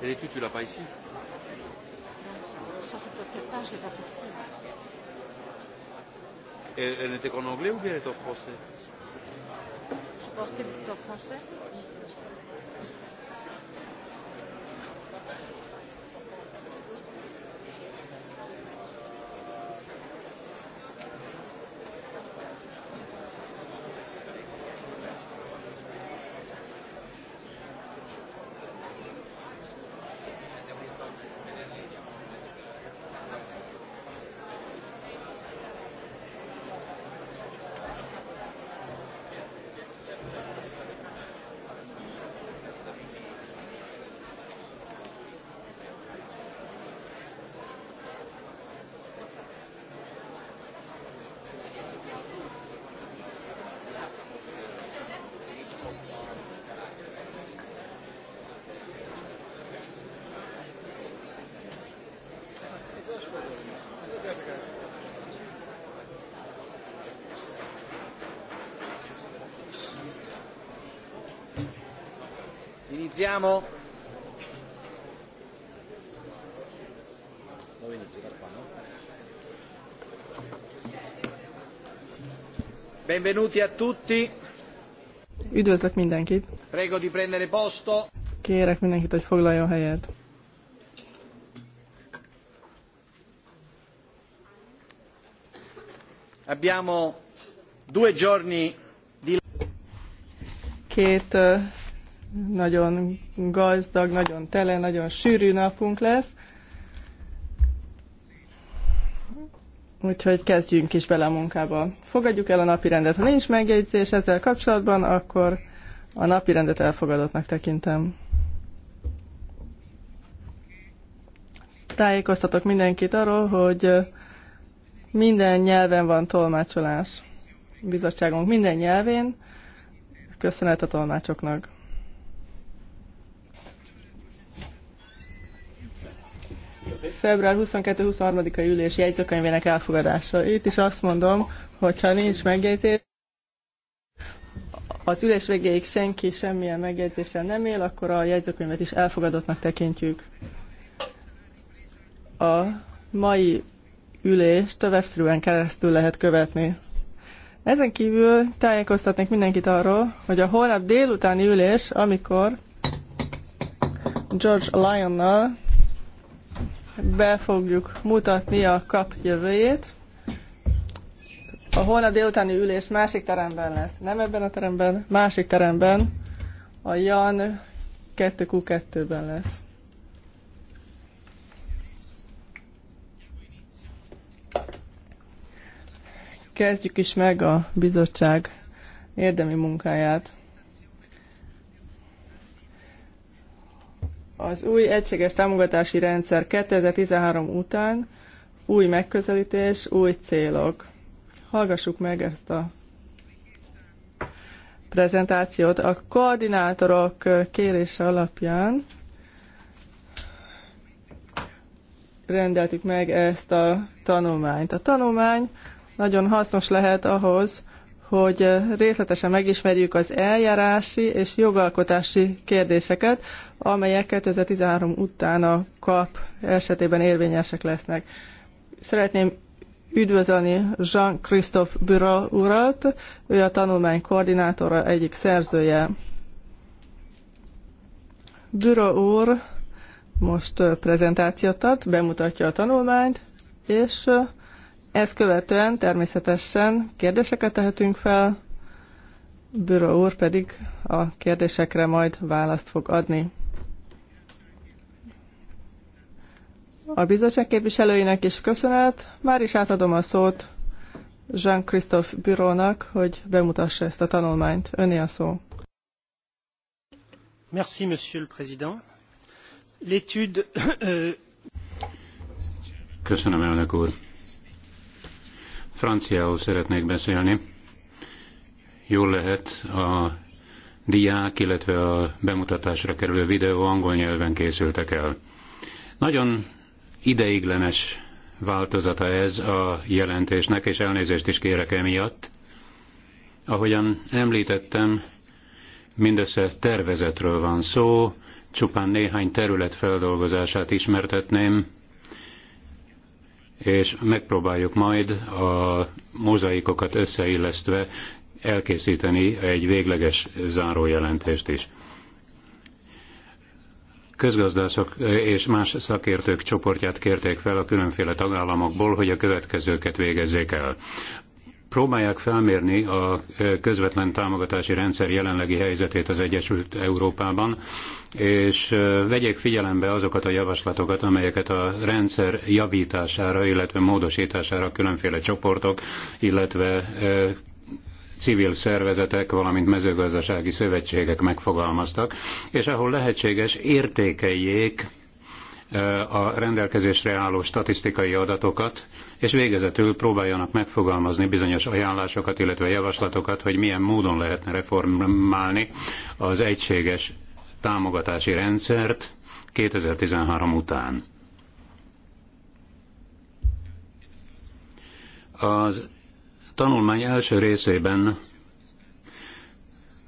Et l'étude, tu l'as pas ici Ça, c'est peut-être pas, je l'ai pas sorti. Elle, elle n'était qu'en anglais ou bien elle était en français Je pense qu'elle était en français. Iniziamo. Dove inizio da qua, no? Benvenuti a tutti. Üdvözlök mindenkit. Prego di prendere posto. Kérek mindenkit, hogy foglaljon helyet. Abbiamo due giorni di két nagyon gazdag, nagyon tele, nagyon sűrű napunk lesz. Úgyhogy kezdjünk is bele a munkába. Fogadjuk el a napi rendet. Ha nincs megjegyzés ezzel kapcsolatban, akkor a napi rendet elfogadottnak tekintem. Tájékoztatok mindenkit arról, hogy minden nyelven van tolmácsolás. Bizottságunk minden nyelvén. Köszönet a tolmácsoknak. február 22-23-a ülés jegyzőkönyvének elfogadása. Itt is azt mondom, hogyha nincs megjegyzés, az ülés végéig senki semmilyen megjegyzéssel nem él, akkor a jegyzőkönyvet is elfogadottnak tekintjük. A mai ülést a keresztül lehet követni. Ezen kívül tájékoztatnék mindenkit arról, hogy a holnap délutáni ülés, amikor George Lyonnal be fogjuk mutatni a kap jövőjét. A holnap délutáni ülés másik teremben lesz. Nem ebben a teremben, másik teremben. A Jan 2Q2-ben lesz. Kezdjük is meg a bizottság érdemi munkáját. Az új egységes támogatási rendszer 2013 után új megközelítés, új célok. Hallgassuk meg ezt a prezentációt. A koordinátorok kérése alapján rendeltük meg ezt a tanulmányt. A tanulmány nagyon hasznos lehet ahhoz, hogy eh, részletesen megismerjük az eljárási és jogalkotási kérdéseket, amelyek 2013 után a kap esetében érvényesek lesznek. Szeretném üdvözölni Jean-Christophe Büro urat, ő a tanulmány koordinátora egyik szerzője. Büro úr most eh, prezentációt tart, bemutatja a tanulmányt, és eh, ezt követően természetesen kérdéseket tehetünk fel, Büro úr pedig a kérdésekre majd választ fog adni. A bizottság képviselőinek is köszönet. Már is átadom a szót Jean-Christophe Bürónak, hogy bemutassa ezt a tanulmányt. Öné a szó. Merci, Monsieur le Président. L'étude... Euh, Köszönöm, elnök úr. Franciául szeretnék beszélni. Jól lehet a diák, illetve a bemutatásra kerülő videó angol nyelven készültek el. Nagyon ideiglenes változata ez a jelentésnek, és elnézést is kérek emiatt. Ahogyan említettem, mindössze tervezetről van szó, csupán néhány terület feldolgozását ismertetném, és megpróbáljuk majd a mozaikokat összeillesztve elkészíteni egy végleges zárójelentést is. Közgazdászok és más szakértők csoportját kérték fel a különféle tagállamokból, hogy a következőket végezzék el próbálják felmérni a közvetlen támogatási rendszer jelenlegi helyzetét az Egyesült Európában, és vegyék figyelembe azokat a javaslatokat, amelyeket a rendszer javítására, illetve módosítására különféle csoportok, illetve civil szervezetek, valamint mezőgazdasági szövetségek megfogalmaztak, és ahol lehetséges értékeljék a rendelkezésre álló statisztikai adatokat, és végezetül próbáljanak megfogalmazni bizonyos ajánlásokat, illetve javaslatokat, hogy milyen módon lehetne reformálni az egységes támogatási rendszert 2013 után. Az tanulmány első részében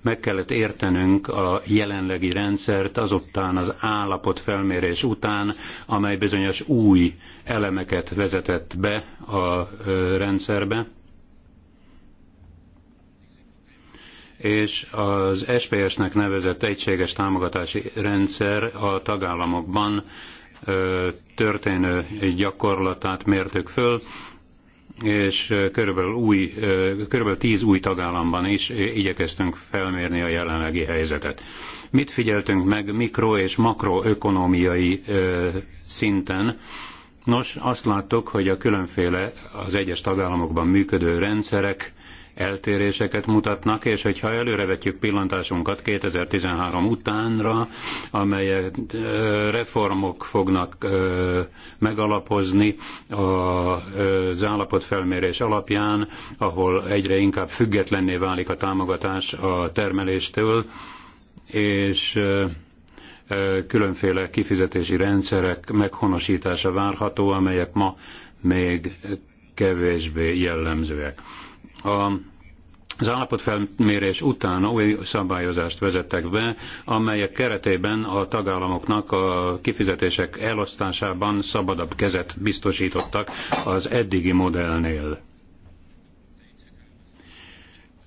meg kellett értenünk a jelenlegi rendszert azután az állapot felmérés után, amely bizonyos új elemeket vezetett be a rendszerbe. és az SPS-nek nevezett egységes támogatási rendszer a tagállamokban történő gyakorlatát mértük föl, és körülbelül, új, körülbelül tíz új tagállamban is igyekeztünk felmérni a jelenlegi helyzetet. Mit figyeltünk meg mikro- és makroökonomiai szinten? Nos, azt láttuk, hogy a különféle az egyes tagállamokban működő rendszerek eltéréseket mutatnak, és hogyha előrevetjük pillantásunkat 2013 utánra, amelyek reformok fognak megalapozni az állapotfelmérés alapján, ahol egyre inkább függetlenné válik a támogatás a termeléstől, és különféle kifizetési rendszerek meghonosítása várható, amelyek ma még kevésbé jellemzőek. A az állapotfelmérés után új szabályozást vezettek be, amelyek keretében a tagállamoknak a kifizetések elosztásában szabadabb kezet biztosítottak az eddigi modellnél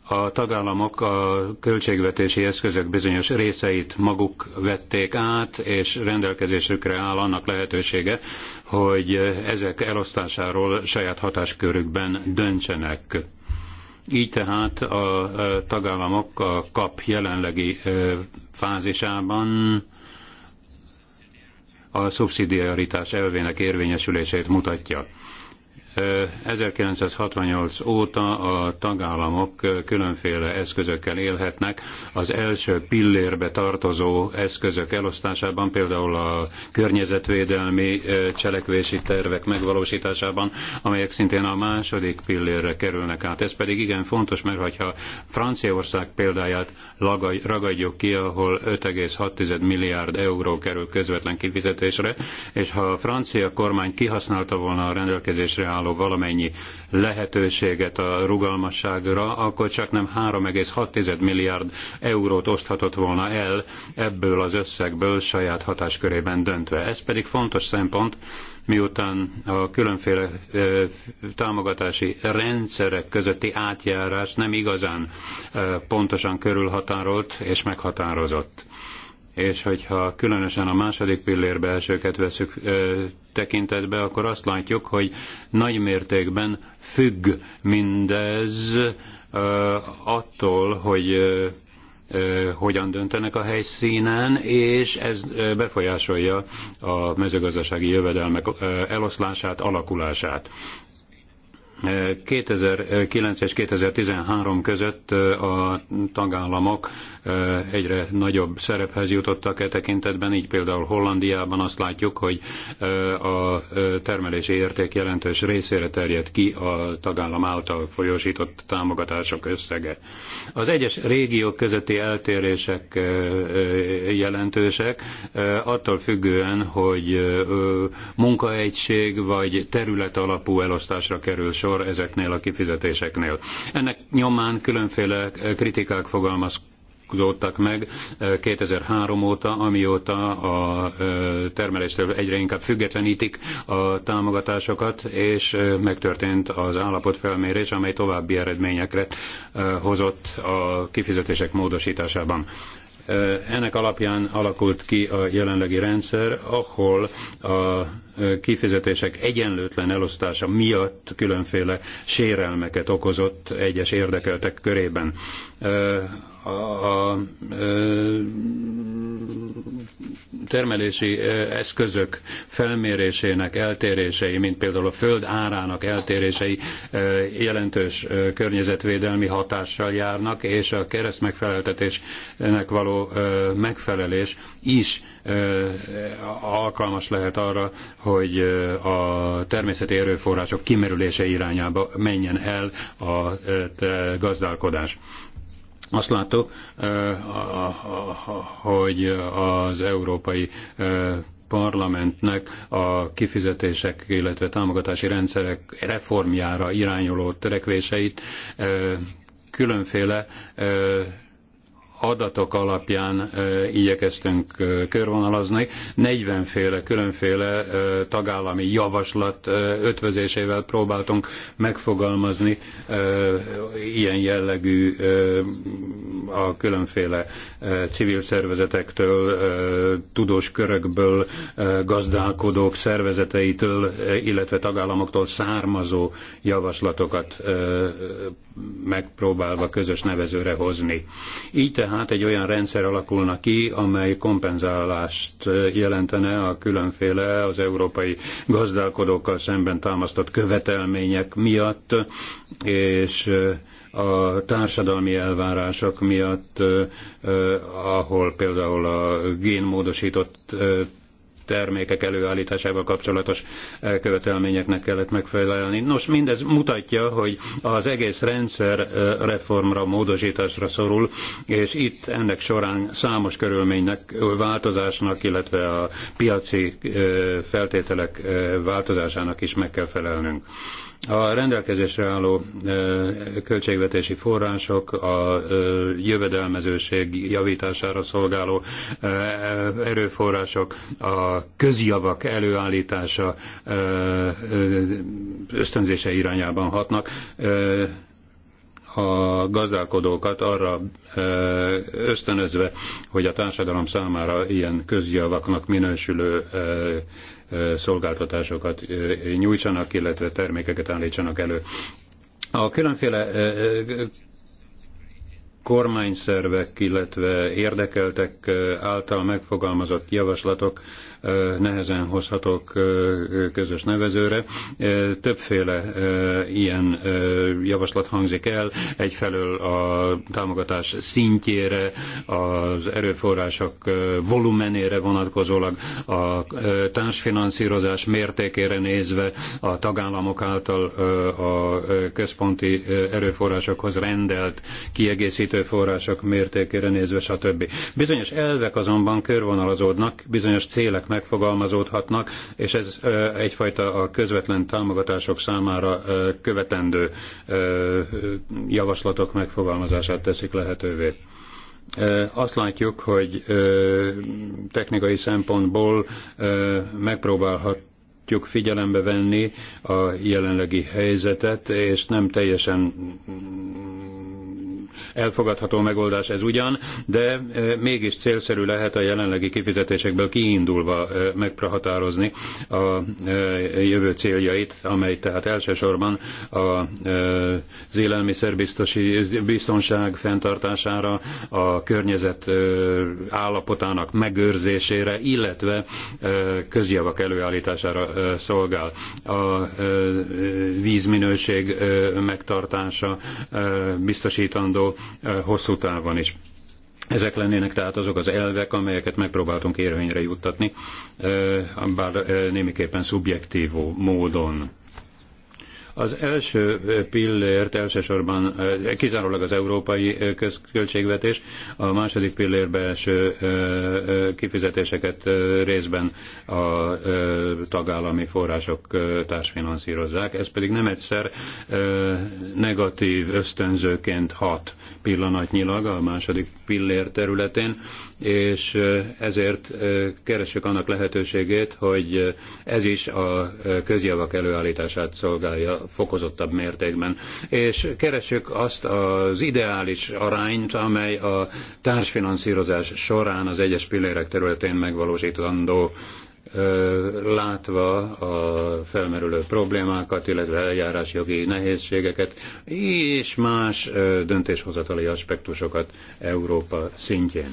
a tagállamok a költségvetési eszközök bizonyos részeit maguk vették át, és rendelkezésükre áll annak lehetősége, hogy ezek elosztásáról saját hatáskörükben döntsenek. Így tehát a tagállamok a kap jelenlegi fázisában a szubszidiaritás elvének érvényesülését mutatja. 1968 óta a tagállamok különféle eszközökkel élhetnek. Az első pillérbe tartozó eszközök elosztásában, például a környezetvédelmi cselekvési tervek megvalósításában, amelyek szintén a második pillérre kerülnek át. Ez pedig igen fontos, mert ha Franciaország példáját ragadjuk ki, ahol 5,6 milliárd euró kerül közvetlen kifizetésre, és ha a francia kormány kihasználta volna a rendelkezésre álló kínáló valamennyi lehetőséget a rugalmasságra, akkor csak nem 3,6 milliárd eurót oszthatott volna el ebből az összegből saját hatáskörében döntve. Ez pedig fontos szempont, miután a különféle támogatási rendszerek közötti átjárás nem igazán pontosan körülhatárolt és meghatározott és hogyha különösen a második pillérbe elsőket veszük ö, tekintetbe, akkor azt látjuk, hogy nagy mértékben függ mindez ö, attól, hogy ö, hogyan döntenek a helyszínen, és ez befolyásolja a mezőgazdasági jövedelmek eloszlását, alakulását. 2009 és 2013 között a tagállamok egyre nagyobb szerephez jutottak e tekintetben, így például Hollandiában azt látjuk, hogy a termelési érték jelentős részére terjed ki a tagállam által folyósított támogatások összege. Az egyes régiók közötti eltérések jelentősek, attól függően, hogy munkaegység vagy terület alapú elosztásra kerül sor, sor ezeknél a kifizetéseknél. Ennek nyomán különféle eh, kritikák fogalmazkodnak húzódtak meg 2003 eh, óta, amióta a eh, termeléstől egyre inkább függetlenítik a támogatásokat, és megtörtént az állapotfelmérés, amely további eredményekre hozott a kifizetések módosításában. Ennek alapján alakult ki a jelenlegi rendszer, ahol a kifizetések egyenlőtlen elosztása miatt különféle sérelmeket okozott egyes érdekeltek körében a termelési eszközök felmérésének eltérései, mint például a föld árának eltérései jelentős környezetvédelmi hatással járnak, és a kereszt megfeleltetésnek való megfelelés is alkalmas lehet arra, hogy a természeti erőforrások kimerülése irányába menjen el a gazdálkodás. Azt látok, hogy az európai parlamentnek a kifizetések, illetve támogatási rendszerek reformjára irányuló törekvéseit különféle adatok alapján igyekeztünk körvonalazni. 40 féle különféle tagállami javaslat ötvözésével próbáltunk megfogalmazni ilyen jellegű a különféle civil szervezetektől, tudós körökből, gazdálkodók szervezeteitől, illetve tagállamoktól származó javaslatokat megpróbálva közös nevezőre hozni. Így tehát tehát egy olyan rendszer alakulna ki, amely kompenzálást jelentene a különféle az európai gazdálkodókkal szemben támasztott követelmények miatt, és a társadalmi elvárások miatt, eh, ahol például a génmódosított eh, termékek előállításával kapcsolatos követelményeknek kellett megfelelni. Nos, mindez mutatja, hogy az egész rendszer reformra, módosításra szorul, és itt ennek során számos körülménynek, változásnak, illetve a piaci feltételek változásának is meg kell felelnünk. A rendelkezésre álló költségvetési források a jövedelmezőség javítására szolgáló erőforrások, a közjavak előállítása ösztönzése irányában hatnak a gazdálkodókat arra ösztönözve, hogy a társadalom számára ilyen közjavaknak minősülő szolgáltatásokat nyújtsanak, illetve termékeket állítsanak elő. A különféle kormányszervek, illetve érdekeltek által megfogalmazott javaslatok nehezen hozhatok közös nevezőre. Többféle ilyen javaslat hangzik el, egyfelől a támogatás szintjére, az erőforrások volumenére vonatkozólag, a társfinanszírozás mértékére nézve, a tagállamok által a központi erőforrásokhoz rendelt kiegészítő források mértékére nézve, stb. Bizonyos elvek azonban körvonalazódnak, bizonyos célek megfogalmazódhatnak, és ez egyfajta a közvetlen támogatások számára követendő javaslatok megfogalmazását teszik lehetővé. Azt látjuk, hogy technikai szempontból megpróbálhat figyelembe venni a jelenlegi helyzetet, és nem teljesen elfogadható megoldás ez ugyan, de e, mégis célszerű lehet a jelenlegi kifizetésekből kiindulva e, meghatározni a e, jövő céljait, amely tehát elsősorban az élelmiszer biztonság fenntartására, a környezet állapotának megőrzésére, illetve közjavak előállítására szolgál. A vízminőség megtartása biztosítandó gondol hosszú távon is. Ezek lennének tehát azok az elvek, amelyeket megpróbáltunk érvényre juttatni, bár némiképpen szubjektív módon. Az első pillért elsősorban kizárólag az európai közköltségvetés, a második pillérbe első kifizetéseket részben a tagállami források társfinanszírozzák, ez pedig nem egyszer negatív ösztönzőként hat pillanatnyilag a második pillér területén, és ezért keressük annak lehetőségét, hogy ez is a közjavak előállítását szolgálja fokozottabb mértékben. És keressük azt az ideális arányt, amely a társfinanszírozás során az egyes pillérek területén megvalósítandó látva a felmerülő problémákat, illetve eljárásjogi nehézségeket és más döntéshozatali aspektusokat Európa szintjén.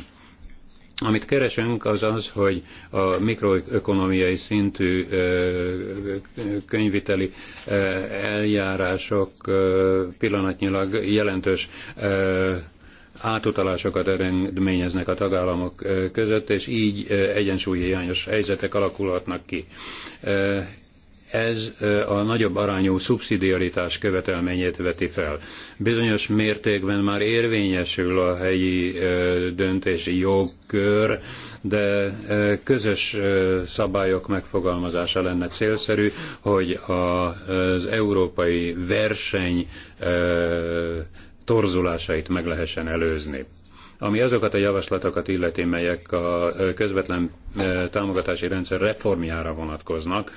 Amit keresünk az az, hogy a mikroökonomiai szintű könyviteli eljárások pillanatnyilag jelentős átutalásokat eredményeznek a tagállamok között, és így egyensúlyi hiányos helyzetek alakulhatnak ki ez a nagyobb arányú szubszidiaritás követelményét veti fel. Bizonyos mértékben már érvényesül a helyi döntési jogkör, de közös szabályok megfogalmazása lenne célszerű, hogy az európai verseny torzulásait meg lehessen előzni ami azokat a javaslatokat illeti, melyek a közvetlen támogatási rendszer reformjára vonatkoznak.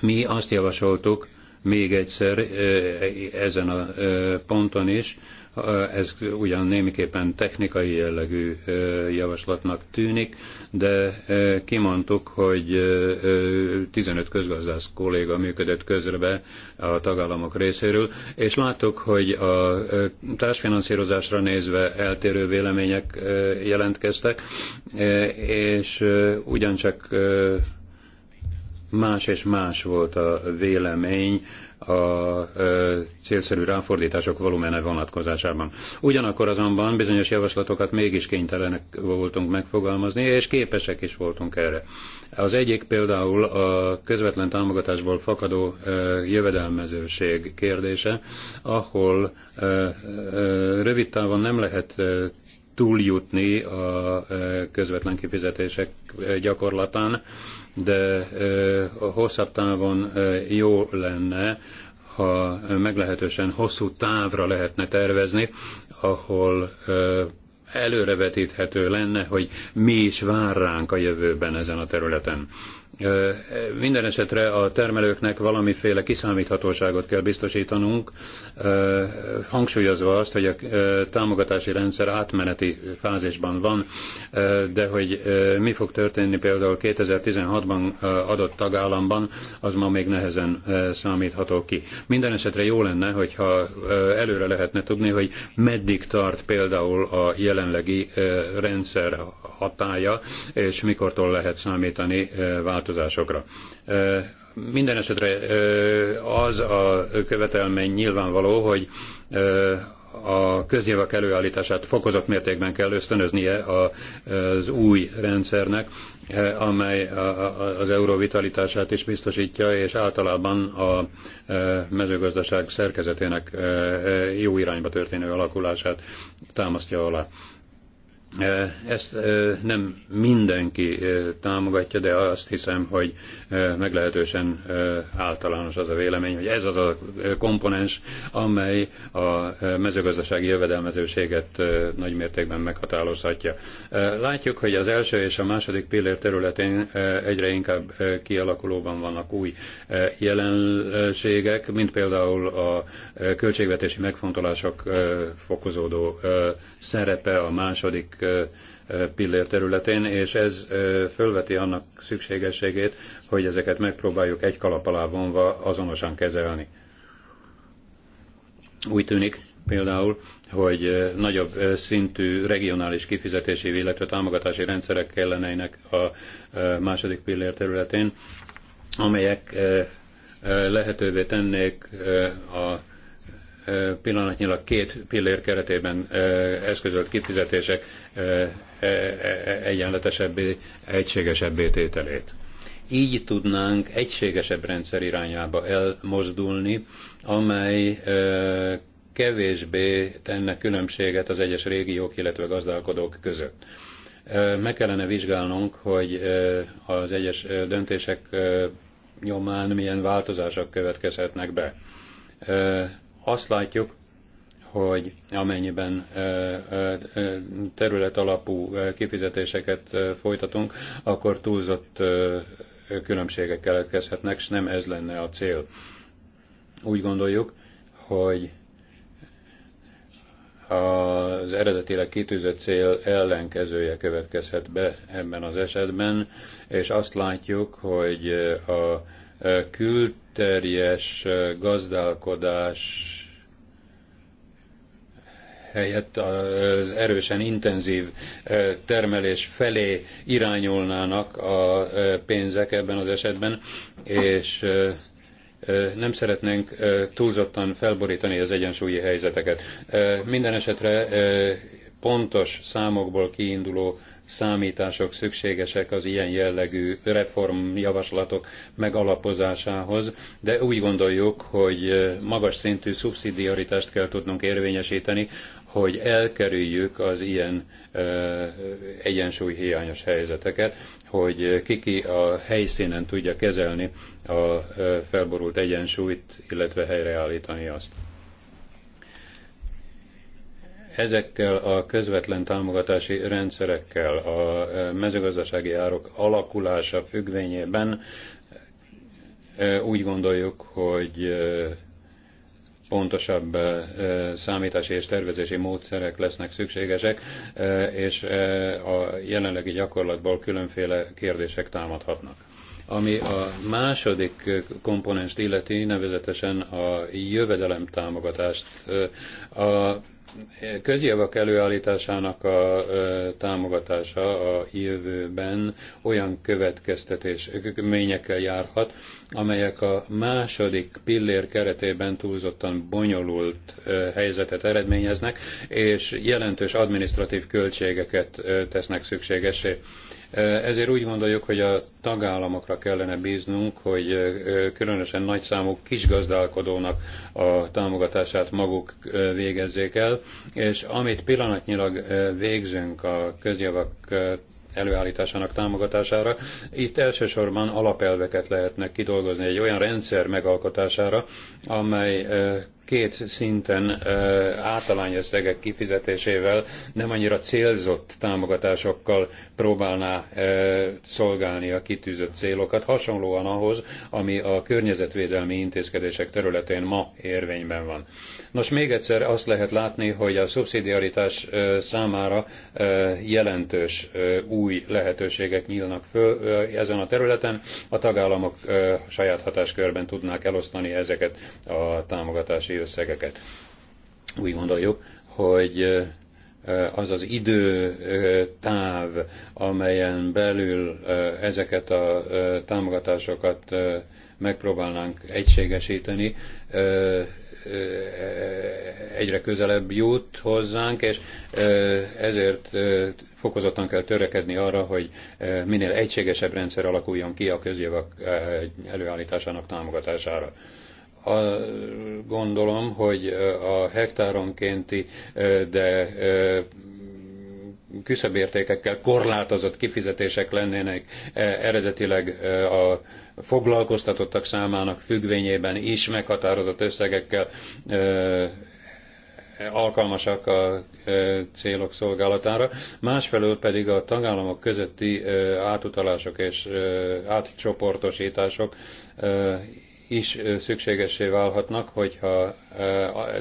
Mi azt javasoltuk, még egyszer eh, ezen a eh, ponton is, eh, ez ugyan némiképpen technikai jellegű javaslatnak tűnik, de kimondtuk, hogy 15 közgazdász kolléga működött közrebe a tagállamok részéről, és láttuk, hogy a társfinanszírozásra nézve eltérő vélemények jelentkeztek, és ugyancsak más és más volt a vélemény a ö, célszerű ráfordítások volumene vonatkozásában. Ugyanakkor azonban bizonyos javaslatokat mégis kénytelenek voltunk megfogalmazni, és képesek is voltunk erre. Az egyik például a közvetlen támogatásból fakadó ö, jövedelmezőség kérdése, ahol ö, ö, rövid távon nem lehet ö, túljutni a közvetlen kifizetések gyakorlatán, de a hosszabb távon jó lenne, ha meglehetősen hosszú távra lehetne tervezni, ahol előrevetíthető lenne, hogy mi is vár ránk a jövőben ezen a területen. Minden esetre a termelőknek valamiféle kiszámíthatóságot kell biztosítanunk, hangsúlyozva azt, hogy a támogatási rendszer átmeneti fázisban van, de hogy mi fog történni például 2016-ban adott tagállamban, az ma még nehezen számítható ki. Minden esetre jó lenne, hogyha előre lehetne tudni, hogy meddig tart például a jelenlegi rendszer hatája, és mikortól lehet számítani változásokat változásokra. Minden esetre az a követelmény nyilvánvaló, hogy a köznyavak előállítását fokozott mértékben kell ösztönöznie az új rendszernek, amely az euró vitalitását is biztosítja, és általában a mezőgazdaság szerkezetének jó irányba történő alakulását támasztja alá. Ezt nem mindenki támogatja, de azt hiszem, hogy meglehetősen általános az a vélemény, hogy ez az a komponens, amely a mezőgazdasági jövedelmezőséget nagy mértékben meghatározhatja. Látjuk, hogy az első és a második pillér területén egyre inkább kialakulóban vannak új jelenségek, mint például a költségvetési megfontolások fokozódó szerepe a második pillér területén, és ez fölveti annak szükségességét, hogy ezeket megpróbáljuk egy kalap alá vonva azonosan kezelni. Úgy tűnik például, hogy nagyobb szintű regionális kifizetési, illetve támogatási rendszerek kellenének a második pillér területén, amelyek lehetővé tennék a pillanatnyilag két pillér keretében eszközölt kifizetések e, e, e, egyenletesebbé, egységesebbé tételét. Így tudnánk egységesebb rendszer irányába elmozdulni, amely kevésbé tenne különbséget az egyes régiók, illetve gazdálkodók között. Meg kellene vizsgálnunk, hogy az egyes döntések nyomán milyen változások következhetnek be azt látjuk, hogy amennyiben terület alapú kifizetéseket folytatunk, akkor túlzott különbségek keletkezhetnek, és nem ez lenne a cél. Úgy gondoljuk, hogy az eredetileg kitűzött cél ellenkezője következhet be ebben az esetben, és azt látjuk, hogy a külterjes gazdálkodás helyett az erősen intenzív termelés felé irányulnának a pénzek ebben az esetben, és nem szeretnénk túlzottan felborítani az egyensúlyi helyzeteket. Minden esetre pontos számokból kiinduló számítások szükségesek az ilyen jellegű reformjavaslatok megalapozásához, de úgy gondoljuk, hogy magas szintű szubszidiaritást kell tudnunk érvényesíteni, hogy elkerüljük az ilyen egyensúlyhiányos helyzeteket, hogy kiki a helyszínen tudja kezelni a felborult egyensúlyt, illetve helyreállítani azt. Ezekkel a közvetlen támogatási rendszerekkel a e, mezőgazdasági árok alakulása függvényében e, úgy gondoljuk, hogy e, pontosabb számítási és tervezési módszerek lesznek szükségesek, és a jelenlegi gyakorlatból különféle kérdések támadhatnak. Ami a második komponenst illeti, nevezetesen a jövedelem támogatást, a közjavak előállításának a támogatása a jövőben olyan következtetés, ményekkel járhat, amelyek a második pillér keretében túlzottan bonyolult helyzetet eredményeznek, és jelentős administratív költségeket tesznek szükségesé. Ezért úgy gondoljuk, hogy a tagállamokra kellene bíznunk, hogy különösen nagy számú kisgazdálkodónak a támogatását maguk végezzék el, és amit pillanatnyilag végzünk a közjavak előállításának támogatására. Itt elsősorban alapelveket lehetnek kidolgozni egy olyan rendszer megalkotására, amely két szinten összegek kifizetésével nem annyira célzott támogatásokkal próbálná szolgálni a kitűzött célokat, hasonlóan ahhoz, ami a környezetvédelmi intézkedések területén ma érvényben van. Nos, még egyszer azt lehet látni, hogy a szubszidiaritás számára jelentős új lehetőségek nyílnak föl ezen a területen. A tagállamok saját hatáskörben tudnák elosztani ezeket a támogatási óriási összegeket. Úgy gondoljuk, hogy az az időtáv, amelyen belül ezeket a támogatásokat megpróbálnánk egységesíteni, egyre közelebb jut hozzánk, és ezért fokozottan kell törekedni arra, hogy minél egységesebb rendszer alakuljon ki a közjövök előállításának támogatására a, gondolom, hogy a hektáronkénti, de küszöbértékekkel korlátozott kifizetések lennének eredetileg a foglalkoztatottak számának függvényében is meghatározott összegekkel alkalmasak a célok szolgálatára, másfelől pedig a tagállamok közötti átutalások és átcsoportosítások is szükségessé válhatnak, hogyha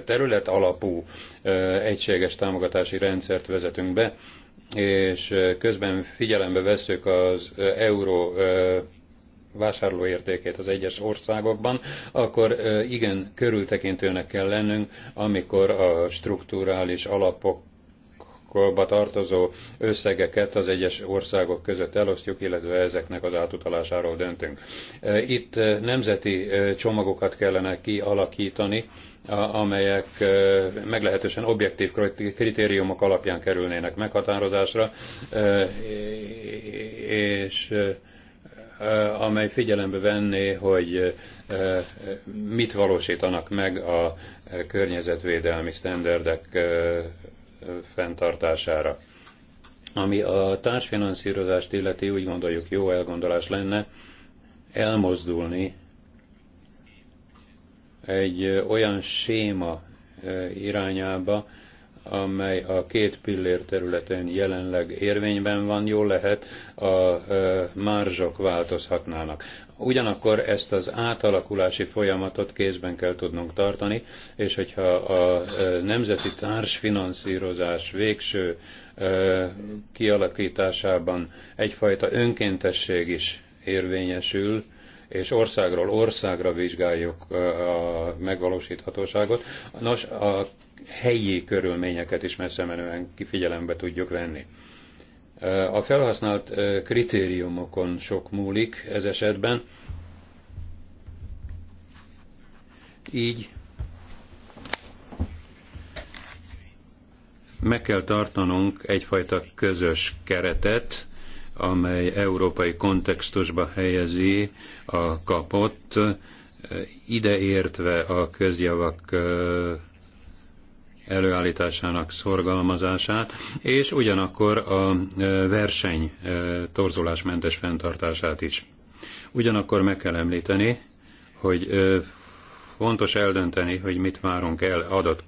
terület alapú egységes támogatási rendszert vezetünk be, és közben figyelembe veszük az euró vásárlóértékét az egyes országokban, akkor igen körültekintőnek kell lennünk, amikor a strukturális alapok alapokba tartozó összegeket az egyes országok között elosztjuk, illetve ezeknek az átutalásáról döntünk. E, itt e, nemzeti e, csomagokat kellene kialakítani, amelyek meglehetősen objektív kritériumok alapján kerülnének meghatározásra, és amely figyelembe venné, hogy mit valósítanak meg a környezetvédelmi sztenderdek fenntartására. Ami a társfinanszírozást illeti, úgy gondoljuk jó elgondolás lenne elmozdulni egy olyan séma e, irányába, amely a két pillér területén jelenleg érvényben van, jól lehet, a e, márzsok változhatnának. Ugyanakkor ezt az átalakulási folyamatot kézben kell tudnunk tartani, és hogyha a nemzeti társfinanszírozás végső kialakításában egyfajta önkéntesség is érvényesül, és országról országra vizsgáljuk a megvalósíthatóságot. Nos, a helyi körülményeket is messze menően kifigyelembe tudjuk venni. A felhasznált kritériumokon sok múlik ez esetben. Így meg kell tartanunk egyfajta közös keretet, amely európai kontextusba helyezi a kapott, ideértve a közjavak előállításának szorgalmazását, és ugyanakkor a e, verseny e, torzulásmentes fenntartását is. Ugyanakkor meg kell említeni, hogy e, fontos eldönteni, hogy mit várunk el adott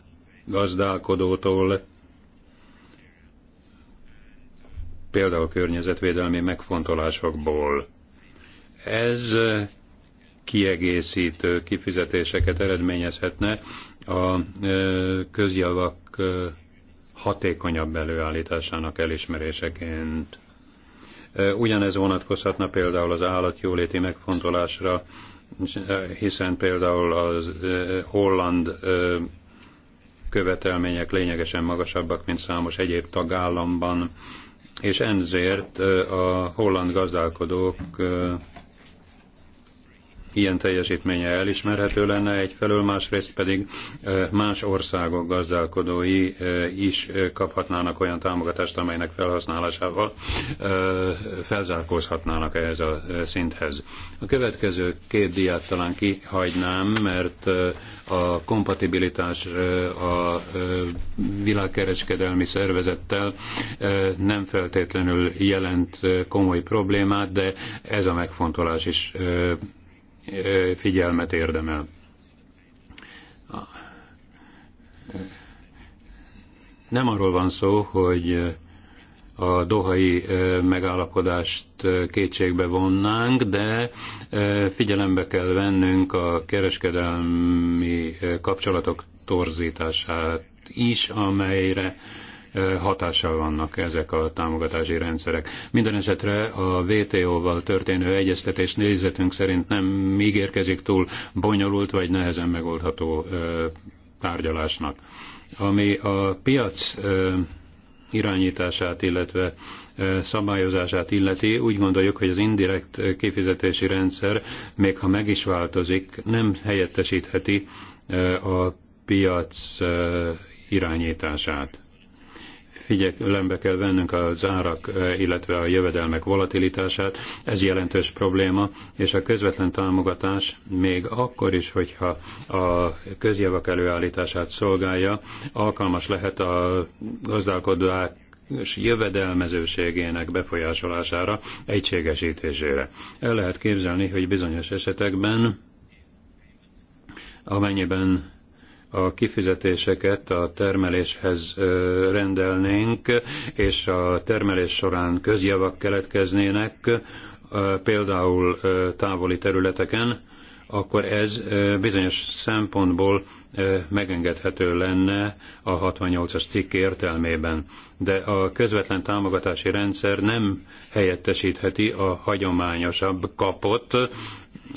gazdálkodótól, például környezetvédelmi megfontolásokból. Ez kiegészítő kifizetéseket eredményezhetne a közjavak hatékonyabb előállításának elismeréseként. Ugyanez vonatkozhatna például az állatjóléti megfontolásra, hiszen például az holland követelmények lényegesen magasabbak, mint számos egyéb tagállamban, és ezért a holland gazdálkodók ilyen teljesítménye elismerhető lenne, egyfelől másrészt pedig más országok gazdálkodói is kaphatnának olyan támogatást, amelynek felhasználásával felzárkózhatnának ehhez a szinthez. A következő két diát talán kihagynám, mert a kompatibilitás a világkereskedelmi szervezettel nem feltétlenül jelent komoly problémát, de ez a megfontolás is figyelmet érdemel. Nem arról van szó, hogy a dohai megállapodást kétségbe vonnánk, de figyelembe kell vennünk a kereskedelmi kapcsolatok torzítását is, amelyre hatással vannak ezek a támogatási rendszerek. Minden esetre a WTO-val történő egyeztetés nézetünk szerint nem ígérkezik túl bonyolult vagy nehezen megoldható tárgyalásnak. Ami a piac irányítását, illetve szabályozását illeti, úgy gondoljuk, hogy az indirekt kifizetési rendszer, még ha meg is változik, nem helyettesítheti a piac irányítását figyelembe kell vennünk az árak, e, illetve a jövedelmek volatilitását. Ez jelentős probléma, és a közvetlen támogatás még akkor is, hogyha a közjavak előállítását szolgálja, alkalmas lehet a gazdálkodók és jövedelmezőségének befolyásolására, egységesítésére. El lehet képzelni, hogy bizonyos esetekben amennyiben a kifizetéseket a termeléshez rendelnénk, és a termelés során közjavak keletkeznének, például távoli területeken, akkor ez bizonyos szempontból megengedhető lenne a 68-as cikk értelmében. De a közvetlen támogatási rendszer nem helyettesítheti a hagyományosabb kapot,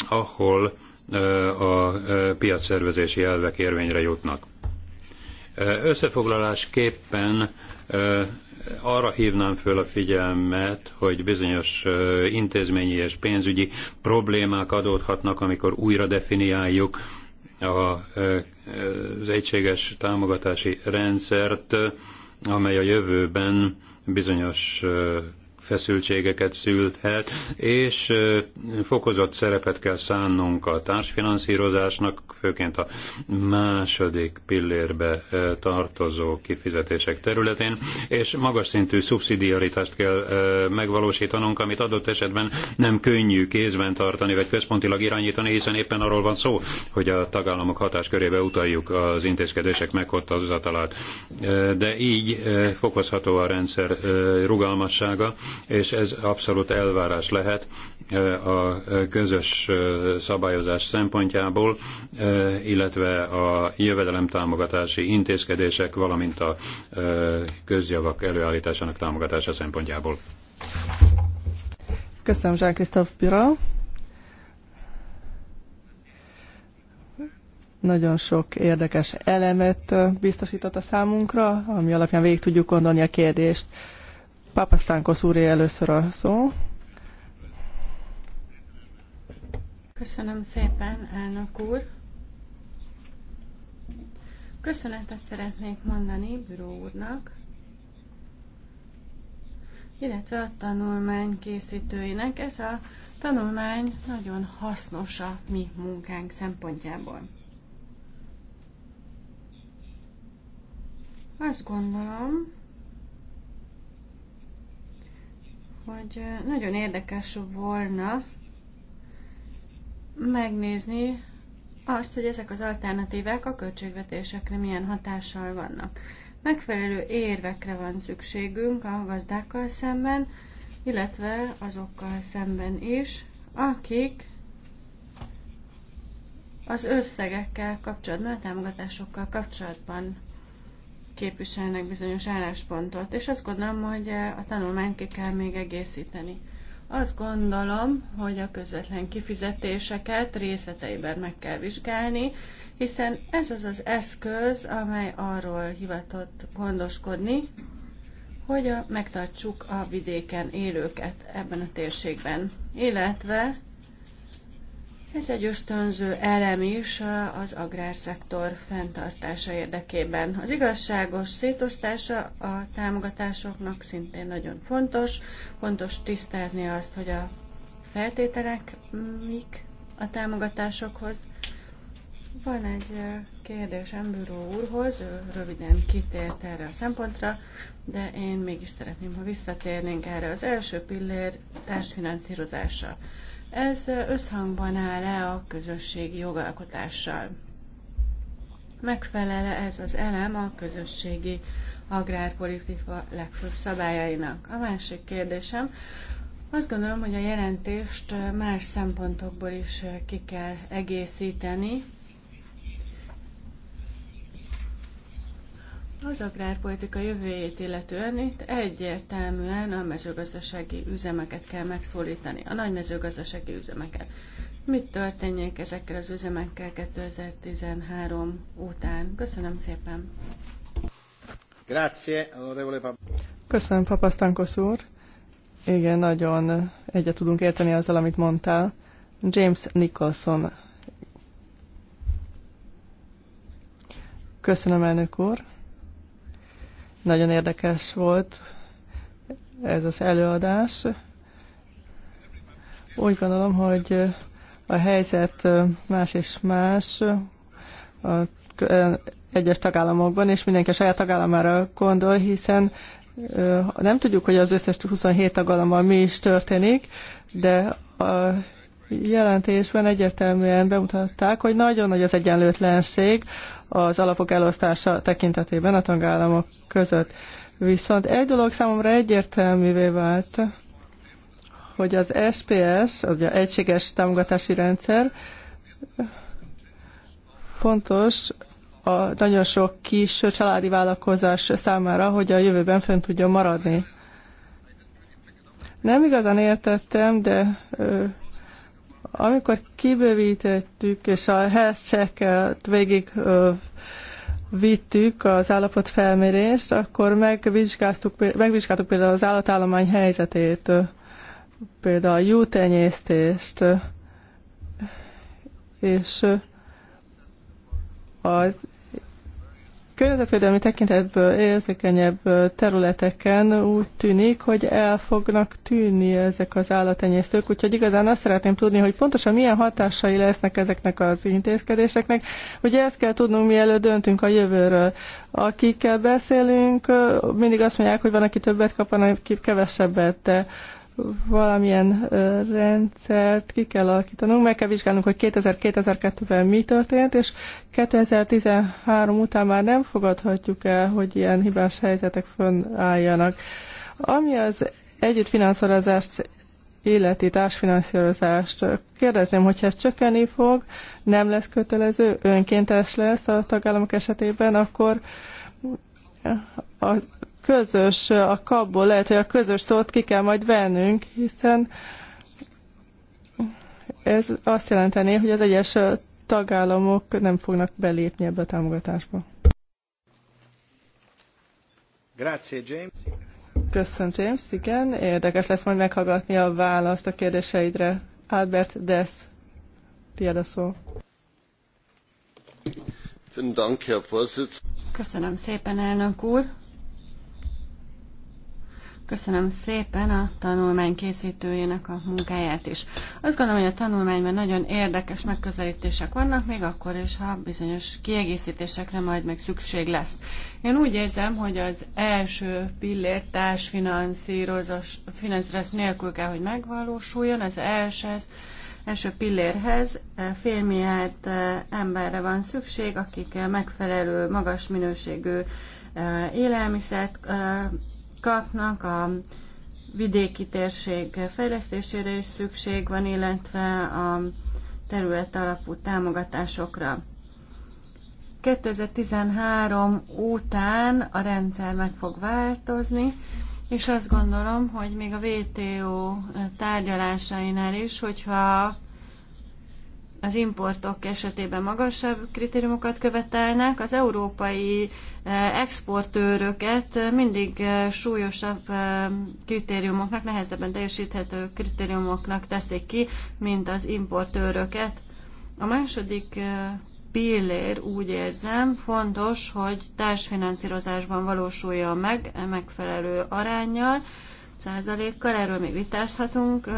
ahol a piacszervezési elvek érvényre jutnak. Összefoglalásképpen arra hívnám föl a figyelmet, hogy bizonyos intézményi és pénzügyi problémák adódhatnak, amikor újra definiáljuk az egységes támogatási rendszert, amely a jövőben bizonyos feszültségeket szülhet, és fokozott szerepet kell szánnunk a társfinanszírozásnak, főként a második pillérbe tartozó kifizetések területén, és magas szintű szubszidiaritást kell megvalósítanunk, amit adott esetben nem könnyű kézben tartani, vagy központilag irányítani, hiszen éppen arról van szó, hogy a tagállamok hatáskörébe utaljuk az intézkedések meghozatalát. De így fokozható a rendszer rugalmassága, és ez abszolút elvárás lehet a közös szabályozás szempontjából, illetve a jövedelemtámogatási intézkedések, valamint a közjavak előállításának támogatása szempontjából. Köszönöm, Jean-Christophe Pira. Nagyon sok érdekes elemet biztosított a számunkra, ami alapján végig tudjuk gondolni a kérdést. Papasztánkosz úré először a szó. Köszönöm szépen, elnök úr. Köszönetet szeretnék mondani Büró úrnak, illetve a tanulmány készítőinek. Ez a tanulmány nagyon hasznos a mi munkánk szempontjából. Azt gondolom, hogy nagyon érdekes volna megnézni azt, hogy ezek az alternatívák a költségvetésekre milyen hatással vannak. Megfelelő érvekre van szükségünk a gazdákkal szemben, illetve azokkal szemben is, akik az összegekkel kapcsolatban, a támogatásokkal kapcsolatban képviselnek bizonyos álláspontot, és azt gondolom, hogy eh, a tanulmányt ki kell még egészíteni. Azt gondolom, hogy a közvetlen kifizetéseket részleteiben meg kell vizsgálni, hiszen ez az az eszköz, amely arról hivatott gondoskodni, hogy a, megtartsuk a vidéken élőket ebben a térségben, illetve ez egy ösztönző elem is az agrárszektor fenntartása érdekében. Az igazságos szétosztása a támogatásoknak szintén nagyon fontos. Fontos tisztázni azt, hogy a feltételek mik a támogatásokhoz. Van egy kérdésem Büró úrhoz, ő röviden kitért erre a szempontra, de én mégis szeretném, ha visszatérnénk erre. Az első pillér társfinanszírozása. Ez összhangban áll-e a közösségi jogalkotással? Megfelele ez az elem a közösségi agrárpolitika legfőbb szabályainak? A másik kérdésem, azt gondolom, hogy a jelentést más szempontokból is ki kell egészíteni, Az agrárpolitika jövőjét illetően itt egyértelműen a mezőgazdasági üzemeket kell megszólítani, a nagy mezőgazdasági üzemeket. Mit történjék ezekkel az üzemekkel 2013 után? Köszönöm szépen! Grazie, onorevole Köszönöm, Papasztankos úr. Igen, nagyon egyet tudunk érteni azzal, amit mondtál. James Nicholson. Köszönöm, elnök úr. Nagyon érdekes volt ez az előadás. Úgy gondolom, hogy a helyzet más és más a egyes tagállamokban, és mindenki a saját tagállamára gondol, hiszen nem tudjuk, hogy az összes 27 tagállamban mi is történik, de a jelentésben egyértelműen bemutatták, hogy nagyon nagy az egyenlőtlenség az alapok elosztása tekintetében a tagállamok között. Viszont egy dolog számomra egyértelművé vált, hogy az SPS, az egységes támogatási rendszer fontos a nagyon sok kis családi vállalkozás számára, hogy a jövőben fönn tudjon maradni. Nem igazán értettem, de amikor kibővítettük, és a health check végig vittük az állapotfelmérést, akkor megvizsgáltuk, megvizsgáltuk például az állatállomány helyzetét, például a jútenyésztést, és az környezetvédelmi tekintetből érzékenyebb területeken úgy tűnik, hogy el fognak tűnni ezek az állatenyésztők, úgyhogy igazán azt szeretném tudni, hogy pontosan milyen hatásai lesznek ezeknek az intézkedéseknek. Ugye ezt kell tudnunk, mielőtt döntünk a jövőről. Akikkel beszélünk, mindig azt mondják, hogy van, aki többet kap, van, aki kevesebbet, de valamilyen rendszert ki kell alakítanunk, meg kell vizsgálnunk, hogy 2000-2002-ben mi történt, és 2013 után már nem fogadhatjuk el, hogy ilyen hibás helyzetek fönnálljanak. Ami az együttfinanszírozást életi társfinanszírozást. Kérdezném, hogyha ez csökkenni fog, nem lesz kötelező, önkéntes lesz a tagállamok esetében, akkor az közös, a kapból lehet, hogy a közös szót ki kell majd vennünk, hiszen ez azt jelentené, hogy az egyes tagállamok nem fognak belépni ebbe a támogatásba. Grazie, James. Köszönöm, James. Igen, érdekes lesz majd meghallgatni a választ a kérdéseidre. Albert Dess, tiéd a szó. Köszönöm szépen, elnök úr. Köszönöm szépen a tanulmány készítőjének a munkáját is. Azt gondolom, hogy a tanulmányban nagyon érdekes megközelítések vannak, még akkor is, ha bizonyos kiegészítésekre majd meg szükség lesz. Én úgy érzem, hogy az első pillér társfinanszírozás nélkül kell, hogy megvalósuljon. Az elsőhez, első pillérhez félmilliárd eh, emberre van szükség, akik eh, megfelelő, magas minőségű eh, élelmiszert kapnak, a vidéki térség fejlesztésére is szükség van, illetve a terület alapú támogatásokra. 2013 után a rendszer meg fog változni, és azt gondolom, hogy még a WTO tárgyalásainál is, hogyha az importok esetében magasabb kritériumokat követelnek, az európai eh, exportőröket eh, mindig eh, súlyosabb kritériumoknak, nehezebben teljesíthető kritériumoknak teszik ki, mint az importőröket. A második pillér úgy érzem fontos, hogy társfinanszírozásban valósulja meg e megfelelő arányjal, százalékkal, erről még vitázhatunk.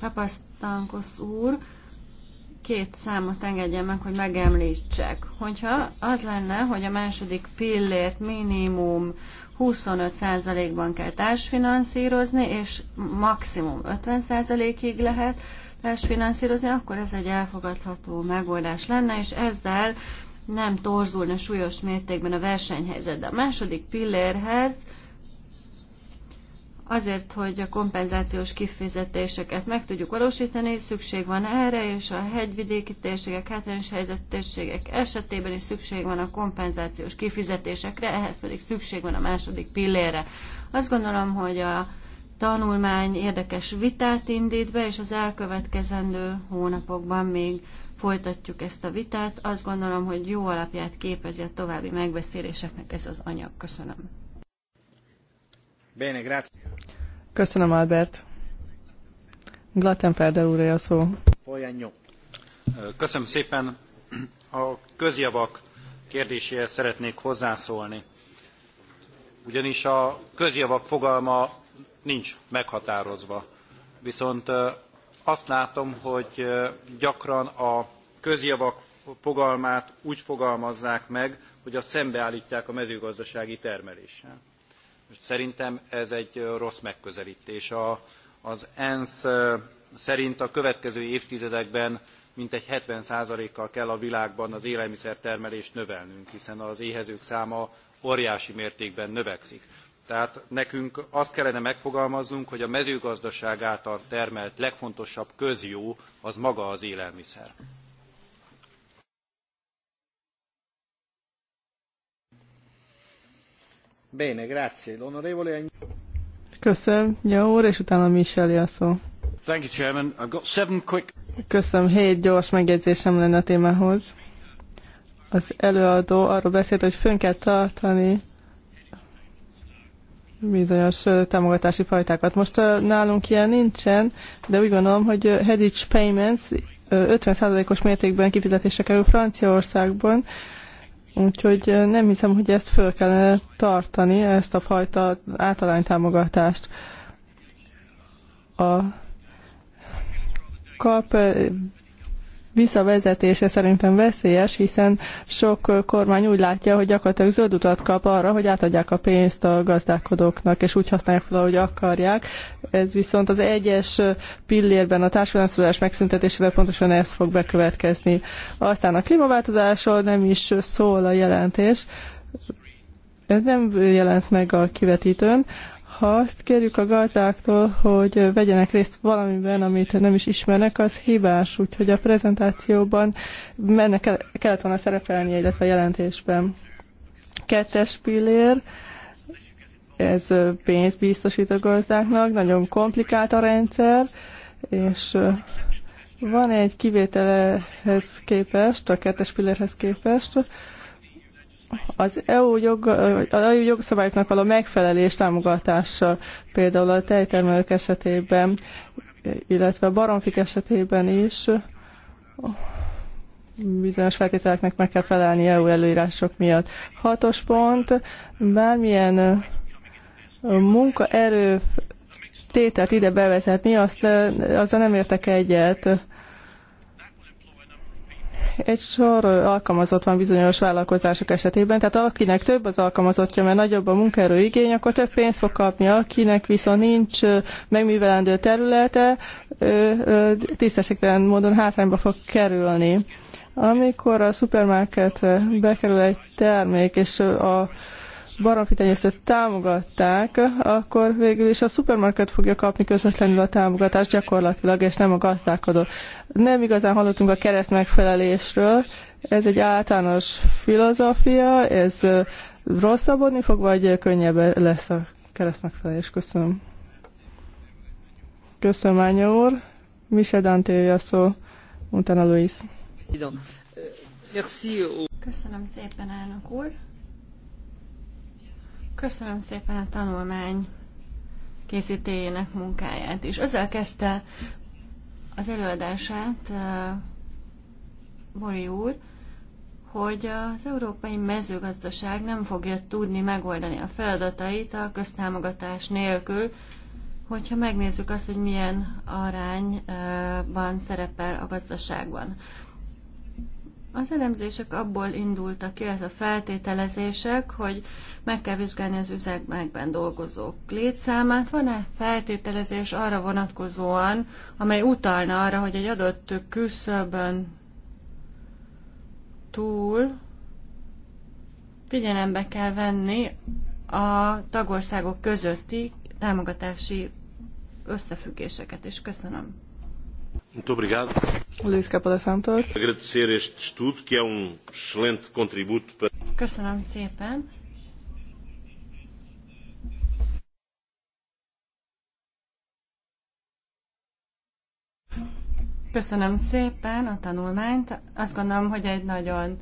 Papasztánkosz úr két számot engedjen meg, hogy megemlítsek. Hogyha az lenne, hogy a második pillért minimum 25%-ban kell társfinanszírozni, és maximum 50%-ig lehet társfinanszírozni, akkor ez egy elfogadható megoldás lenne, és ezzel nem torzulna súlyos mértékben a versenyhelyzet. De a második pillérhez Azért, hogy a kompenzációs kifizetéseket meg tudjuk valósítani, szükség van erre, és a hegyvidéki térségek, hátrányos helyzet térségek esetében is szükség van a kompenzációs kifizetésekre, ehhez pedig szükség van a második pillére. Azt gondolom, hogy a tanulmány érdekes vitát indít be, és az elkövetkezendő hónapokban még folytatjuk ezt a vitát. Azt gondolom, hogy jó alapját képezi a további megbeszéléseknek ez az anyag. Köszönöm. Bene, grazie. Köszönöm, Albert. Glattenfelder úr a szó. Köszönöm szépen. A közjavak kérdéséhez szeretnék hozzászólni. Ugyanis a közjavak fogalma nincs meghatározva. Viszont azt látom, hogy gyakran a közjavak fogalmát úgy fogalmazzák meg, hogy azt szembeállítják a mezőgazdasági termeléssel Szerintem ez egy rossz megközelítés. A, az ENSZ szerint a következő évtizedekben mintegy 70%-kal kell a világban az élelmiszertermelést növelnünk, hiszen az éhezők száma óriási mértékben növekszik. Tehát nekünk azt kellene megfogalmaznunk, hogy a mezőgazdaság által termelt legfontosabb közjó az maga az élelmiszer. Bene, grazie. L'onorevole... Köszönöm, Nyaur, és utána Michel a szó. Thank you, Chairman. I've got seven quick... Köszönöm, hét gyors megjegyzésem lenne a témához. Az előadó arról beszélt, hogy fönn kell tartani bizonyos támogatási fajtákat. Most nálunk ilyen nincsen, de úgy gondolom, hogy Heritage Payments 50%-os mértékben kifizetése kerül Franciaországban, Úgyhogy nem hiszem, hogy ezt föl kellene tartani, ezt a fajta támogatást A kap visszavezetése szerintem veszélyes, hiszen sok kormány úgy látja, hogy gyakorlatilag zöld utat kap arra, hogy átadják a pénzt a gazdálkodóknak, és úgy használják fel, ahogy akarják. Ez viszont az egyes pillérben a társadalmazás megszüntetésével pontosan ez fog bekövetkezni. Aztán a klímaváltozásról nem is szól a jelentés. Ez nem jelent meg a kivetítőn. Ha azt kérjük a gazdáktól, hogy vegyenek részt valamiben, amit nem is ismernek, az hibás, úgyhogy a prezentációban mennek, kellett volna szerepelni, illetve a jelentésben. Kettes pillér, ez pénzt biztosít a gazdáknak, nagyon komplikált a rendszer, és van egy kivételehez képest, a kettes pillérhez képest, az EU, jog, az EU jogszabályoknak való megfelelés támogatása például a tejtermelők esetében, illetve a baromfik esetében is bizonyos feltételeknek meg kell felelni EU előírások miatt. Hatos pont, bármilyen munkaerő tételt ide bevezetni, azt, azzal nem értek egyet egy sor alkalmazott van bizonyos vállalkozások esetében, tehát akinek több az alkalmazottja, mert nagyobb a munkaerőigény, akkor több pénzt fog kapni, akinek viszont nincs megművelendő területe, tisztességtelen módon hátrányba fog kerülni. Amikor a szupermarketre bekerül egy termék, és a tenyésztőt támogatták, akkor végül is a szupermarket fogja kapni közvetlenül a támogatást gyakorlatilag, és nem a gazdálkodó. Nem igazán hallottunk a kereszt megfelelésről, ez egy általános filozófia, ez rosszabbodni fog, vagy könnyebb lesz a kereszt megfelelés? Köszönöm. Köszönöm, Ánya úr. Michel Dante, a szó. Montana Luis. Köszönöm szépen, elnök úr. Köszönöm szépen a tanulmány készítéjének munkáját is. Ezzel kezdte az előadását Bori úr, hogy az európai mezőgazdaság nem fogja tudni megoldani a feladatait a köztámogatás nélkül, hogyha megnézzük azt, hogy milyen arányban szerepel a gazdaságban. Az elemzések abból indultak, illetve a feltételezések, hogy meg kell vizsgálni az üzemekben dolgozók létszámát. Van-e feltételezés arra vonatkozóan, amely utalna arra, hogy egy adott küszöbön túl figyelembe kell venni a tagországok közötti támogatási összefüggéseket, is köszönöm. Muito obrigado. Luís Capela Santos. Agradecer este estudo, que é um excelente contributo para... Köszönöm szépen. Köszönöm szépen a tanulmányt. Azt gondolom, hogy egy nagyon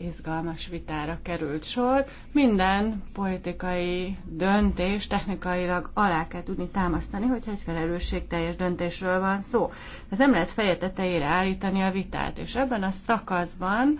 izgalmas vitára került sor. Minden politikai döntés technikailag alá kell tudni támasztani, hogyha egy felelősségteljes döntésről van szó. Tehát nem lehet feje tetejére állítani a vitát, és ebben a szakaszban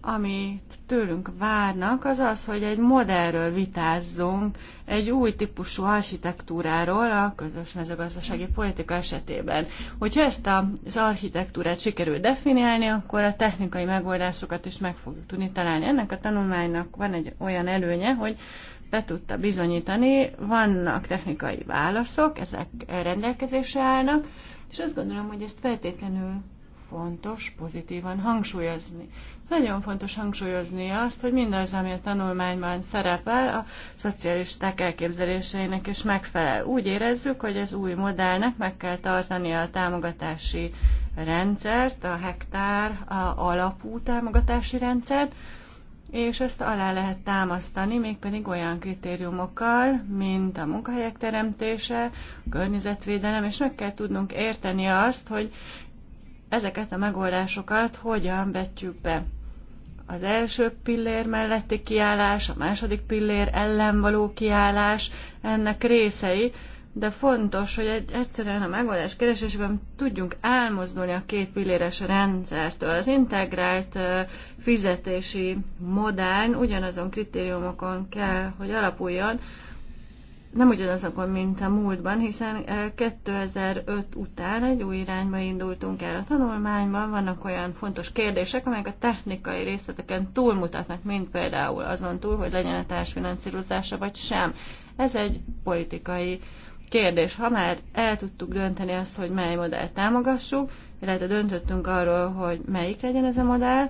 amit tőlünk várnak, az az, hogy egy modellről vitázzunk, egy új típusú architektúráról a közös mezőgazdasági politika esetében. Hogyha ezt az architektúrát sikerül definiálni, akkor a technikai megoldásokat is meg fogjuk tudni találni. Ennek a tanulmánynak van egy olyan előnye, hogy be tudta bizonyítani, vannak technikai válaszok, ezek rendelkezésre állnak, és azt gondolom, hogy ezt feltétlenül fontos pozitívan hangsúlyozni. Nagyon fontos hangsúlyozni azt, hogy mindaz, ami a tanulmányban szerepel, a szocialisták elképzeléseinek is megfelel. Úgy érezzük, hogy az új modellnek meg kell tartani a támogatási rendszert, a hektár a alapú támogatási rendszert, és ezt alá lehet támasztani, mégpedig olyan kritériumokkal, mint a munkahelyek teremtése, a környezetvédelem, és meg kell tudnunk érteni azt, hogy ezeket a megoldásokat hogyan vetjük be az első pillér melletti kiállás, a második pillér ellen való kiállás ennek részei, de fontos, hogy egy, egyszerűen a megoldás keresésben tudjunk elmozdulni a két pilléres rendszertől. Az integrált fizetési modern ugyanazon kritériumokon kell, hogy alapuljon, nem ugyanazokon, mint a múltban, hiszen 2005 után egy új irányba indultunk el a tanulmányban, vannak olyan fontos kérdések, amelyek a technikai részleteken túlmutatnak, mint például azon túl, hogy legyen a társfinanszírozása vagy sem. Ez egy politikai kérdés. Ha már el tudtuk dönteni azt, hogy mely modellt támogassuk, illetve döntöttünk arról, hogy melyik legyen ez a modell,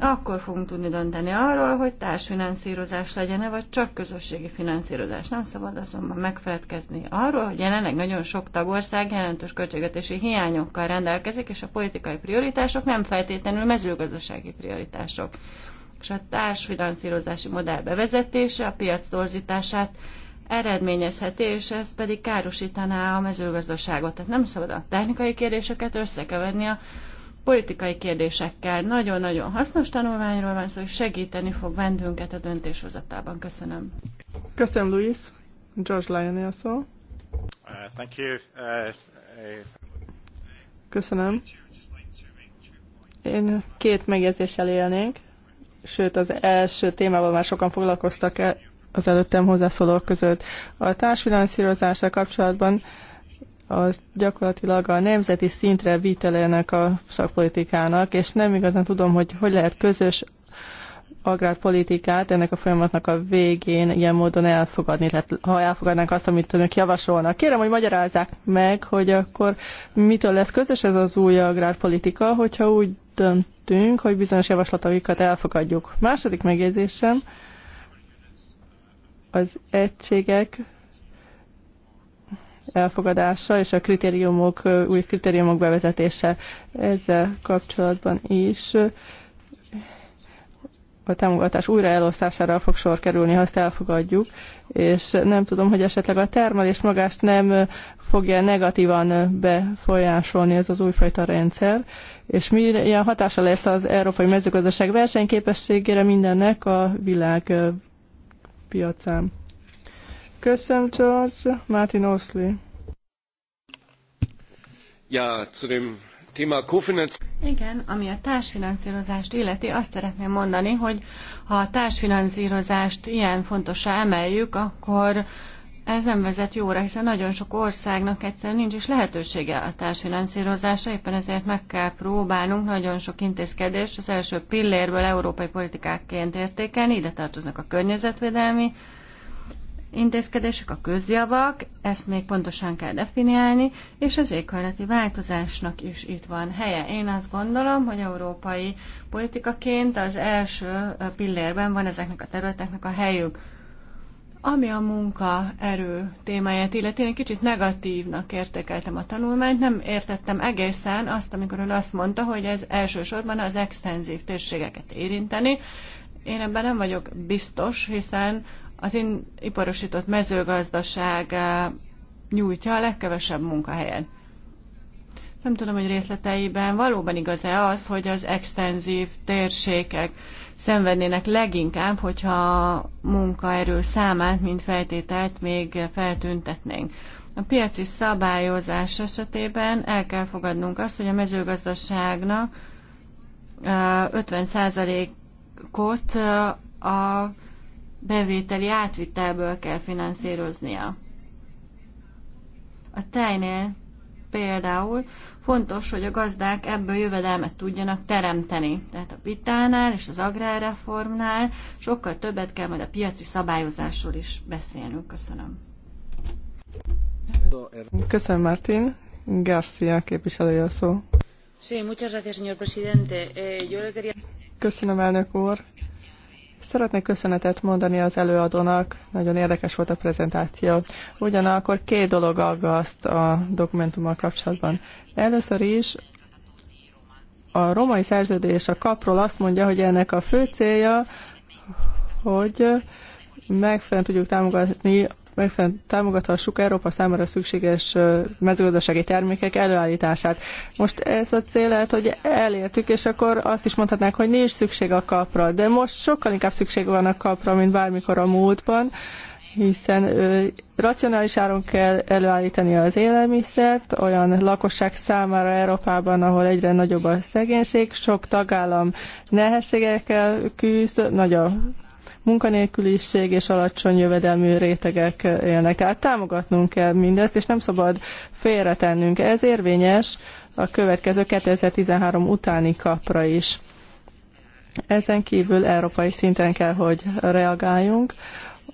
akkor fogunk tudni dönteni arról, hogy társfinanszírozás legyen-e, vagy csak közösségi finanszírozás. Nem szabad azonban megfeledkezni arról, hogy jelenleg nagyon sok tagország jelentős költségvetési hiányokkal rendelkezik, és a politikai prioritások nem feltétlenül mezőgazdasági prioritások. És a társfinanszírozási modell bevezetése a piac torzítását eredményezheti, és ez pedig károsítaná a mezőgazdaságot. Tehát nem szabad a technikai kérdéseket összekeverni a politikai kérdésekkel. Nagyon-nagyon hasznos tanulmányról van szó, és segíteni fog vendünket a döntéshozatában. Köszönöm. Köszönöm, Luis. George Lyon a szó. Uh, thank you. uh... uh Köszönöm. Én két megjegyzéssel élnénk, sőt az első témával már sokan foglalkoztak el az előttem hozzászólók között. A társfinanszírozással kapcsolatban uh, az gyakorlatilag a nemzeti szintre vitelének a szakpolitikának, és nem igazán tudom, hogy hogy lehet közös agrárpolitikát ennek a folyamatnak a végén ilyen módon elfogadni, tehát ha elfogadnánk azt, amit önök javasolnak. Kérem, hogy magyarázzák meg, hogy akkor mitől lesz közös ez az új agrárpolitika, hogyha úgy döntünk, hogy bizonyos javaslataikat elfogadjuk. Második megjegyzésem, az egységek elfogadása és a kritériumok, új kritériumok bevezetése ezzel kapcsolatban is a támogatás újraelosztására fog sor kerülni, ha azt elfogadjuk, és nem tudom, hogy esetleg a termelés magást nem fogja negatívan befolyásolni ez az újfajta rendszer, és milyen hatása lesz az európai mezőgazdaság versenyképességére mindennek a világ piacán. Köszönöm, George. Martin Oszli. Ja, zu dem Thema Kofinanz. Igen, ami a társfinanszírozást illeti, azt szeretném mondani, hogy ha a társfinanszírozást ilyen fontosra emeljük, akkor ez nem vezet jóra, hiszen nagyon sok országnak egyszerűen nincs is lehetősége a társfinanszírozásra, éppen ezért meg kell próbálnunk nagyon sok intézkedést az első pillérből európai politikákként értékelni, ide tartoznak a környezetvédelmi intézkedések, a közjavak, ezt még pontosan kell definiálni, és az éghajlati változásnak is itt van helye. Én azt gondolom, hogy európai politikaként az első pillérben van ezeknek a területeknek a helyük. Ami a munkaerő témáját illeti, én egy kicsit negatívnak értékeltem a tanulmányt, nem értettem egészen azt, amikor ő azt mondta, hogy ez elsősorban az extenzív térségeket érinteni. Én ebben nem vagyok biztos, hiszen az iparosított mezőgazdaság eh, nyújtja a legkevesebb munkahelyet. Nem tudom, hogy részleteiben valóban igaz-e az, hogy az extenzív térségek szenvednének leginkább, hogyha a munkaerő számát, mint feltételt még feltüntetnénk. A piaci szabályozás esetében el kell fogadnunk azt, hogy a mezőgazdaságnak 50%-ot eh, eh, a bevételi átvitelből kell finanszíroznia. A tejnél például fontos, hogy a gazdák ebből jövedelmet tudjanak teremteni. Tehát a vitánál és az agrárreformnál sokkal többet kell majd a piaci szabályozásról is beszélnünk. Köszönöm. Köszönöm, Martin. Garcia képviselője a szó. muchas gracias, señor presidente. Eh, Köszönöm, elnök úr. Szeretnék köszönetet mondani az előadónak, nagyon érdekes volt a prezentáció. Ugyanakkor két dolog aggaszt a dokumentummal kapcsolatban. Először is a romai szerződés a kapról azt mondja, hogy ennek a fő célja, hogy megfelelően tudjuk támogatni megfelelően támogathassuk Európa számára szükséges mezőgazdasági termékek előállítását. Most ez a cél lehet, hogy elértük, és akkor azt is mondhatnánk, hogy nincs szükség a kapra, de most sokkal inkább szükség van a kapra, mint bármikor a múltban hiszen ö, racionális áron kell előállítani az élelmiszert, olyan lakosság számára Európában, ahol egyre nagyobb a szegénység, sok tagállam nehézségekkel küzd, nagy a munkanélküliség és alacsony jövedelmű rétegek élnek. Tehát támogatnunk kell mindezt, és nem szabad félretennünk. Ez érvényes a következő 2013 utáni kapra is. Ezen kívül európai szinten kell, hogy reagáljunk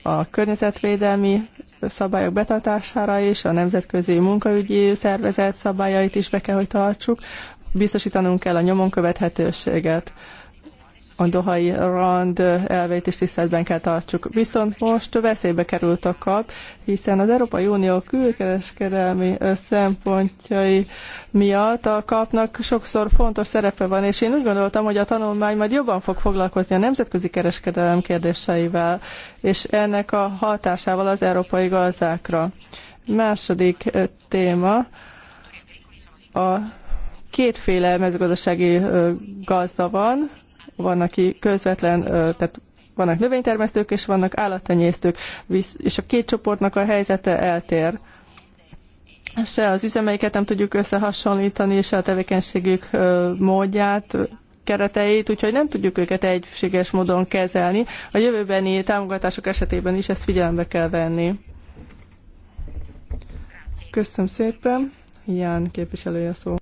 a környezetvédelmi szabályok betartására is, a nemzetközi munkaügyi szervezet szabályait is be kell, hogy tartsuk. Biztosítanunk kell a nyomon követhetőséget a dohai rand elveit is tiszteletben kell tartsuk. Viszont most veszélybe került a kap, hiszen az Európai Unió külkereskedelmi szempontjai miatt a kapnak sokszor fontos szerepe van, és én úgy gondoltam, hogy a tanulmány majd jobban fog foglalkozni a nemzetközi kereskedelem kérdéseivel, és ennek a hatásával az európai gazdákra. Második téma a kétféle mezőgazdasági gazda van, van, aki közvetlen, tehát vannak növénytermesztők és vannak állattenyésztők, és a két csoportnak a helyzete eltér. Se az üzemeiket nem tudjuk összehasonlítani, se a tevékenységük módját, kereteit, úgyhogy nem tudjuk őket egységes módon kezelni. A jövőbeni támogatások esetében is ezt figyelembe kell venni. Köszönöm szépen. Ján képviselője szó.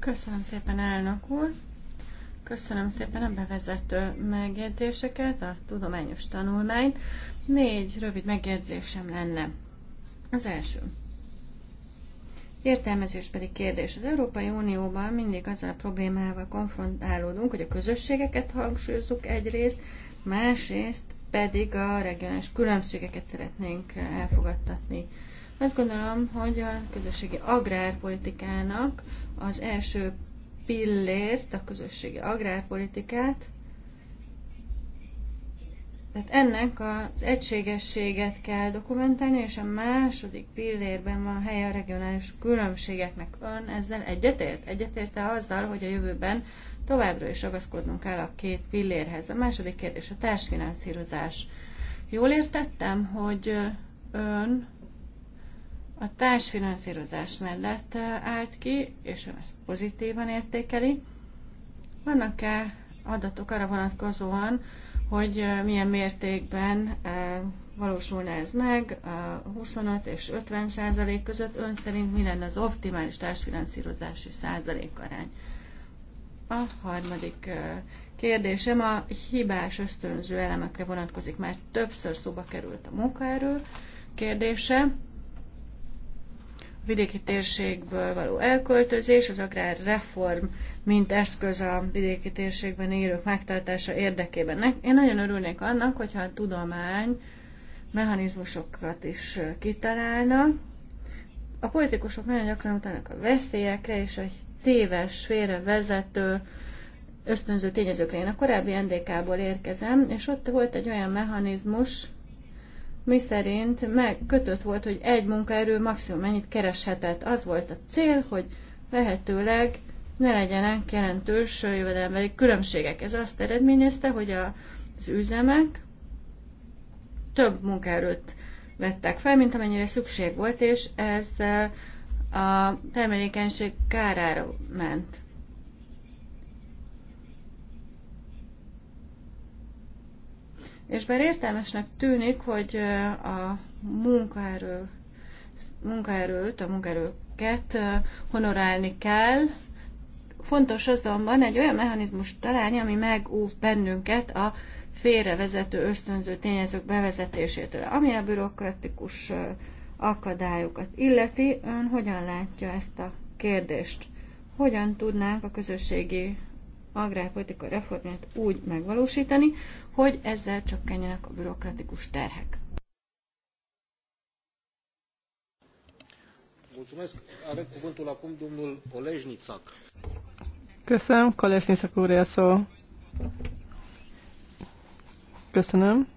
Köszönöm szépen, elnök úr. Köszönöm szépen a bevezető megjegyzéseket, a tudományos tanulmányt. Négy rövid megjegyzésem lenne. Az első. Értelmezésbeli kérdés. Az Európai Unióban mindig azzal a problémával konfrontálódunk, hogy a közösségeket hangsúlyozzuk egyrészt, másrészt pedig a regionális különbségeket szeretnénk elfogadtatni. Azt gondolom, hogy a közösségi agrárpolitikának az első pillért, a közösségi agrárpolitikát, tehát ennek az egységességet kell dokumentálni, és a második pillérben van helye a regionális különbségeknek. Ön ezzel egyetért? Egyetérte azzal, hogy a jövőben továbbra is ragaszkodnunk kell a két pillérhez. A második kérdés a társfinanszírozás. Jól értettem, hogy ön a társfinanszírozás mellett eh, állt ki, és ön ezt pozitívan értékeli. Vannak-e adatok arra vonatkozóan, hogy eh, milyen mértékben eh, valósulna ez meg, 25 és 50 százalék között ön szerint mi lenne az optimális társfinanszírozási arány? A harmadik kérdésem a hibás ösztönző elemekre vonatkozik, mert többször szóba került a munkaerő kérdése vidéki térségből való elköltözés, az agrárreform, mint eszköz a vidéki térségben élők megtartása érdekében. Én nagyon örülnék annak, hogyha a tudomány mechanizmusokat is kitalálna. A politikusok nagyon gyakran utának a veszélyekre és a téves, vezető ösztönző tényezőkre. Én a korábbi NDK-ból érkezem, és ott volt egy olyan mechanizmus, mi szerint meg kötött volt, hogy egy munkaerő maximum mennyit kereshetett. Az volt a cél, hogy lehetőleg ne legyenek jelentős jövedelmeli különbségek. Ez azt eredményezte, hogy a, az üzemek több munkaerőt vettek fel, mint amennyire szükség volt, és ez eh, a termelékenység kárára ment. És bár értelmesnek tűnik, hogy a munkaerő, munkaerőt, a munkaerőket honorálni kell, fontos azonban egy olyan mechanizmust találni, ami megúv bennünket a félrevezető ösztönző tényezők bevezetésétől, ami a bürokratikus akadályokat illeti. Ön hogyan látja ezt a kérdést? Hogyan tudnánk a közösségi agrárpolitika reformját úgy megvalósítani, hogy ezzel csökkenjenek a bürokratikus terhek. Köszönöm, Kolesnicak úr, a szó. Köszönöm.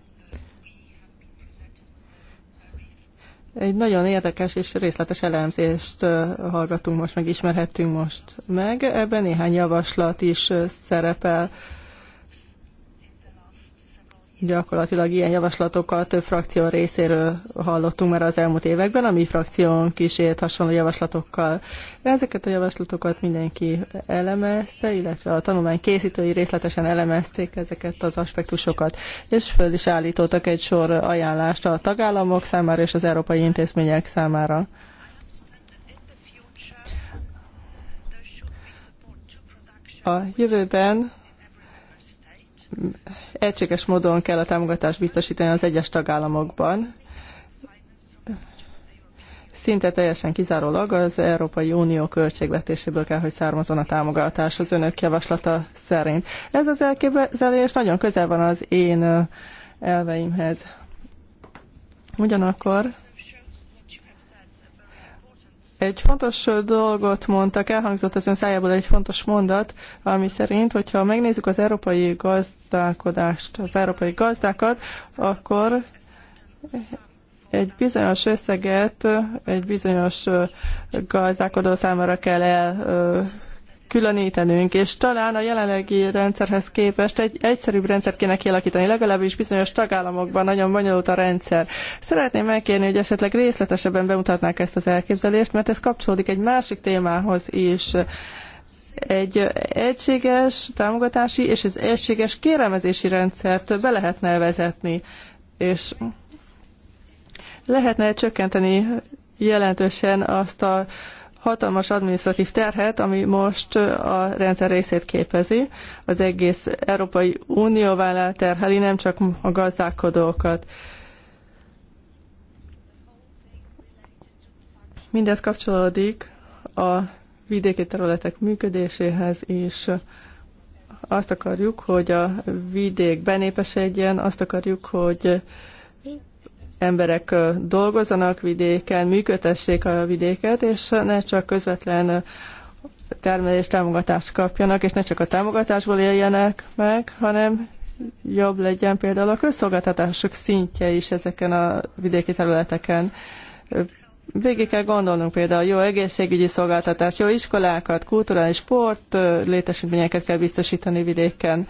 Egy nagyon érdekes és részletes elemzést hallgatunk most, meg ismerhettünk most meg. Ebben néhány javaslat is szerepel. Gyakorlatilag ilyen javaslatokat több frakció részéről hallottunk már az elmúlt években, a mi frakciónk is élt hasonló javaslatokkal. Ezeket a javaslatokat mindenki elemezte, illetve a tanulmány készítői részletesen elemezték ezeket az aspektusokat, és föl is állítottak egy sor ajánlást a tagállamok számára és az európai intézmények számára. A jövőben egységes módon kell a támogatást biztosítani az egyes tagállamokban. Szinte teljesen kizárólag az Európai Unió költségvetéséből kell, hogy származon a támogatás az önök javaslata szerint. Ez az elképzelés nagyon közel van az én elveimhez. Ugyanakkor egy fontos dolgot mondtak, elhangzott az ön szájából egy fontos mondat, ami szerint, hogyha megnézzük az európai gazdálkodást, az európai gazdákat, akkor egy bizonyos összeget egy bizonyos gazdálkodó számára kell különítenünk, és talán a jelenlegi rendszerhez képest egy egyszerűbb rendszert kéne kialakítani, legalábbis bizonyos tagállamokban nagyon bonyolult a rendszer. Szeretném megkérni, hogy esetleg részletesebben bemutatnák ezt az elképzelést, mert ez kapcsolódik egy másik témához is egy egységes támogatási és az egységes kérelmezési rendszert be lehetne vezetni, és lehetne csökkenteni jelentősen azt a hatalmas administratív terhet, ami most a rendszer részét képezi. Az egész Európai Unió vállal terheli, nem csak a gazdálkodókat. Mindez kapcsolódik a vidéki területek működéséhez is. Azt akarjuk, hogy a vidék benépesedjen, azt akarjuk, hogy emberek dolgozzanak vidéken, működtessék a vidéket, és ne csak közvetlen termelés támogatást kapjanak, és ne csak a támogatásból éljenek meg, hanem jobb legyen például a közszolgáltatások szintje is ezeken a vidéki területeken. Végig kell gondolnunk például jó egészségügyi szolgáltatás, jó iskolákat, kulturális sport létesítményeket kell biztosítani vidéken.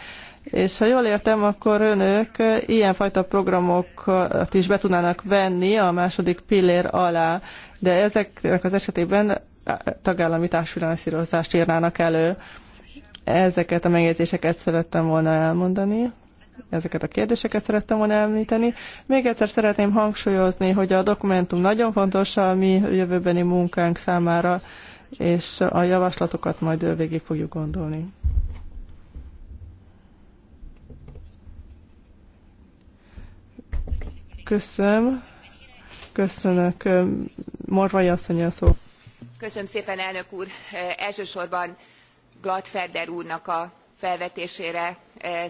És ha jól értem, akkor önök ilyenfajta programokat is be tudnának venni a második pillér alá, de ezeknek az esetében tagállami társfinanszírozást írnának elő. Ezeket a megjegyzéseket szerettem volna elmondani, ezeket a kérdéseket szerettem volna említeni. Még egyszer szeretném hangsúlyozni, hogy a dokumentum nagyon fontos a mi jövőbeni munkánk számára, és a javaslatokat majd végig fogjuk gondolni. Köszönöm. Köszönök. Morvai asszony a szó. Köszönöm szépen, elnök úr. Elsősorban Gladferder úrnak a felvetésére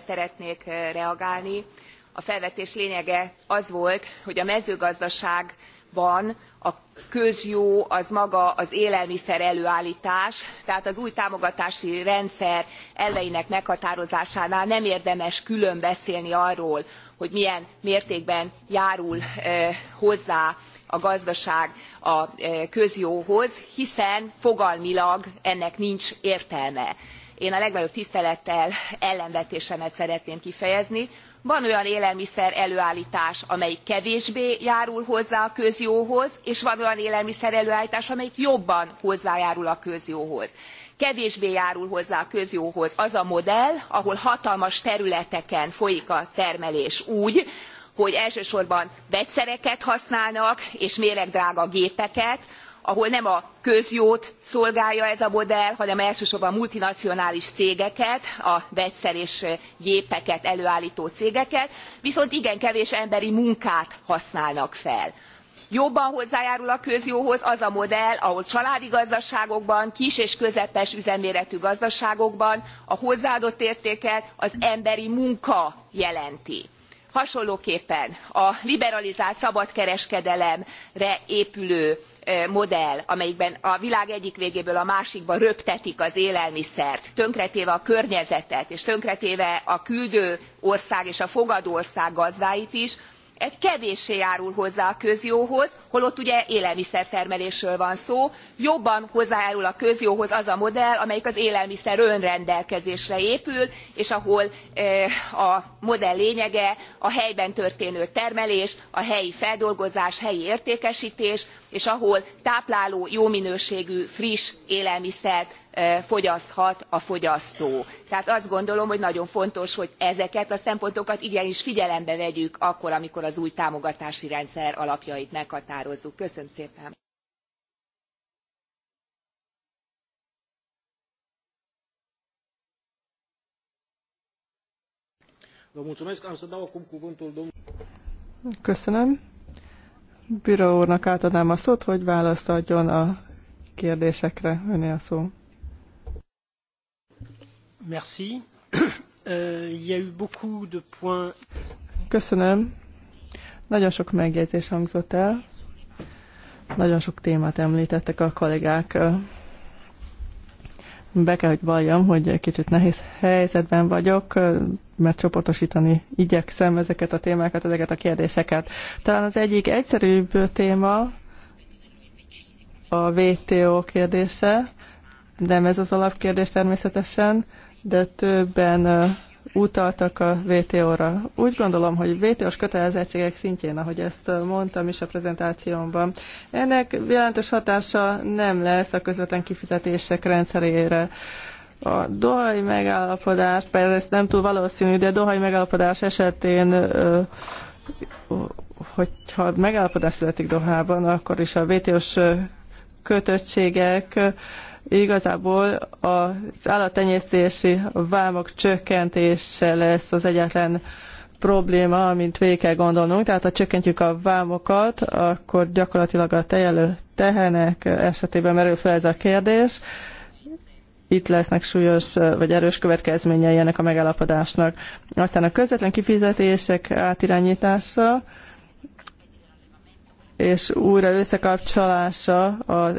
szeretnék reagálni. A felvetés lényege az volt, hogy a mezőgazdaság van a közjó az maga az élelmiszer előálltás tehát az új támogatási rendszer elveinek meghatározásánál nem érdemes külön beszélni arról hogy milyen mértékben járul hozzá a gazdaság a közjóhoz hiszen fogalmilag ennek nincs értelme. én a legnagyobb tisztelettel ellenvetésemet szeretném kifejezni van olyan élelmiszer előálltás amelyik kevésbé járul hozzá a közjóhoz és van olyan élelmiszer előálltás amelyik jobban hozzájárul a közjóhoz. kevésbé járul hozzá a közjóhoz az a modell ahol hatalmas területeken folyik a termelés úgy hogy elsősorban vegyszereket használnak és méregdrága gépeket ahol nem a közjót szolgálja ez a modell hanem elsősorban a multinacionális cégeket a vegyszer és gépeket előálltó cégeket viszont igen kevés emberi munkát használnak fel. jobban hozzájárul a közjóhoz az a modell ahol családi gazdaságokban kis és közepes üzemméretű gazdaságokban a hozzáadott értéket az emberi munka jelenti hasonlóképpen a liberalizált szabadkereskedelemre épülő modell amelyikben a világ egyik végéből a másikba röptetik az élelmiszert tönkretéve a környezetet és tönkretéve a küldő ország és a fogadó ország gazdáit is ez kevéssé járul hozzá a közjóhoz holott ugye élelmiszertermelésről van szó jobban hozzájárul a közjóhoz az a modell amelyik az élelmiszer önrendelkezésre épül és ahol eh, a modell lényege a helyben történő termelés a helyi feldolgozás helyi értékestés és ahol tápláló jó minőségű friss élelmiszert fogyaszthat a fogyasztó. tehát azt gondolom hogy nagyon fontos hogy ezeket a szempontokat igenis figyelembe vegyük akkor amikor az új támogatási rendszer alapjait meghatározzuk. köszönöm szépen! Köszönöm. Bíró úrnak átadnám a szót, hogy választ adjon a kérdésekre. Öné a szó. Köszönöm. Nagyon sok megjegyzés hangzott el. Nagyon sok témát említettek a kollégák. Be kell, hogy valljam, hogy kicsit nehéz helyzetben vagyok, mert csoportosítani igyekszem ezeket a témákat, ezeket a kérdéseket. Talán az egyik egyszerűbb téma a WTO kérdése, nem ez az alapkérdés természetesen, de többen utaltak a vto ra Úgy gondolom, hogy vto s kötelezettségek szintjén, ahogy ezt mondtam is a prezentációmban, ennek jelentős hatása nem lesz a közvetlen kifizetések rendszerére. A dohai megállapodás, persze nem túl valószínű, de dohai megállapodás esetén hogyha megállapodás születik Dohában, akkor is a vto s kötöttségek Igazából az állattenyésztési vámok csökkentése lesz az egyetlen probléma, amit végig kell gondolnunk. Tehát ha csökkentjük a vámokat, akkor gyakorlatilag a tejelő tehenek esetében merül fel ez a kérdés. Itt lesznek súlyos vagy erős következményei ennek a megállapodásnak. Aztán a közvetlen kifizetések átirányítása és újra összekapcsolása a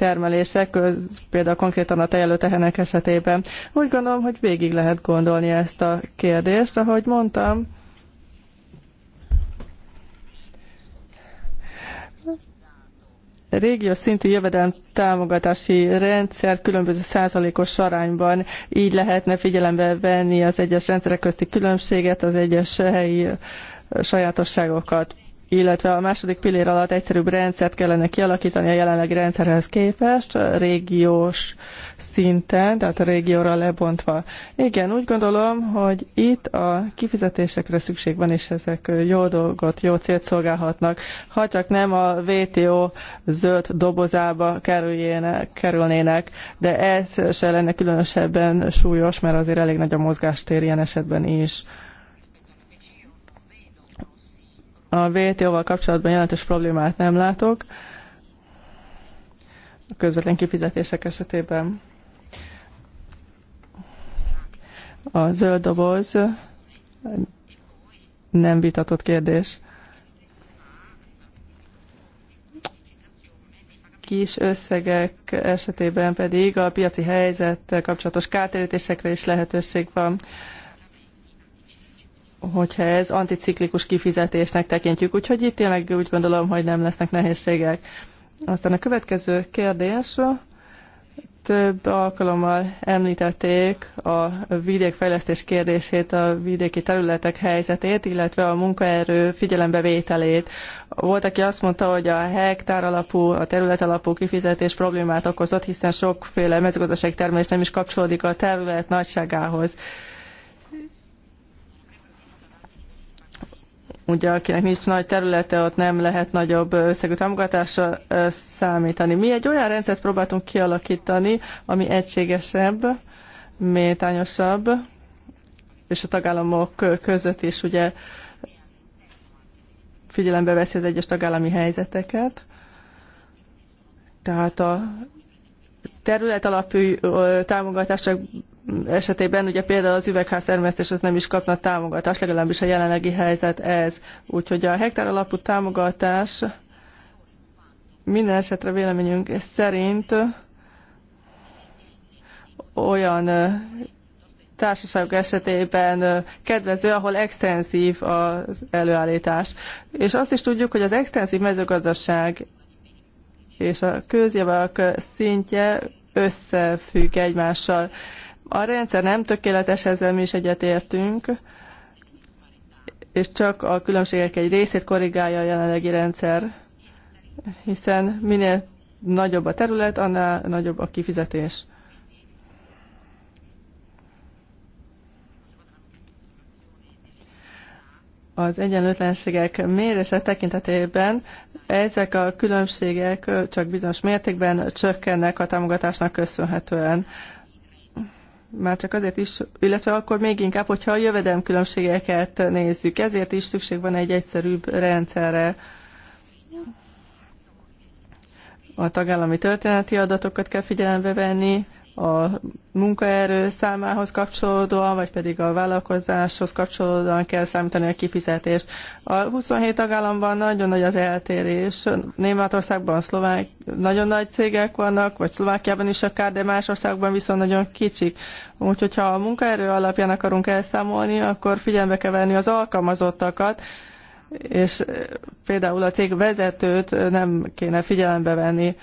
termelése, köz, például konkrétan a tejelőtehenek esetében. Úgy gondolom, hogy végig lehet gondolni ezt a kérdést, ahogy mondtam. régiós szintű jövedelem támogatási rendszer különböző százalékos arányban így lehetne figyelembe venni az egyes rendszerek közti különbséget, az egyes helyi sajátosságokat illetve a második pillér alatt egyszerűbb rendszert kellene kialakítani a jelenlegi rendszerhez képest, régiós szinten, tehát a régióra lebontva. Igen, úgy gondolom, hogy itt a kifizetésekre szükség van, és ezek jó dolgot, jó célt szolgálhatnak, ha csak nem a WTO zöld dobozába kerülnének, de ez se lenne különösebben súlyos, mert azért elég nagy a mozgástér ilyen esetben is. A WTO-val kapcsolatban jelentős problémát nem látok a közvetlen kifizetések esetében. A zöld doboz nem vitatott kérdés. kis összegek esetében pedig a piaci helyzettel kapcsolatos kártérítésekre is lehetőség van hogyha ez anticiklikus kifizetésnek tekintjük. Úgyhogy itt tényleg úgy gondolom, hogy nem lesznek nehézségek. Aztán a következő kérdés. Több alkalommal említették a vidékfejlesztés kérdését, a vidéki területek helyzetét, illetve a munkaerő figyelembevételét. Volt, aki azt mondta, hogy a hektár alapú, a terület alapú kifizetés problémát okozott, hiszen sokféle mezőgazdaság termés, nem is kapcsolódik a terület nagyságához. Ugye akinek nincs nagy területe, ott nem lehet nagyobb összegű támogatásra számítani. Mi egy olyan rendszert próbáltunk kialakítani, ami egységesebb, méltányosabb, és a tagállamok között is ugye figyelembe veszi az egyes tagállami helyzeteket. Tehát a terület alapú támogatások esetében ugye például az üvegháztermesztés az nem is kapna támogatást, legalábbis a jelenlegi helyzet ez. Úgyhogy a hektár alapú támogatás minden esetre véleményünk szerint olyan társaságok esetében kedvező, ahol extenzív az előállítás. És azt is tudjuk, hogy az extenzív mezőgazdaság és a közjavak szintje összefügg egymással. A rendszer nem tökéletes, ezzel mi is egyetértünk, és csak a különbségek egy részét korrigálja a jelenlegi rendszer, hiszen minél nagyobb a terület, annál nagyobb a kifizetés. az egyenlőtlenségek mérése tekintetében ezek a különbségek csak bizonyos mértékben csökkennek a támogatásnak köszönhetően már csak azért is, illetve akkor még inkább, hogyha a jövedelemkülönbségeket nézzük. Ezért is szükség van egy egyszerűbb rendszerre. A tagállami történeti adatokat kell figyelembe venni, a munkaerő számához kapcsolódóan, vagy pedig a vállalkozáshoz kapcsolódóan kell számítani a kifizetést. A 27 tagállamban nagyon nagy az eltérés. Németországban szlovák, nagyon nagy cégek vannak, vagy Szlovákiában is akár, de más országokban viszont nagyon kicsik. Úgyhogy ha a munkaerő alapján akarunk elszámolni, akkor figyelembe kell venni az alkalmazottakat, és eh, például a cég vezetőt eh, nem kéne figyelembe venni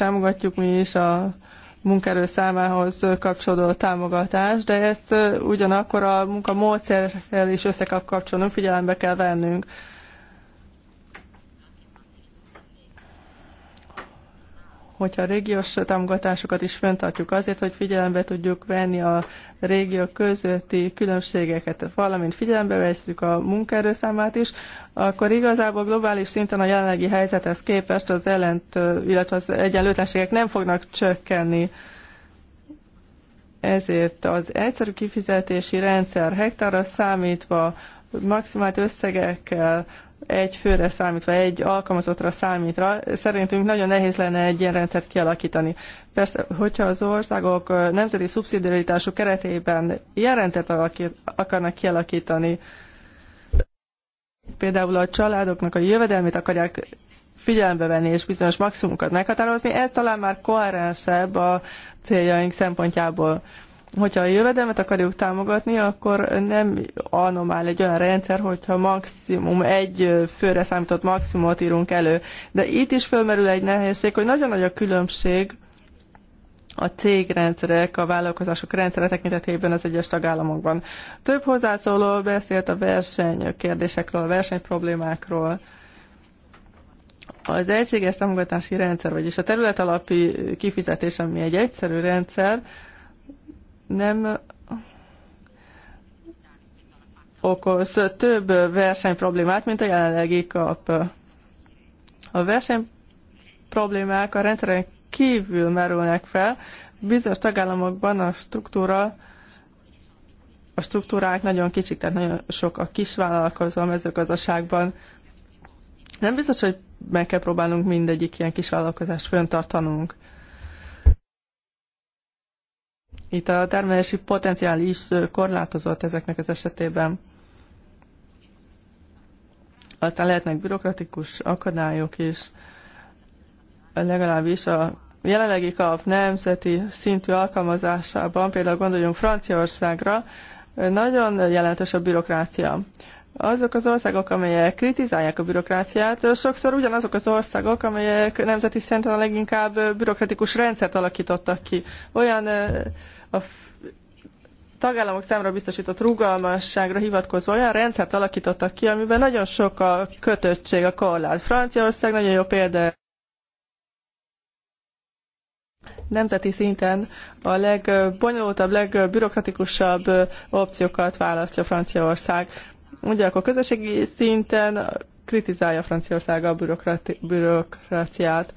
támogatjuk mi is a munkaerő számához kapcsolódó támogatást, de ezt ugyanakkor a munkamódszerrel is össze kell kapcsolnunk, figyelembe kell vennünk. hogyha a régiós támogatásokat is fenntartjuk azért, hogy figyelembe tudjuk venni a régiók közötti különbségeket, valamint figyelembe veszük a munkaerő számát is, akkor igazából globális szinten a jelenlegi helyzethez képest az ellent, illetve az egyenlőtlenségek nem fognak csökkenni. Ezért az egyszerű kifizetési rendszer hektárra számítva maximált összegekkel egy főre számítva, egy alkalmazottra számítva, szerintünk nagyon nehéz lenne egy ilyen rendszert kialakítani. Persze, hogyha az országok nemzeti szubszidiaritású keretében ilyen rendszert alakít, akarnak kialakítani, például a családoknak a jövedelmét akarják figyelembe venni és bizonyos maximumokat meghatározni, ez talán már koherensebb a céljaink szempontjából hogyha a jövedelmet akarjuk támogatni, akkor nem anomál egy olyan rendszer, hogyha maximum egy főre számított maximumot írunk elő. De itt is fölmerül egy nehézség, hogy nagyon nagy a különbség a cégrendszerek, a vállalkozások rendszere tekintetében az egyes tagállamokban. Több hozzászóló beszélt a verseny kérdésekről, a verseny problémákról. Az egységes támogatási rendszer, vagyis a terület alapi kifizetés, ami egy egyszerű rendszer, nem okoz több versenyproblémát, mint a jelenlegi kap. A versenyproblémák a rendszeren kívül merülnek fel, bizonyos tagállamokban a struktúra a struktúrák nagyon kicsik, tehát nagyon sok a kisvállalkozó a mezőgazdaságban. Nem biztos, hogy meg kell próbálnunk mindegyik ilyen kis vállalkozást föntartanunk. Itt a termelési potenciál is korlátozott ezeknek az esetében. Aztán lehetnek bürokratikus akadályok is, legalábbis a jelenlegi kap nemzeti szintű alkalmazásában, például gondoljunk Franciaországra, nagyon jelentős a bürokrácia azok az országok, amelyek kritizálják a bürokráciát, sokszor ugyanazok az országok, amelyek nemzeti szinten a leginkább bürokratikus rendszert alakítottak ki. Olyan a tagállamok számára biztosított rugalmasságra hivatkozva olyan rendszert alakítottak ki, amiben nagyon sok a kötöttség, a korlát. Franciaország nagyon jó példa. Nemzeti szinten a legbonyolultabb, legbürokratikusabb opciókat választja Franciaország akkor közösségi szinten kritizálja Franciaország a bürokrati- bürokráciát.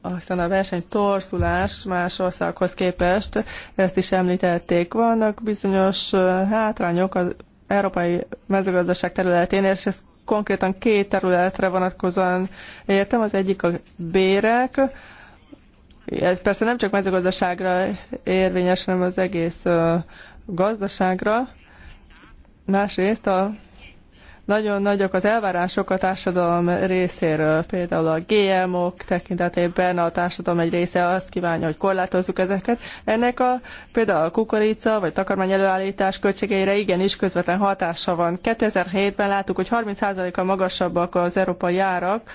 Aztán a verseny torszulás más országhoz képest, ezt is említették. Vannak bizonyos hátrányok az európai mezőgazdaság területén, és ez konkrétan két területre vonatkozóan értem. Az egyik a bérek, ez persze nem csak mezőgazdaságra érvényes, hanem az egész gazdaságra, másrészt a nagyon nagyok az elvárások a társadalom részéről. Például a GMO-k tekintetében a társadalom egy része azt kívánja, hogy korlátozzuk ezeket. Ennek a, például a kukorica vagy takarmány előállítás költségeire igenis közvetlen hatása van. 2007-ben láttuk, hogy 30%-a magasabbak az európai árak,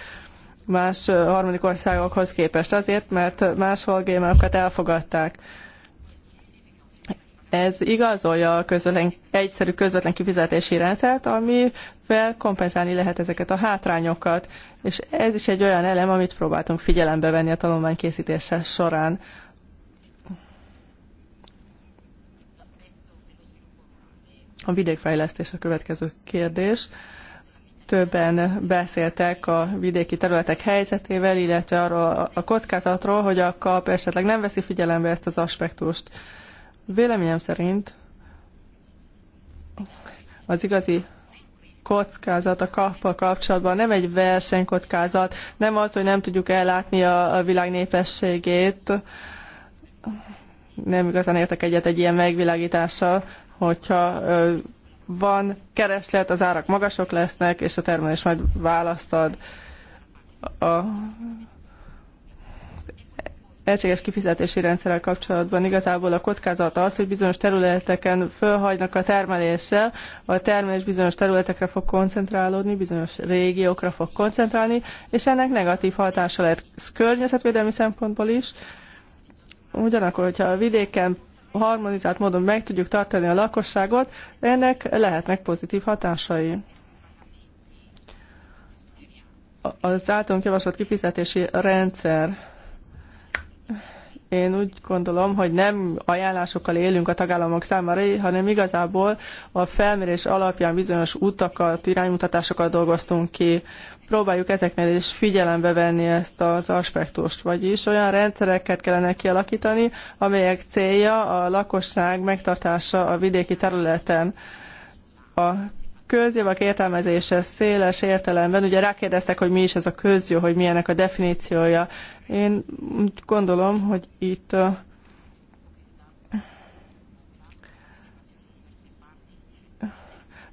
más harmadik országokhoz képest azért, mert máshol GMO-kat elfogadták ez igazolja a közölen, egyszerű közvetlen kifizetési rendszert, amivel kompenzálni lehet ezeket a hátrányokat. És ez is egy olyan elem, amit próbáltunk figyelembe venni a tanulmány készítése során. A vidékfejlesztés a következő kérdés. Többen beszéltek a vidéki területek helyzetével, illetve arról a kockázatról, hogy a kap esetleg nem veszi figyelembe ezt az aspektust Véleményem szerint az igazi kockázat a kappal kapcsolatban nem egy versenykockázat, nem az, hogy nem tudjuk ellátni a, világ népességét. Nem igazán értek egyet egy ilyen megvilágítással, hogyha van kereslet, az árak magasok lesznek, és a termelés majd választad. A egységes kifizetési rendszerrel kapcsolatban igazából a kockázat az, hogy bizonyos területeken fölhagynak a termeléssel, a termelés bizonyos területekre fog koncentrálódni, bizonyos régiókra fog koncentrálni, és ennek negatív hatása lehet környezetvédelmi szempontból is. Ugyanakkor, hogyha a vidéken harmonizált módon meg tudjuk tartani a lakosságot, ennek lehetnek pozitív hatásai az általunk javasolt kifizetési rendszer én úgy gondolom, hogy nem ajánlásokkal élünk a tagállamok számára, hanem igazából a felmérés alapján bizonyos utakat, iránymutatásokat dolgoztunk ki. Próbáljuk ezeknél is figyelembe venni ezt az aspektust, vagyis olyan rendszereket kellene kialakítani, amelyek célja a lakosság megtartása a vidéki területen. A közjavak értelmezése széles értelemben, ugye rákérdeztek, hogy mi is ez a közjó, hogy milyenek a definíciója. Én úgy gondolom, hogy itt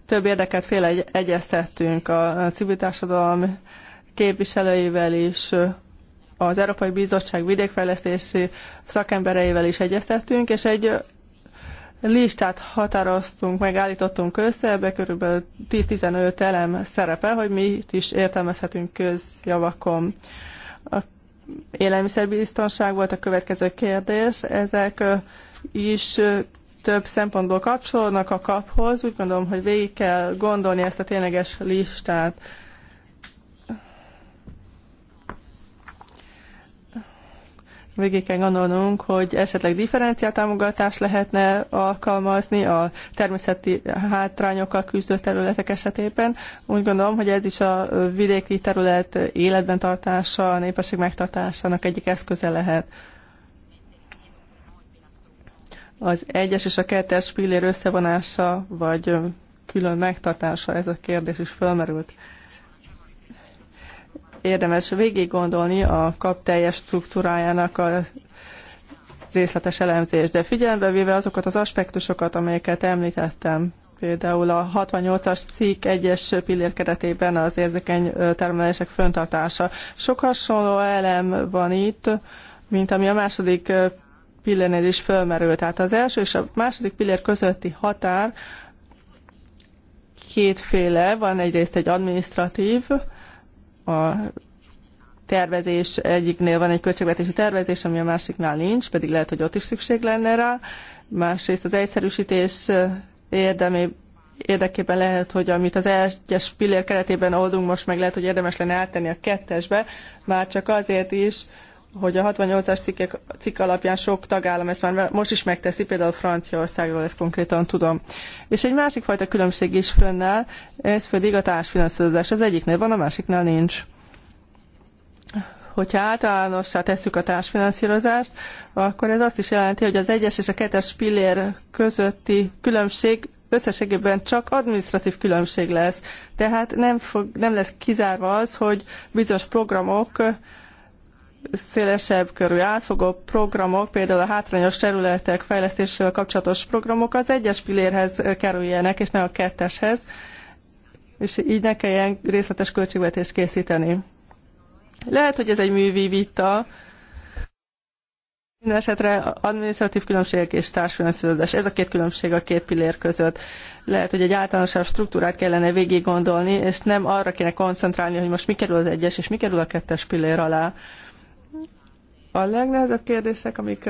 több érdeket féle egyeztettünk a civil társadalom képviselőivel is, az Európai Bizottság vidékfejlesztési szakembereivel is egyeztettünk, és egy listát határoztunk, megállítottunk össze, ebbe körülbelül 10-15 elem szerepel, hogy mit is értelmezhetünk közjavakon. A élelmiszerbiztonság volt a következő kérdés. Ezek is több szempontból kapcsolódnak a kaphoz. Úgy gondolom, hogy végig kell gondolni ezt a tényleges listát. végig kell gondolnunk, hogy esetleg differenciált támogatást lehetne alkalmazni a természeti hátrányokkal küzdő területek esetében. Úgy gondolom, hogy ez is a vidéki terület életben tartása, a népesség megtartásának egyik eszköze lehet. Az egyes és a kettes pillér összevonása, vagy külön megtartása, ez a kérdés is fölmerült érdemes végig gondolni a kap teljes struktúrájának a részletes elemzést, de figyelembe véve azokat az aspektusokat, amelyeket említettem, például a 68-as cikk egyes pillér keretében az érzékeny termelések föntartása. Sok hasonló elem van itt, mint ami a második pillérnél is fölmerül. Tehát az első és a második pillér közötti határ kétféle, van egyrészt egy administratív, a tervezés egyiknél van egy költségvetési tervezés, ami a másiknál nincs, pedig lehet, hogy ott is szükség lenne rá. Másrészt az egyszerűsítés érdemé, érdekében lehet, hogy amit az egyes pillér keretében oldunk, most meg lehet, hogy érdemes lenne áttenni a kettesbe, már csak azért is, hogy a 68-as cikkek, cikk alapján sok tagállam ezt már most is megteszi, például Franciaországról ezt konkrétan tudom. És egy másik fajta különbség is fönnáll, ez pedig a társfinanszírozás. Az egyiknél van, a másiknál nincs. Hogyha általánossá tesszük a társfinanszírozást, akkor ez azt is jelenti, hogy az egyes és a kettes pillér közötti különbség összességében csak administratív különbség lesz. Tehát nem, fog, nem lesz kizárva az, hogy bizonyos programok szélesebb körű átfogó programok, például a hátrányos területek fejlesztésével kapcsolatos programok az egyes pillérhez kerüljenek, és ne a ketteshez, és így ne kelljen részletes költségvetést készíteni. Lehet, hogy ez egy művi vita, minden esetre administratív különbségek és társfinanszírozás. Ez a két különbség a két pillér között. Lehet, hogy egy általánosabb struktúrát kellene végig gondolni, és nem arra kéne koncentrálni, hogy most mi kerül az egyes és mi kerül a kettes pillér alá. A legnehezebb kérdések, amik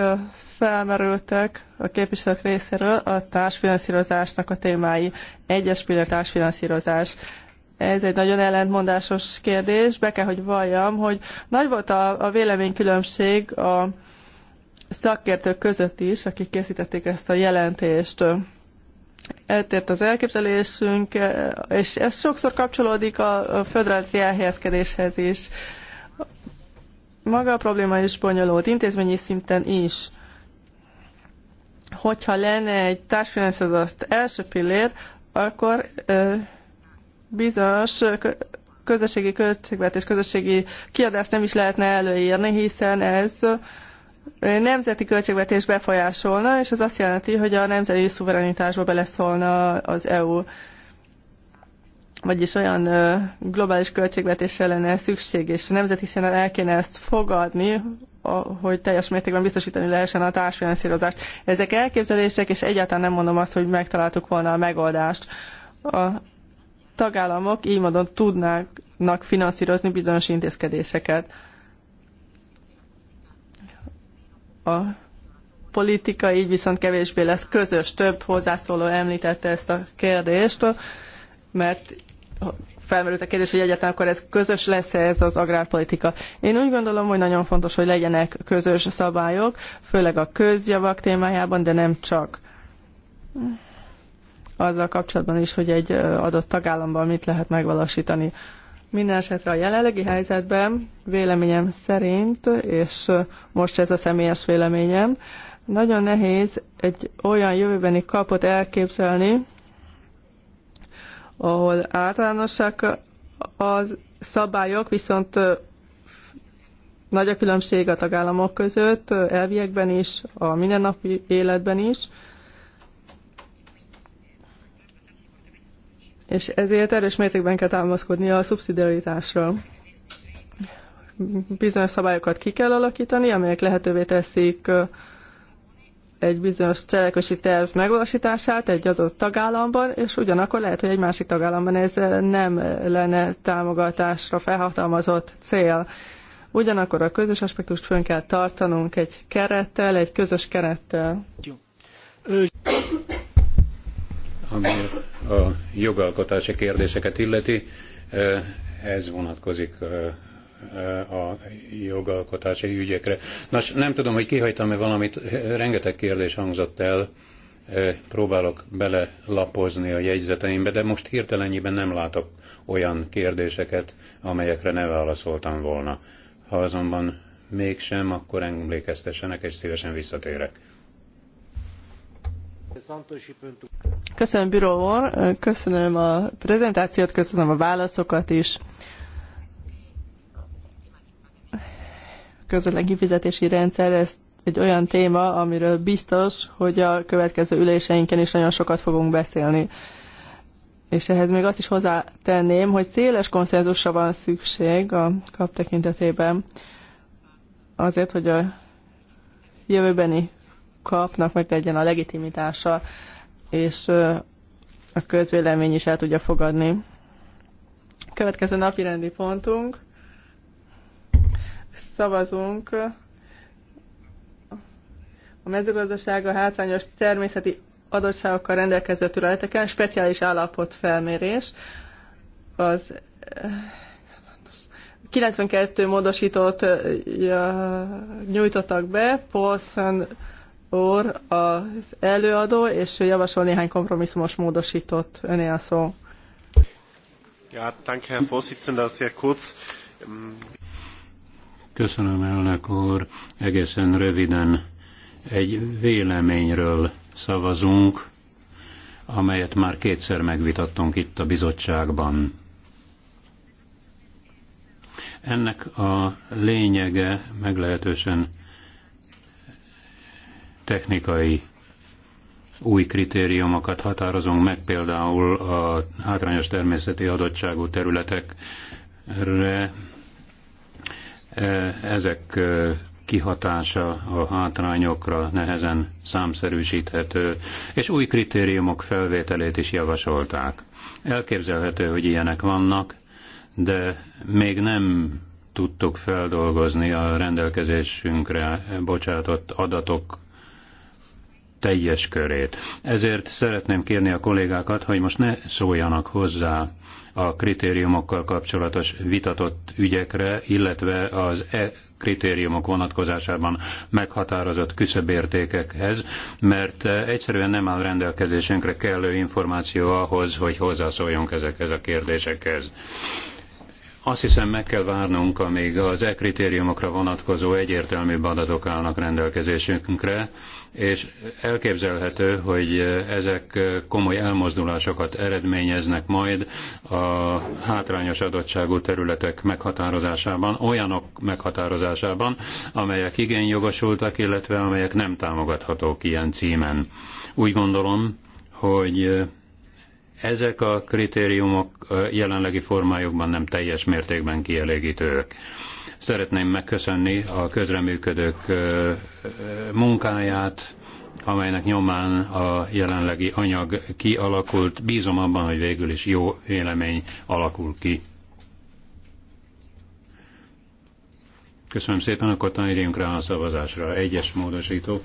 felmerültek a képviselők részéről, a társfinanszírozásnak a témái. Egyes pillanat társfinanszírozás. Ez egy nagyon ellentmondásos kérdés. Be kell, hogy valljam, hogy nagy volt a, a véleménykülönbség a szakértők között is, akik készítették ezt a jelentést. Eltért az elképzelésünk, és ez sokszor kapcsolódik a föderáció elhelyezkedéshez is maga a probléma is bonyolult, intézményi szinten is. Hogyha lenne egy társfinanszírozott első pillér, akkor ö, bizonyos közösségi költségvetés, közösségi kiadást nem is lehetne előírni, hiszen ez nemzeti költségvetés befolyásolna, és ez azt jelenti, hogy a nemzeti szuverenitásba beleszólna az EU vagyis olyan globális költségvetésre lenne szükség, és nemzeti szinten el kéne ezt fogadni, hogy teljes mértékben biztosítani lehessen a társfinanszírozást. Ezek elképzelések, és egyáltalán nem mondom azt, hogy megtaláltuk volna a megoldást. A tagállamok így módon tudnának finanszírozni bizonyos intézkedéseket. A politika így viszont kevésbé lesz közös. Több hozzászóló említette ezt a kérdést, mert felmerült a kérdés, hogy egyáltalán akkor ez közös lesz -e ez az agrárpolitika. Én úgy gondolom, hogy nagyon fontos, hogy legyenek közös szabályok, főleg a közjavak témájában, de nem csak. Azzal kapcsolatban is, hogy egy adott tagállamban mit lehet megvalósítani. Minden esetre a jelenlegi helyzetben véleményem szerint, és most ez a személyes véleményem, nagyon nehéz egy olyan jövőbeni kapot elképzelni, ahol általánosak a szabályok, viszont nagy a különbség a tagállamok között, elviekben is, a mindennapi életben is. És ezért erős mértékben kell támaszkodni a szubszidiaritásra. Bizonyos szabályokat ki kell alakítani, amelyek lehetővé teszik egy bizonyos cselekvési terv megvalósítását egy adott tagállamban, és ugyanakkor lehet, hogy egy másik tagállamban ez eh, nem lenne támogatásra felhatalmazott cél. Ugyanakkor a közös aspektust fönn kell tartanunk egy kerettel, egy közös kerettel. Ami a jogalkotási kérdéseket illeti, eh, ez vonatkozik eh, a jogalkotási ügyekre. Nos, nem tudom, hogy kihagytam-e valamit, rengeteg kérdés hangzott el, próbálok bele lapozni a jegyzeteimbe, de most hirtelennyiben nem látok olyan kérdéseket, amelyekre ne válaszoltam volna. Ha azonban mégsem, akkor emlékeztessenek, és szívesen visszatérek. Köszönöm, Bíró úr, köszönöm a prezentációt, köszönöm a válaszokat is. közvetlen kifizetési rendszer, ez egy olyan téma, amiről biztos, hogy a következő üléseinken is nagyon sokat fogunk beszélni. És ehhez még azt is hozzátenném, hogy széles konszenzusra van szükség a kap tekintetében, azért, hogy a jövőbeni kapnak meg legyen a legitimitása, és a közvélemény is el tudja fogadni. Következő napi rendi pontunk szavazunk a mezőgazdasága hátrányos természeti adottságokkal rendelkező területeken speciális állapot felmérés. Az 92 eh, módosítót eh, nyújtottak be, Paulson úr az előadó, és javasol néhány kompromisszumos módosítót. Öné a szó. Ja, danke, Herr Vorsitzender, sehr kurz. Köszönöm, elnök úr. Egészen röviden egy véleményről szavazunk, amelyet már kétszer megvitattunk itt a bizottságban. Ennek a lényege meglehetősen technikai új kritériumokat határozunk meg, például a hátrányos természeti adottságú területekre ezek kihatása a hátrányokra nehezen számszerűsíthető, és új kritériumok felvételét is javasolták. Elképzelhető, hogy ilyenek vannak, de még nem tudtuk feldolgozni a rendelkezésünkre bocsátott adatok teljes körét. Ezért szeretném kérni a kollégákat, hogy most ne szóljanak hozzá a kritériumokkal kapcsolatos vitatott ügyekre, illetve az e kritériumok vonatkozásában meghatározott küszöbértékekhez, mert e, egyszerűen nem áll rendelkezésünkre kellő információ ahhoz, hogy hozzászóljunk ezekhez a kérdésekhez. Azt hiszem meg kell várnunk, amíg az e kritériumokra vonatkozó egyértelmű adatok állnak rendelkezésünkre, és elképzelhető, hogy ezek komoly elmozdulásokat eredményeznek majd a hátrányos adottságú területek meghatározásában, olyanok meghatározásában, amelyek igen jogosultak, illetve amelyek nem támogathatók ilyen címen. Úgy gondolom, hogy ezek a kritériumok jelenlegi formájukban nem teljes mértékben kielégítőek. Szeretném megköszönni a közreműködők munkáját, amelynek nyomán a jelenlegi anyag kialakult. Bízom abban, hogy végül is jó vélemény alakul ki. Köszönöm szépen, akkor tanírjunk rá a szavazásra. Egyes módosító.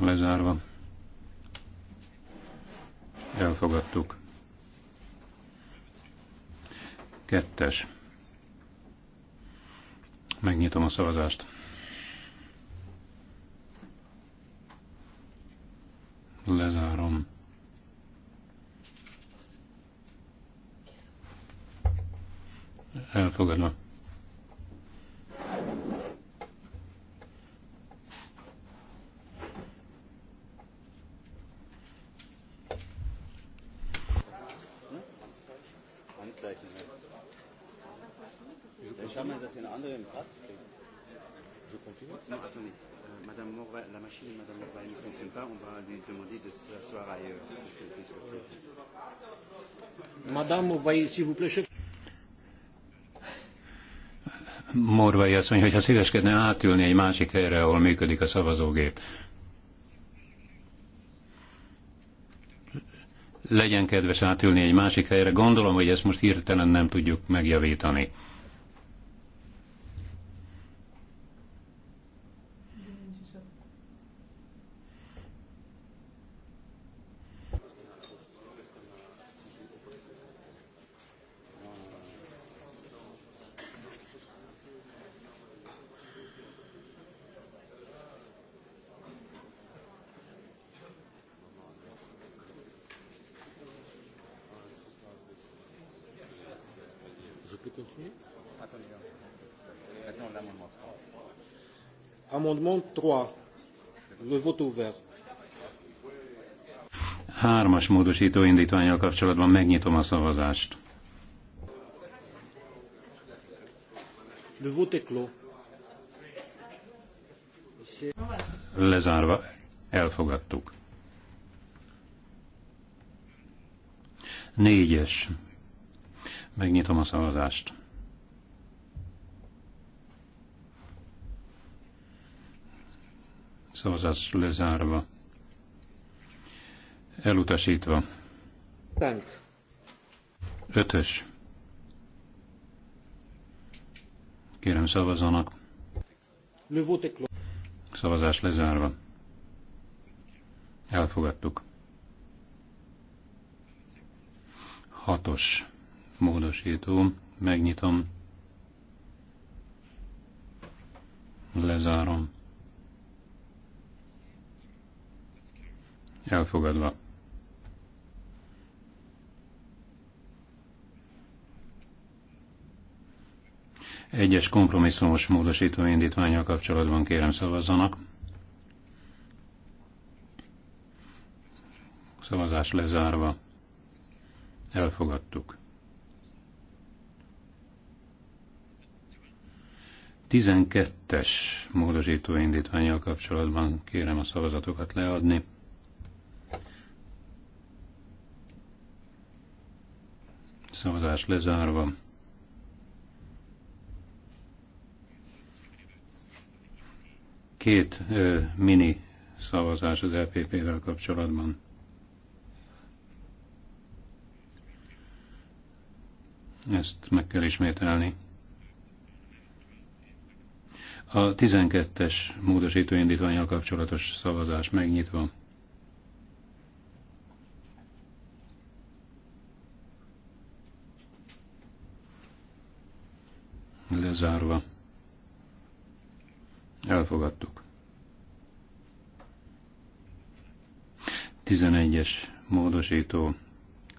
lezárva. Elfogadtuk. Kettes. Megnyitom a szavazást. Lezárom. Elfogadva. schauen wir, dass wir einen Je continue Non, attendez. Euh, Madame la machine de Madame ne fonctionne pas. On va lui demander de s'asseoir ailleurs. Madame s'il vous plaît, Morvai asszony, hogyha szíveskedne átülni egy másik helyre, ahol működik a szavazógép. Legyen kedves átülni egy másik helyre. Gondolom, hogy ezt most hirtelen nem tudjuk megjavítani. Je peux continuer Attendez. Maintenant, là, mon Amendement 3. Le vote ouvert. Hármas módosító indítványjal kapcsolatban megnyitom a szavazást. Le vote est clos. Lezárva elfogadtuk. Négyes. Megnyitom a szavazást. Szavazás lezárva. Elutasítva. Tank. Ötös. Kérem szavazzanak. Szavazás lezárva. Elfogadtuk. Hatos módosító. Megnyitom. Lezárom. elfogadva. Egyes kompromisszumos módosító indítványa kapcsolatban kérem szavazzanak. Szavazás lezárva. Elfogadtuk. 12-es módosító indítványjal kapcsolatban kérem a szavazatokat leadni. Szavazás lezárva. Két ö, mini szavazás az LPP-vel e kapcsolatban. Ezt meg kell ismételni. A 12-es módosítóindítványjal kapcsolatos szavazás megnyitva. Lezárva. Elfogadtuk. 11-es módosító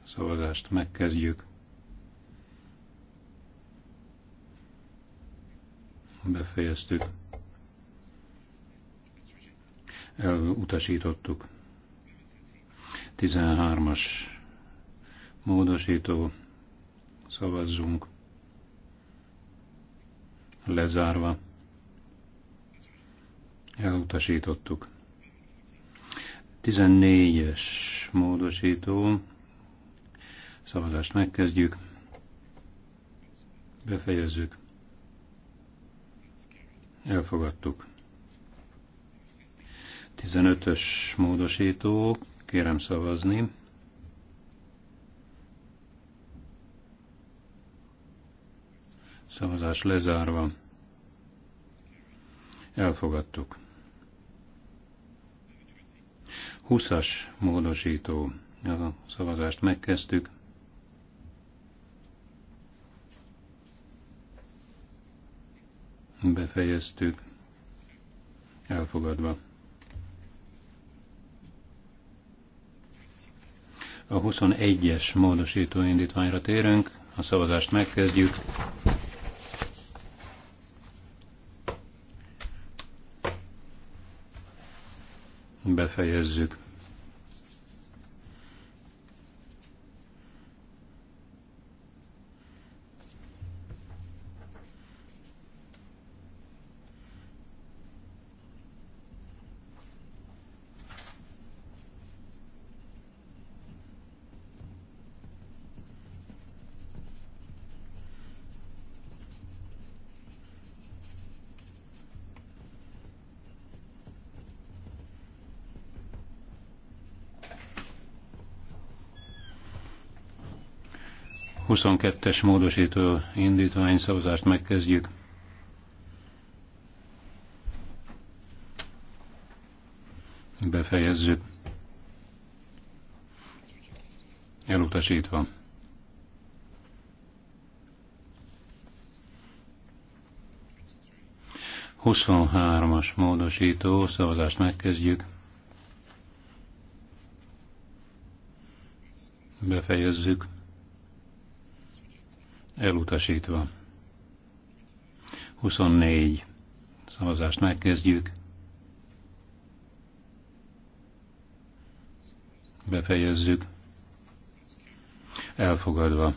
szavazást megkezdjük. Befejeztük. Elutasítottuk. 13-as módosító szavazzunk lezárva, elutasítottuk. 14-es módosító, szavazást megkezdjük, befejezzük, elfogadtuk. 15-ös módosító, kérem szavazni. Szavazás lezárva. Elfogadtuk. Huszas módosító. A szavazást megkezdtük. Befejeztük. Elfogadva. A 21-es módosító indítványra térünk. A szavazást megkezdjük. befejezzük. 22-es módosító indítvány szavazást megkezdjük. Befejezzük. Elutasítva. Huszonhármas módosító, szavazást megkezdjük. Befejezzük elutasítva. 24. Szavazást megkezdjük. Befejezzük. Elfogadva.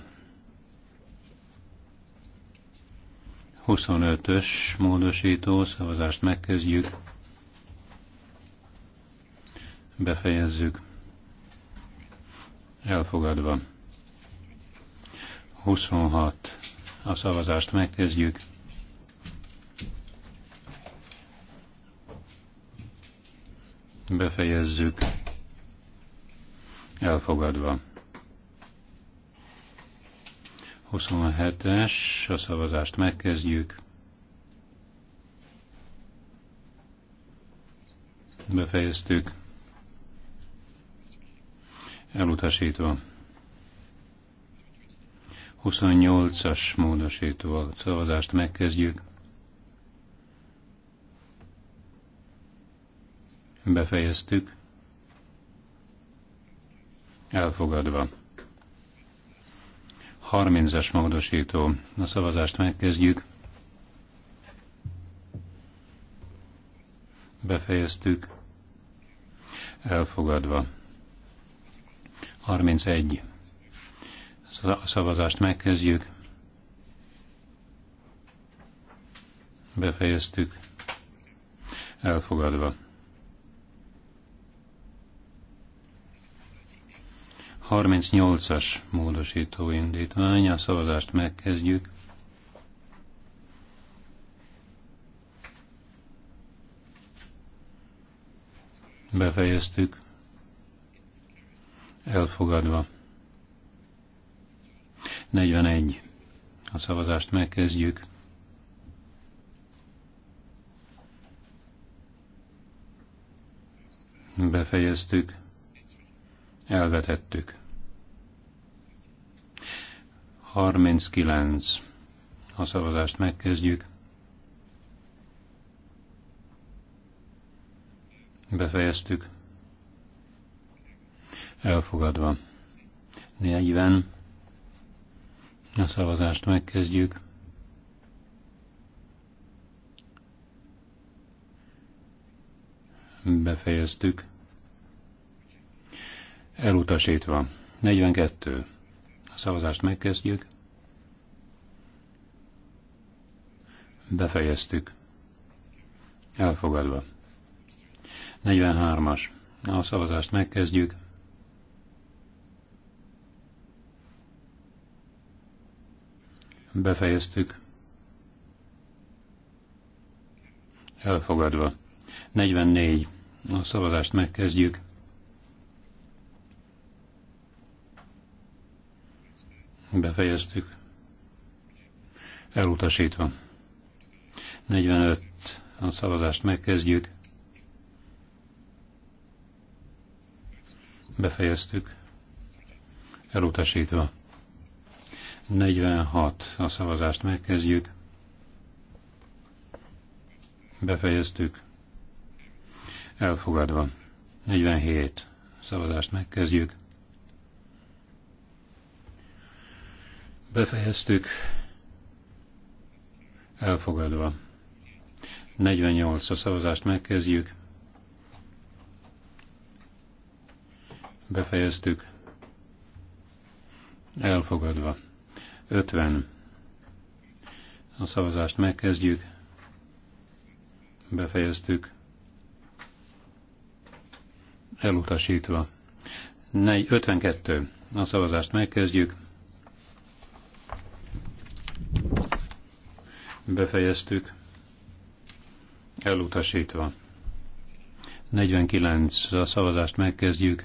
25-ös módosító szavazást megkezdjük. Befejezzük. Elfogadva. 26. A szavazást megkezdjük. Befejezzük. Elfogadva. 27-es, a szavazást megkezdjük. Befejeztük. Elutasítva. 28-as a szavazást megkezdjük. Befejeztük. Elfogadva. 30-as módosító. A szavazást megkezdjük. Befejeztük. Elfogadva. 31. A szavazást megkezdjük. Befejeztük. Elfogadva. Harminc nyolcas módosító indítvány, a szavazást megkezdjük. Befejeztük. Elfogadva. 41. A szavazást megkezdjük. Befejeztük. Elvetettük. 39. A szavazást megkezdjük. Befejeztük. Elfogadva. 40. A szavazást megkezdjük. Befejeztük. Elutasítva. 42. A szavazást megkezdjük. Befejeztük. Elfogadva. 43-as. A szavazást megkezdjük. Befejeztük. Elfogadva. 44. A szavazást megkezdjük. Befejeztük. Elutasítva. 45. A szavazást megkezdjük. Befejeztük. Elutasítva. 46. A szavazást megkezdjük. Befejeztük. Elfogadva. 47. Szavazást megkezdjük. Befejeztük. Elfogadva. 48. A szavazást megkezdjük. Befejeztük. Elfogadva. 50. A szavazást megkezdjük. Befejeztük. Elutasítva. 52. A szavazást megkezdjük. Befejeztük. Elutasítva. 49. A szavazást megkezdjük.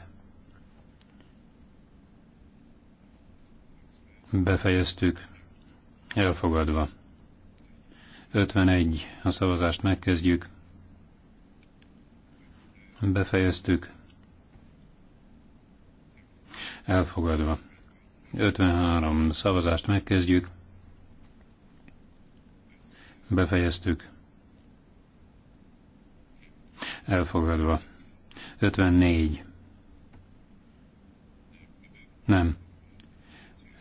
Befejeztük. Elfogadva. 51. A szavazást megkezdjük. Befejeztük. Elfogadva. 53. Szavazást megkezdjük. Befejeztük. Elfogadva. 54. Nem.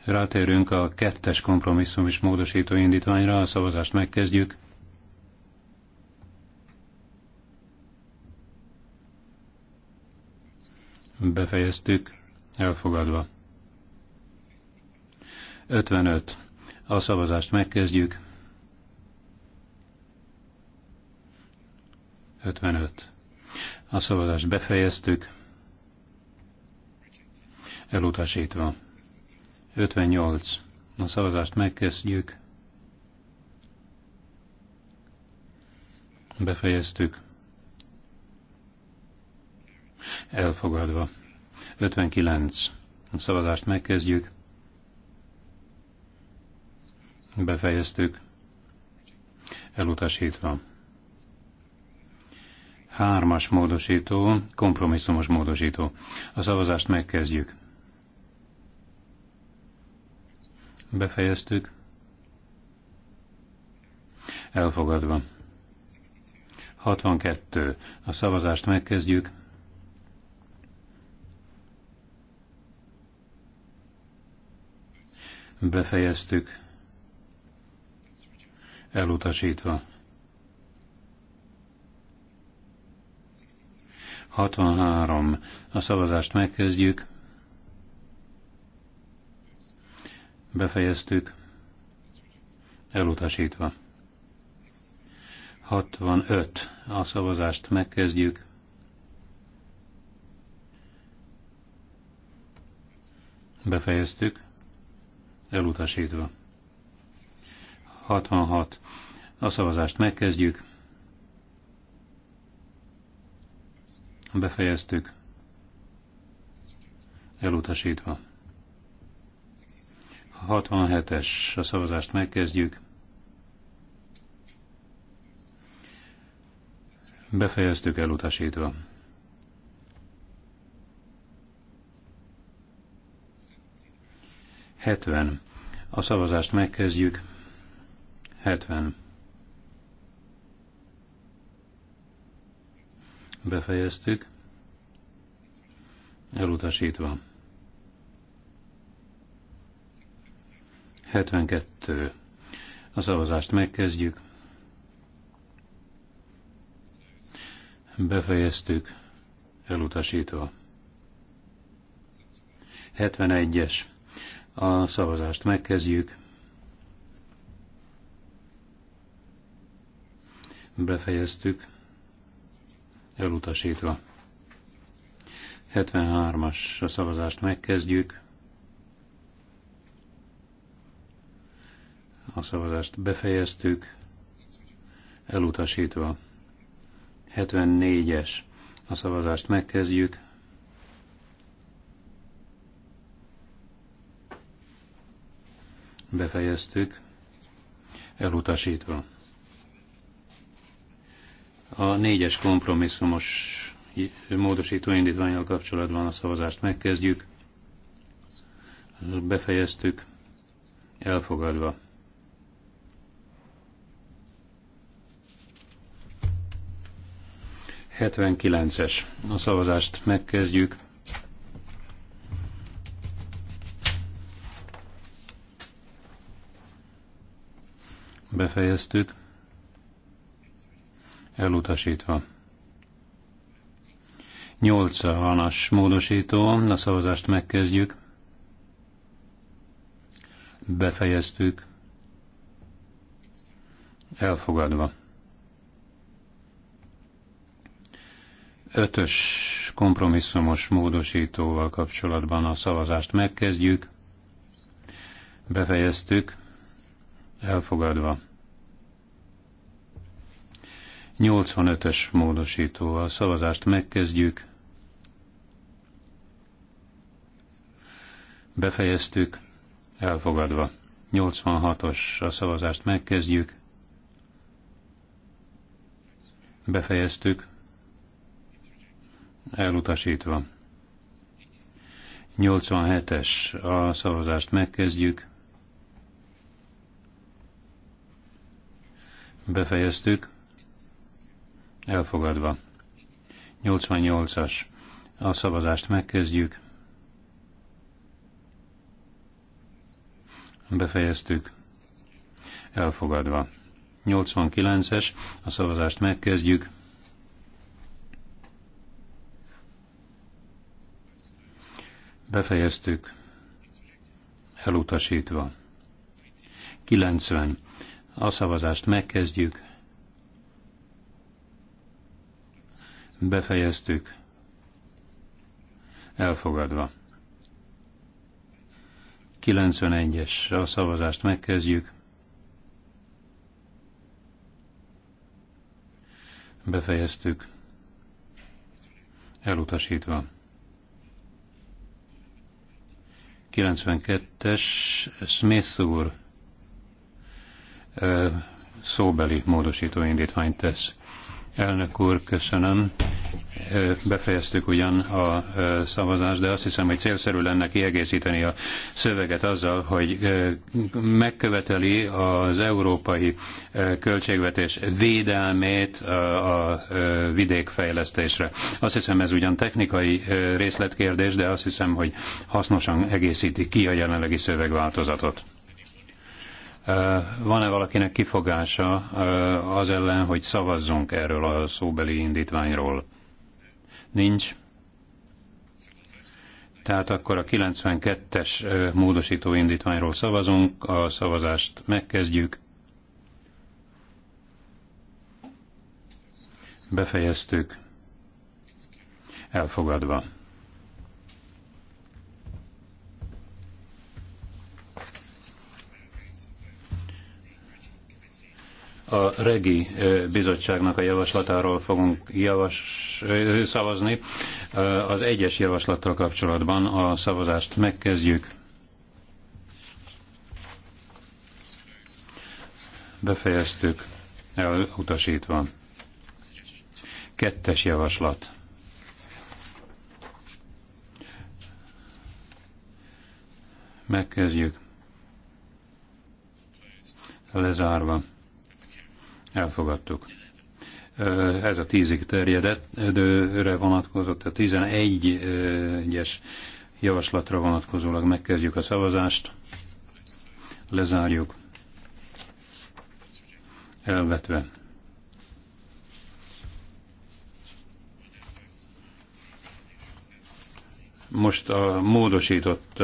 Rátérünk a kettes kompromisszum és módosító indítványra, a szavazást megkezdjük. Befejeztük, elfogadva. 55. A szavazást megkezdjük. 55. A szavazást befejeztük, elutasítva. 58. A szavazást megkezdjük. Befejeztük. Elfogadva. 59. A szavazást megkezdjük. Befejeztük. Elutasítva. Hármas módosító, kompromisszumos módosító. A szavazást megkezdjük. Befejeztük. Elfogadva. 62. A szavazást megkezdjük. Befejeztük. Elutasítva. 63. A szavazást megkezdjük. Befejeztük. Elutasítva. 65. A szavazást megkezdjük. Befejeztük. Elutasítva. 66. A szavazást megkezdjük. Befejeztük. Elutasítva. 67-es, a szavazást megkezdjük. Befejeztük elutasítva. Hetven. A szavazást megkezdjük. Hetven. Befejeztük. Elutasítva. 72. A szavazást megkezdjük. Befejeztük. Elutasítva. 71-es. A szavazást megkezdjük. Befejeztük. Elutasítva. 73-as a szavazást megkezdjük. A szavazást befejeztük, elutasítva. 74-es. A szavazást megkezdjük. Befejeztük, elutasítva. A négyes kompromisszumos módosító indítványjal kapcsolatban a szavazást megkezdjük. Befejeztük, elfogadva. 79-es. A szavazást megkezdjük. Befejeztük. Elutasítva. 8 as módosító. A szavazást megkezdjük. Befejeztük. Elfogadva. Ötös kompromisszumos módosítóval kapcsolatban a szavazást megkezdjük. Befejeztük. Elfogadva. 85-ös módosítóval szavazást megkezdjük. Befejeztük. Elfogadva. 86-os a szavazást megkezdjük. Befejeztük elutasítva. 87-es a szavazást megkezdjük. Befejeztük. Elfogadva. 88-as a szavazást megkezdjük. Befejeztük. Elfogadva. 89-es a szavazást megkezdjük. Befejeztük. Elutasítva. 90. A szavazást megkezdjük. Befejeztük. Elfogadva. 91-es a szavazást megkezdjük. Befejeztük. Elutasítva. 92-es Smith úr szóbeli módosító indítványt tesz. Elnök úr, köszönöm befejeztük ugyan a szavazást, de azt hiszem, hogy célszerű lenne kiegészíteni a szöveget azzal, hogy megköveteli az európai költségvetés védelmét a vidékfejlesztésre. Azt hiszem, ez ugyan technikai részletkérdés, de azt hiszem, hogy hasznosan egészíti ki a jelenlegi szövegváltozatot. Van-e valakinek kifogása az ellen, hogy szavazzunk erről a szóbeli indítványról? Nincs. Tehát akkor a 92-es módosító indítványról szavazunk, a szavazást megkezdjük. Befejeztük. Elfogadva. a Regi bizottságnak a javaslatáról fogunk javas szavazni. Az egyes javaslattal kapcsolatban a szavazást megkezdjük. Befejeztük, elutasítva. Kettes javaslat. Megkezdjük. Lezárva. Elfogadtuk ez a tízig terjedőre vonatkozott, a 11-es javaslatra vonatkozólag megkezdjük a szavazást, lezárjuk, elvetve. Most a módosított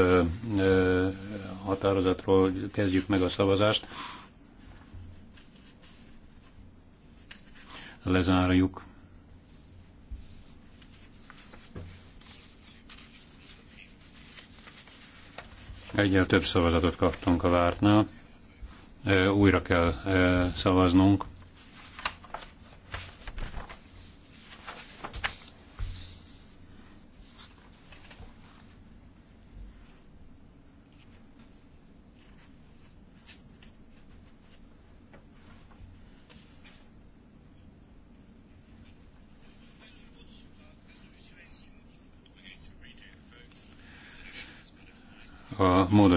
határozatról kezdjük meg a szavazást. lezárjuk. Egyel több szavazatot kaptunk a vártnál. Újra kell szavaznunk.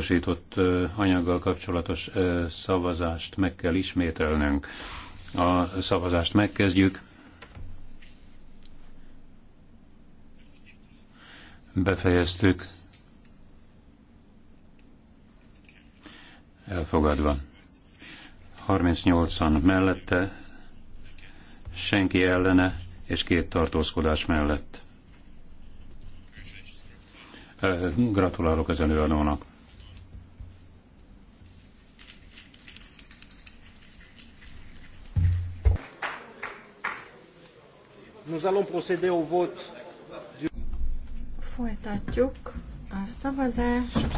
módosított anyaggal kapcsolatos szavazást meg kell ismételnünk. A szavazást megkezdjük. Befejeztük. Elfogadva. 38-an mellette, senki ellene és két tartózkodás mellett. Gratulálok az előadónak. Nous allons procéder au vote. Folytatjuk a szavazást.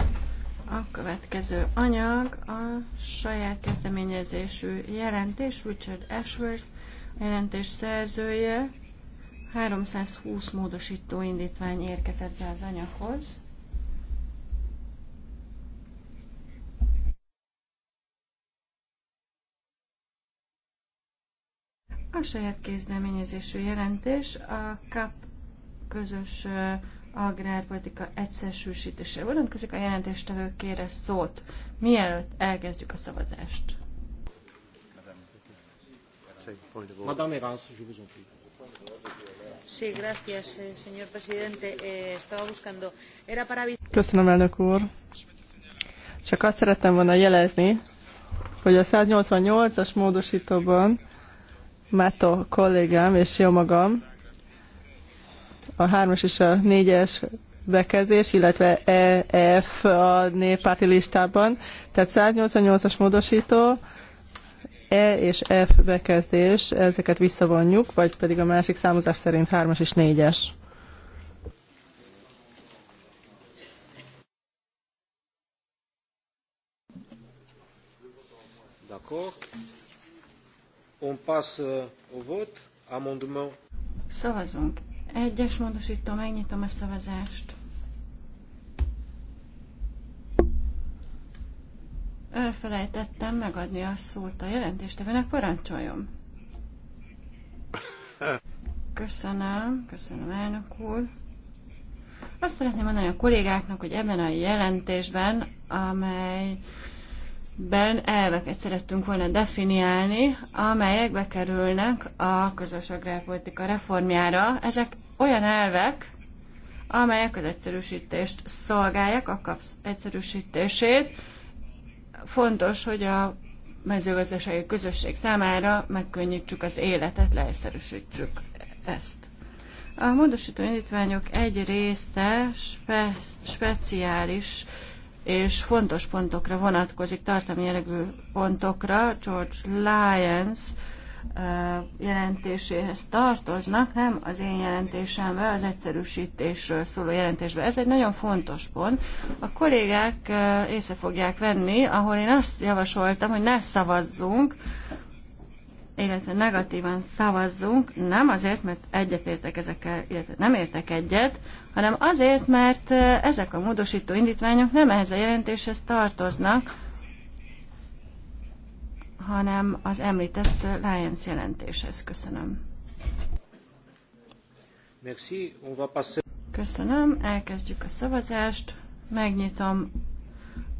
A következő anyag a saját kezdeményezésű jelentés, Richard Ashworth, a jelentés szerzője. 320 módosító indítvány érkezett be az anyaghoz. A saját kezdeményezésű jelentés a KAP közös agrárpolitika egyszerűsítésére vonatkozik. A jelentéstevő kére szót, mielőtt elkezdjük a szavazást. Madame Evans, je vous en prie. Sí, gracias, eh, señor presidente. Eh, estaba buscando. Era para... Köszönöm, elnök úr. Csak azt szerettem volna jelezni, hogy a 188-as módosítóban Mato kollégám és jó magam a hármas as és a négyes es bekezdés, illetve EF a néppárti listában, tehát 188-as módosító, E és F bekezdés, ezeket visszavonjuk, vagy pedig a másik számozás szerint hármas as és 4-es. D'accord. On passe euh, au vote. Amendement. Szavazunk. Egyes módosító, megnyitom a szavazást. Elfelejtettem megadni a szót a jelentéstevőnek, parancsoljon. Köszönöm, köszönöm elnök úr. Azt szeretném mondani a kollégáknak, hogy ebben a jelentésben, amely ben elveket szerettünk volna definiálni, amelyek bekerülnek a közös agrárpolitika reformjára. Ezek olyan elvek, amelyek az egyszerűsítést szolgálják, a kapsz egyszerűsítését. Fontos, hogy a mezőgazdasági közösség számára megkönnyítsük az életet, leegyszerűsítsük ezt. A módosító indítványok egy része spe- speciális uh, és fontos pontokra vonatkozik, tartalmi jellegű pontokra, George Lyons jelentéséhez tartoznak, nem az én jelentésembe, az egyszerűsítésről szóló jelentésbe. Ez egy nagyon fontos pont. A kollégák észre fogják venni, ahol én azt javasoltam, hogy ne szavazzunk, illetve negatívan szavazzunk, nem azért, mert egyetértek ezekkel, illetve nem értek egyet, hanem azért, mert ezek a módosító indítványok nem ehhez a jelentéshez tartoznak, hanem az említett Lions jelentéshez. Köszönöm. Köszönöm, elkezdjük a szavazást. Megnyitom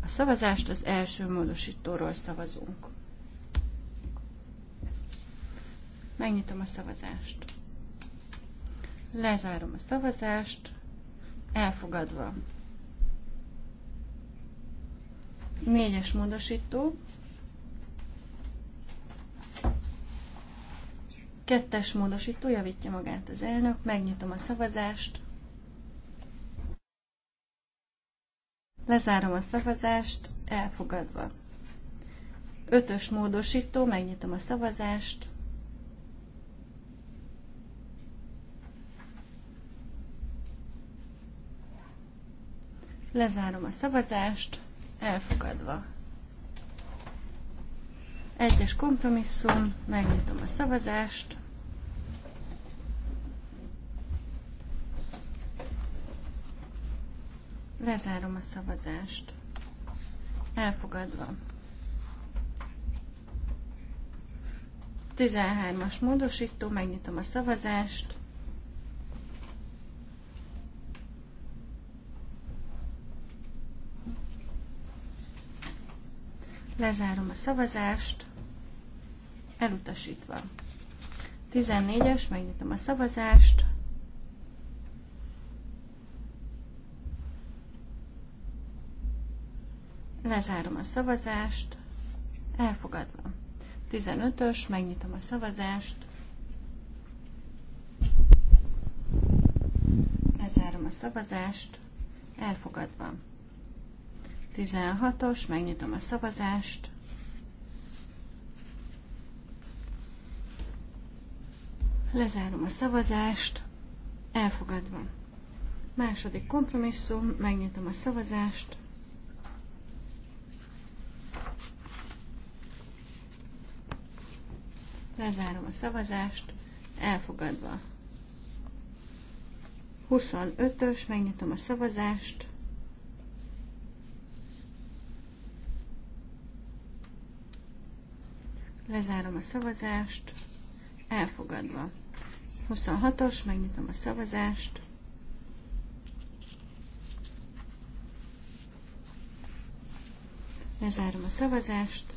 a szavazást, az első módosítóról szavazunk. Megnyitom a szavazást. Lezárom a szavazást. Elfogadva. Négyes módosító. Kettes módosító javítja magát az elnök. Megnyitom a szavazást. Lezárom a szavazást, elfogadva. Ötös módosító, megnyitom a szavazást. Lezárom a szavazást, elfogadva. Egyes kompromisszum, megnyitom a szavazást. Lezárom a szavazást. Elfogadva. 13-as módosító, megnyitom a szavazást. Lezárom a szavazást. Elutasítva. 14-es, megnyitom a szavazást. Lezárom a szavazást. Elfogadva. 15-ös, megnyitom a szavazást. Lezárom a szavazást. Elfogadva. 16-os, megnyitom a szavazást. Lezárom a szavazást. Elfogadva. Második kompromisszum, megnyitom a szavazást. Lezárom a szavazást. Elfogadva. 25-ös, megnyitom a szavazást. Lezárom a szavazást. Elfogadva. 26-os, megnyitom a szavazást. Lezárom a szavazást.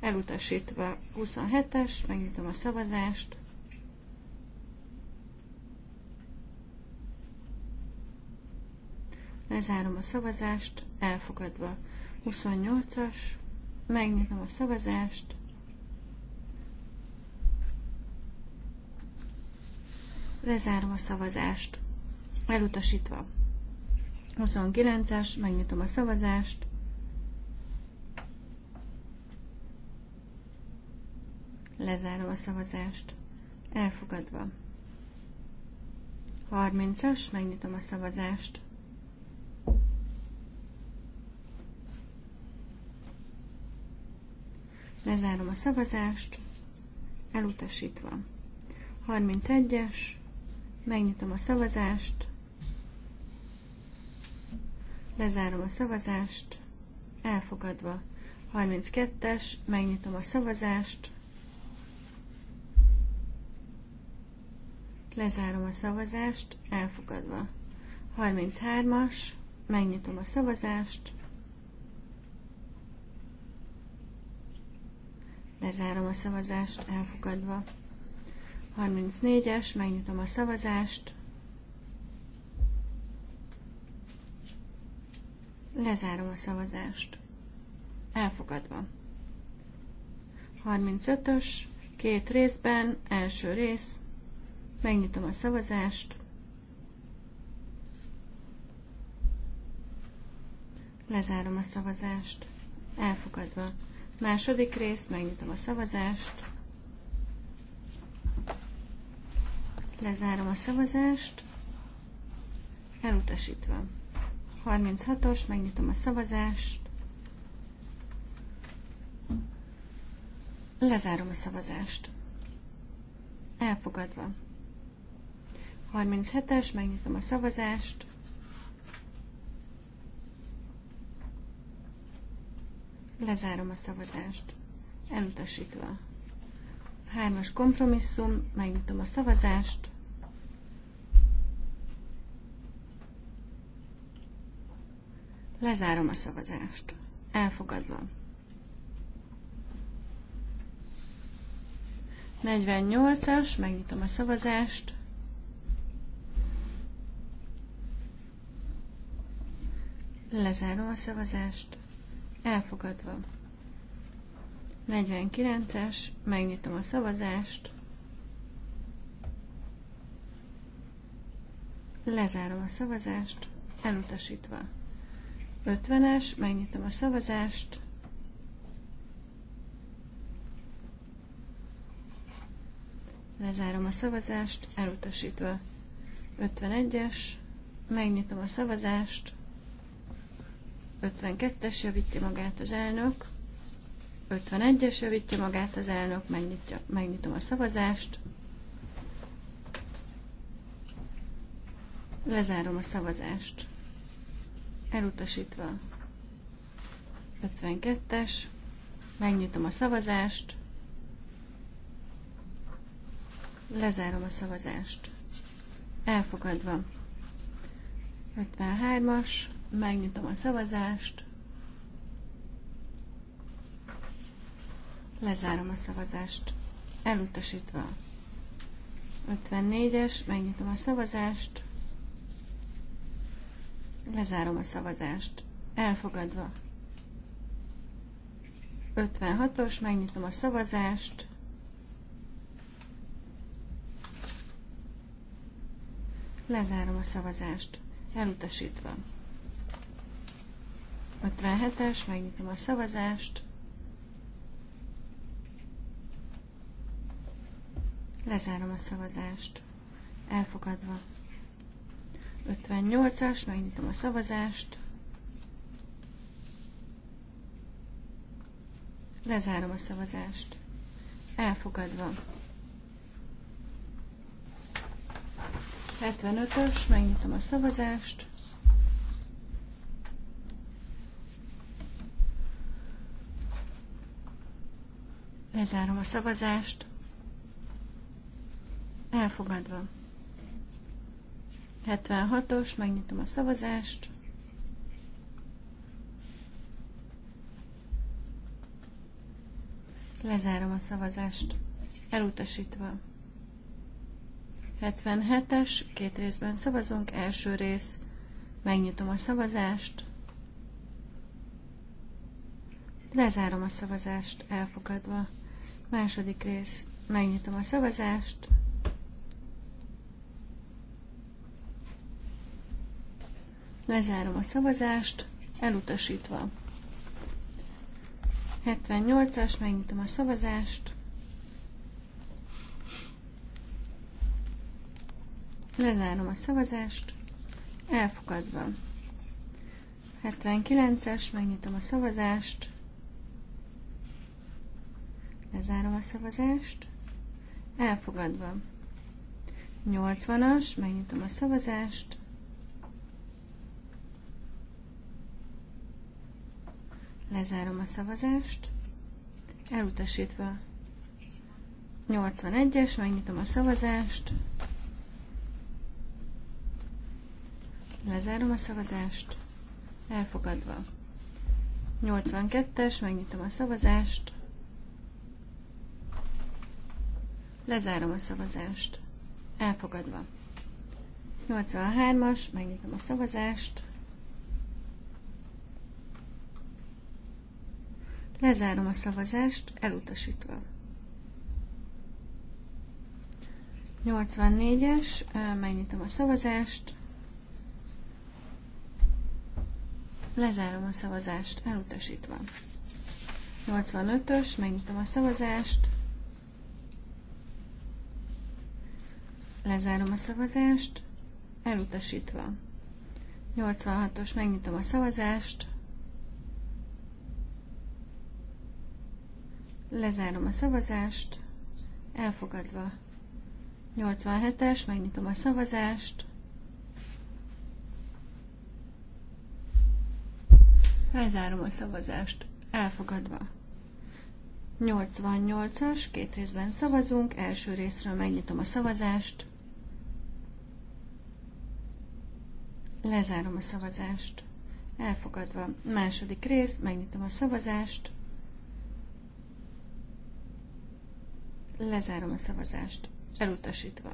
Elutasítva 27-es, megnyitom a szavazást. Lezárom a szavazást, elfogadva. 28-as, megnyitom a szavazást. Lezárom a szavazást. Elutasítva. 29-es, megnyitom a szavazást. Lezárom a szavazást. Elfogadva. 30-as, megnyitom a szavazást. Lezárom a szavazást. Elutasítva. 31-es, Megnyitom a szavazást. Lezárom a szavazást. Elfogadva. 32-es. Megnyitom a szavazást. Lezárom a szavazást. Elfogadva. 33-as. Megnyitom a szavazást. Lezárom a szavazást. Elfogadva. 34-es, megnyitom a szavazást. Lezárom a szavazást. Elfogadva. 35-ös, két részben, első rész. Megnyitom a szavazást. Lezárom a szavazást. Elfogadva. Második rész, megnyitom a szavazást. Lezárom a szavazást. Elutasítva. 36-os, megnyitom a szavazást. Lezárom a szavazást. Elfogadva. 37-es, megnyitom a szavazást. Lezárom a szavazást. Elutasítva. Hármas kompromisszum, megnyitom a szavazást. Lezárom a szavazást. Elfogadva. 48-as, megnyitom a szavazást. Lezárom a szavazást. Elfogadva. 49-es, megnyitom a szavazást. Lezárom a szavazást, elutasítva. 50-es, megnyitom a szavazást. Lezárom a szavazást, elutasítva. 51-es, megnyitom a szavazást. 52-es, javítja magát az elnök. 51-es javítja magát az elnök, megnyitja, megnyitom a szavazást. Lezárom a szavazást. Elutasítva 52-es. Megnyitom a szavazást. Lezárom a szavazást. Elfogadva. 53-as. Megnyitom a szavazást. Lezárom a szavazást. Elutasítva. 54-es, megnyitom a szavazást. Lezárom a szavazást. Elfogadva. 56-os, megnyitom a szavazást. Lezárom a szavazást. Elutasítva. 57-es, megnyitom a szavazást. Lezárom a szavazást. Elfogadva. 58-as, megnyitom a szavazást. Lezárom a szavazást. Elfogadva. 75-ös, megnyitom a szavazást. Lezárom a szavazást. Elfogadva. 76-os, megnyitom a szavazást. Lezárom a szavazást. Elutasítva. 77-es, két részben szavazunk. Első rész, megnyitom a szavazást. Lezárom a szavazást, elfogadva. Második rész, megnyitom a szavazást. Lezárom a szavazást, elutasítva. 78-as, megnyitom a szavazást. Lezárom a szavazást, elfogadva. 79-es, megnyitom a szavazást. Lezárom a szavazást. Elfogadva. 80-as, megnyitom a szavazást. Lezárom a szavazást. Elutasítva 81-es, megnyitom a szavazást. Lezárom a szavazást. Elfogadva. 82-es, megnyitom a szavazást. Lezárom a szavazást. Elfogadva. 83-as, megnyitom a szavazást. Lezárom a szavazást, elutasítva. 84-es, megnyitom a szavazást. Lezárom a szavazást, elutasítva. 85-ös, megnyitom a szavazást. Lezárom a szavazást, elutasítva. 86-os, megnyitom a szavazást. Lezárom a szavazást. Elfogadva. 87-es, megnyitom a szavazást. Lezárom a szavazást. Elfogadva. 88-as, két részben szavazunk. Első részről megnyitom a szavazást. Lezárom a szavazást. Elfogadva. Második rész, megnyitom a szavazást. Lezárom a szavazást. Elutasítva.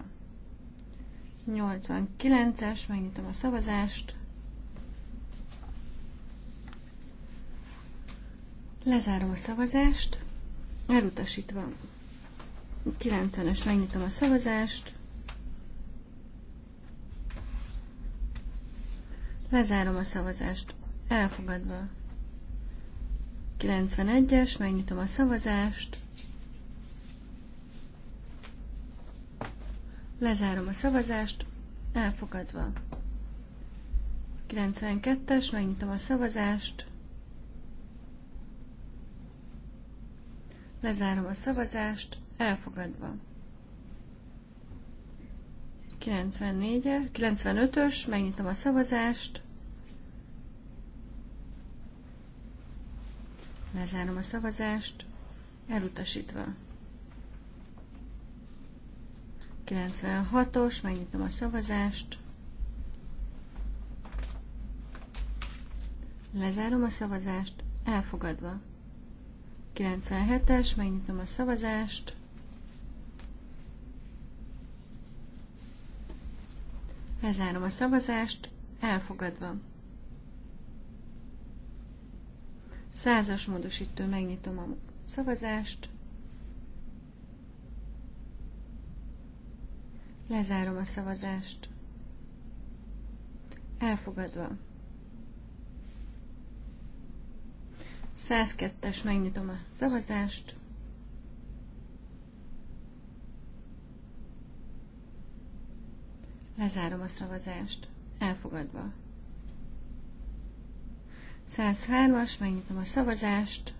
89-es, megnyitom a szavazást. Lezárom a szavazást. Elutasítva. 90-es, megnyitom a szavazást. Lezárom a szavazást. Elfogadva. 91-es, megnyitom a szavazást. Lezárom a szavazást. Elfogadva. 92-es, megnyitom a szavazást. Lezárom a szavazást. Elfogadva. 94 95-ös, megnyitom a szavazást. Lezárom a szavazást. Elutasítva. 96-os, megnyitom a szavazást. Lezárom a szavazást, elfogadva. 97-es, megnyitom a szavazást. Lezárom a szavazást, elfogadva. Százas módosítő, megnyitom a szavazást. Lezárom a szavazást. Elfogadva. 102-es, megnyitom a szavazást. Lezárom a szavazást. Elfogadva. 103-as, megnyitom a szavazást.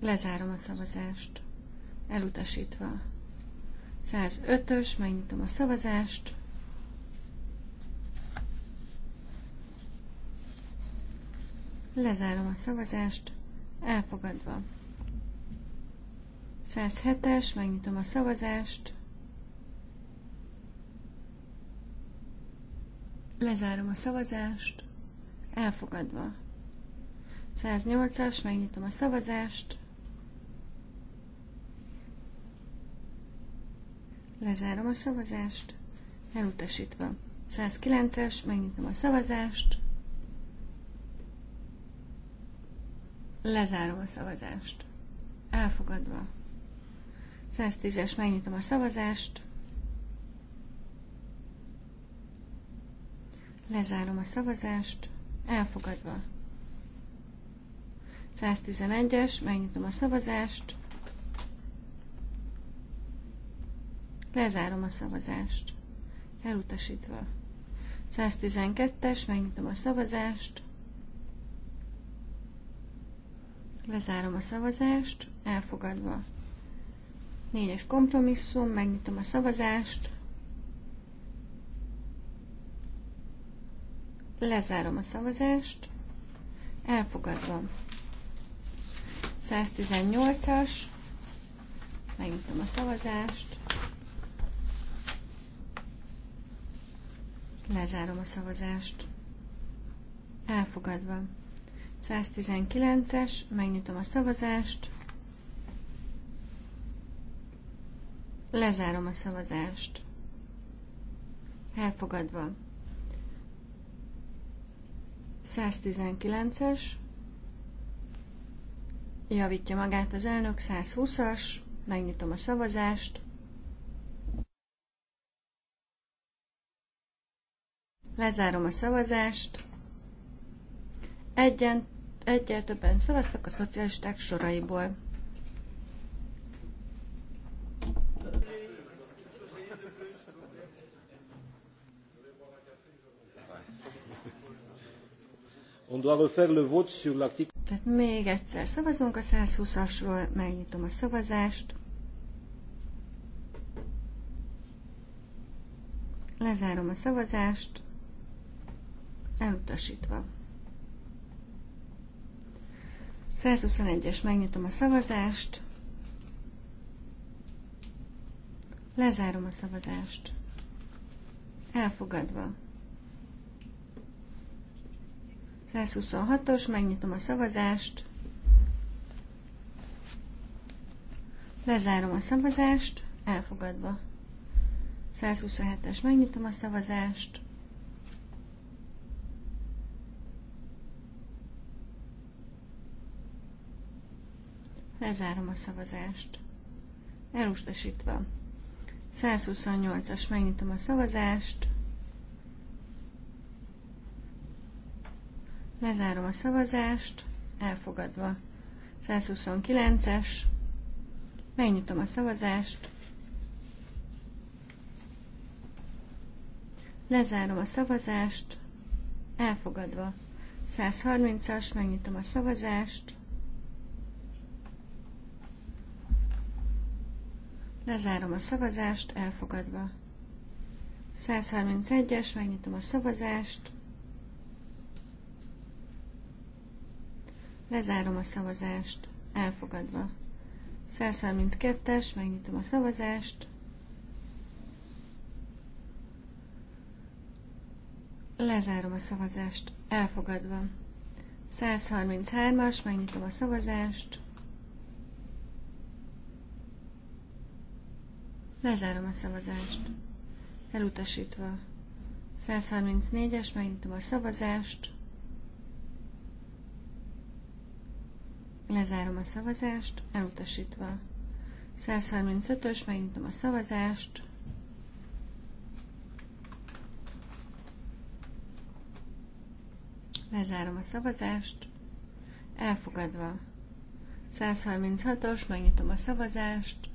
Lezárom a szavazást elutasítva. 105-ös, megnyitom a szavazást. Lezárom a szavazást, elfogadva. 107-es, megnyitom a szavazást. Lezárom a szavazást, elfogadva. 108-as, megnyitom a szavazást. Lezárom a szavazást. Elutasítva. 109-es, megnyitom a szavazást. Lezárom a szavazást. Elfogadva. 110-es, megnyitom a szavazást. Lezárom a szavazást. Elfogadva. 111-es, megnyitom a szavazást. Lezárom a szavazást. Elutasítva. 112-es, megnyitom a szavazást. Lezárom a szavazást, elfogadva. 4-es kompromisszum, megnyitom a szavazást. Lezárom a szavazást, elfogadva. 118-as, megnyitom a szavazást. Lezárom a szavazást. Elfogadva. 119-es, megnyitom a szavazást. Lezárom a szavazást. Elfogadva. 119-es. Javítja magát az elnök, 120-as. Megnyitom a szavazást. Lezárom a szavazást. Egyen, egyel többen szavaztak a szocialisták soraiból. On doit refaire le vote sur l'article. Tehát még egyszer szavazunk a 120-asról, megnyitom a szavazást. Lezárom a szavazást elutasítva. 121-es, megnyitom a szavazást, lezárom a szavazást, elfogadva. 126-os, megnyitom a szavazást, lezárom a szavazást, elfogadva. 127-es, megnyitom a szavazást, Lezárom a szavazást. Elustasítva. 128-as, megnyitom a szavazást. Lezárom a szavazást. Elfogadva. 129-es. Megnyitom a szavazást. Lezárom a szavazást. Elfogadva. 130-as, megnyitom a szavazást. Lezárom a szavazást, elfogadva. 131-es, megnyitom a szavazást. Lezárom a szavazást, elfogadva. 132-es, megnyitom a szavazást. Lezárom a szavazást, elfogadva. 133-as, megnyitom a szavazást. Lezárom a szavazást. Elutasítva. 134-es, megnyitom a szavazást. Lezárom a szavazást, elutasítva. 135-ös, megnyitom a szavazást. Lezárom a szavazást. Elfogadva. 136-os, megnyitom a szavazást.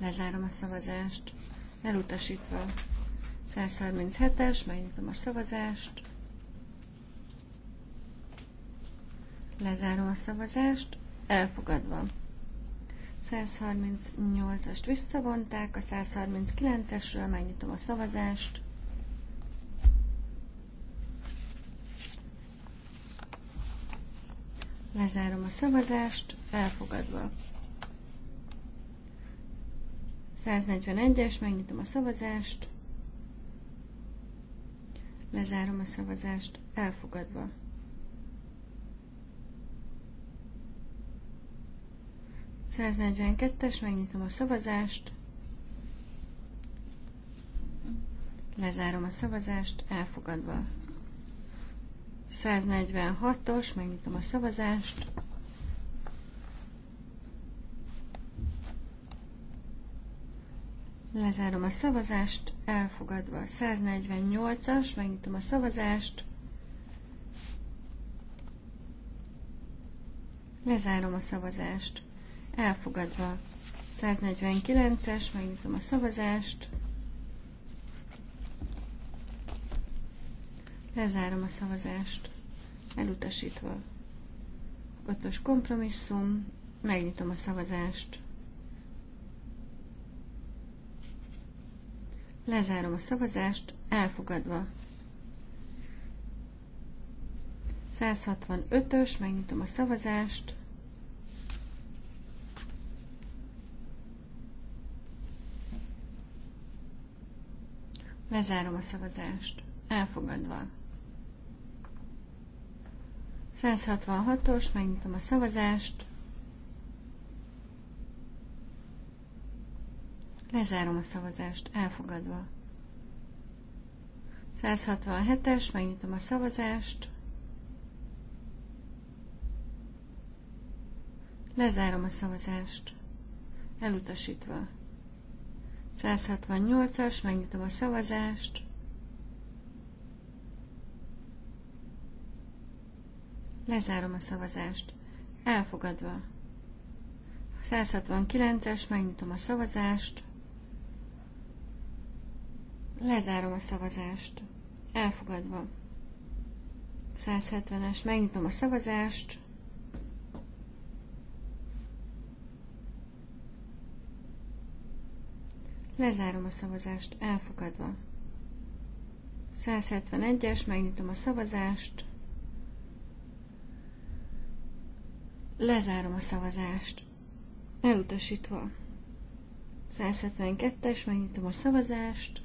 Lezárom a szavazást. Elutasítva. 137-es, megnyitom a szavazást. Lezárom a szavazást. Elfogadva. 138-ast visszavonták, a 139-esről megnyitom a szavazást. Lezárom a szavazást, elfogadva. 141-es, megnyitom a szavazást, lezárom a szavazást, elfogadva. 142-es, megnyitom a szavazást, lezárom a szavazást, elfogadva. 146-os, megnyitom a szavazást, Lezárom a szavazást, elfogadva a 148-as, megnyitom a szavazást. Lezárom a szavazást, elfogadva 149-es, megnyitom a szavazást. Lezárom a szavazást, elutasítva. Ötös kompromisszum, megnyitom a szavazást. Lezárom a szavazást, elfogadva. 165-ös, megnyitom a szavazást. Lezárom a szavazást. Elfogadva. 166-os, megnyitom a szavazást. Lezárom a szavazást. Elfogadva. 167-es, megnyitom a szavazást. Lezárom a szavazást. Elutasítva. 168-as, megnyitom a szavazást. Lezárom a szavazást. Elfogadva. 169-es, megnyitom a szavazást. Lezárom a szavazást. Elfogadva. 170-es. Megnyitom a szavazást. Lezárom a szavazást. Elfogadva. 171-es. Megnyitom a szavazást. Lezárom a szavazást. Elutasítva. 172-es. Megnyitom a szavazást.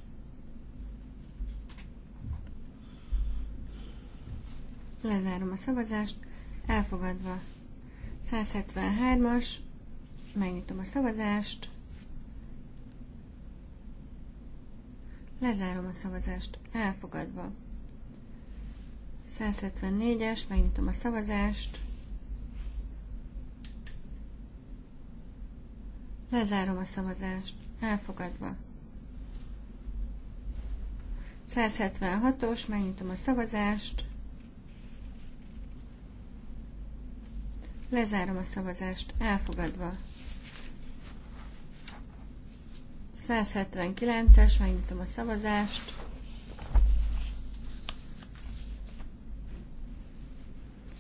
Lezárom a szavazást. Elfogadva. 173-as. Megnyitom a szavazást. Lezárom a szavazást. Elfogadva. 174-es. Megnyitom a szavazást. Lezárom a szavazást. Elfogadva. 176-os, megnyitom a szavazást. Lezárom a szavazást. Elfogadva. 179-es, megnyitom a szavazást.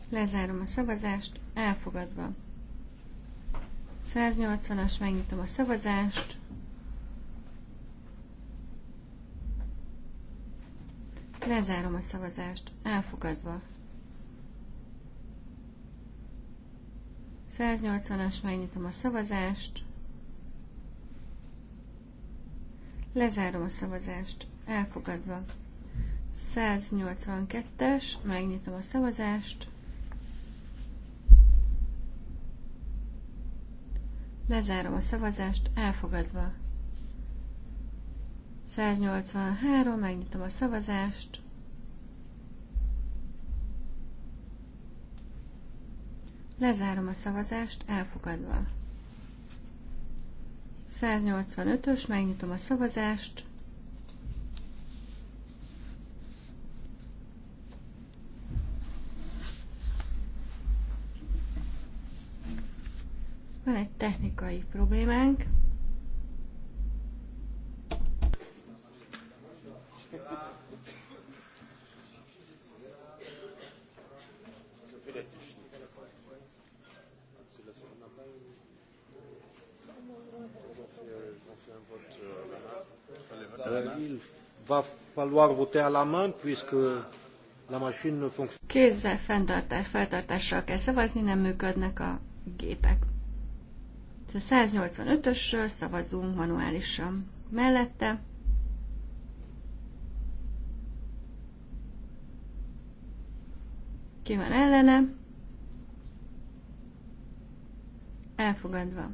Lezárom a szavazást, elfogadva. 180-as, megnyitom a szavazást. Lezárom a szavazást, elfogadva. 180-as, megnyitom a szavazást. Lezárom a szavazást. Elfogadva. 182-es, megnyitom a szavazást. Lezárom a szavazást, elfogadva. 183, megnyitom a szavazást. Lezárom a szavazást, elfogadva. 185-ös, megnyitom a szavazást. Van egy technikai problémánk. il va falloir voter à la main puisque la machine ne fonctionne. Kézzel fenntartás, feltartással kell szavazni, nem működnek a gépek. A 185-ösről szavazunk manuálisan. Mellette ki van ellene, elfogadva.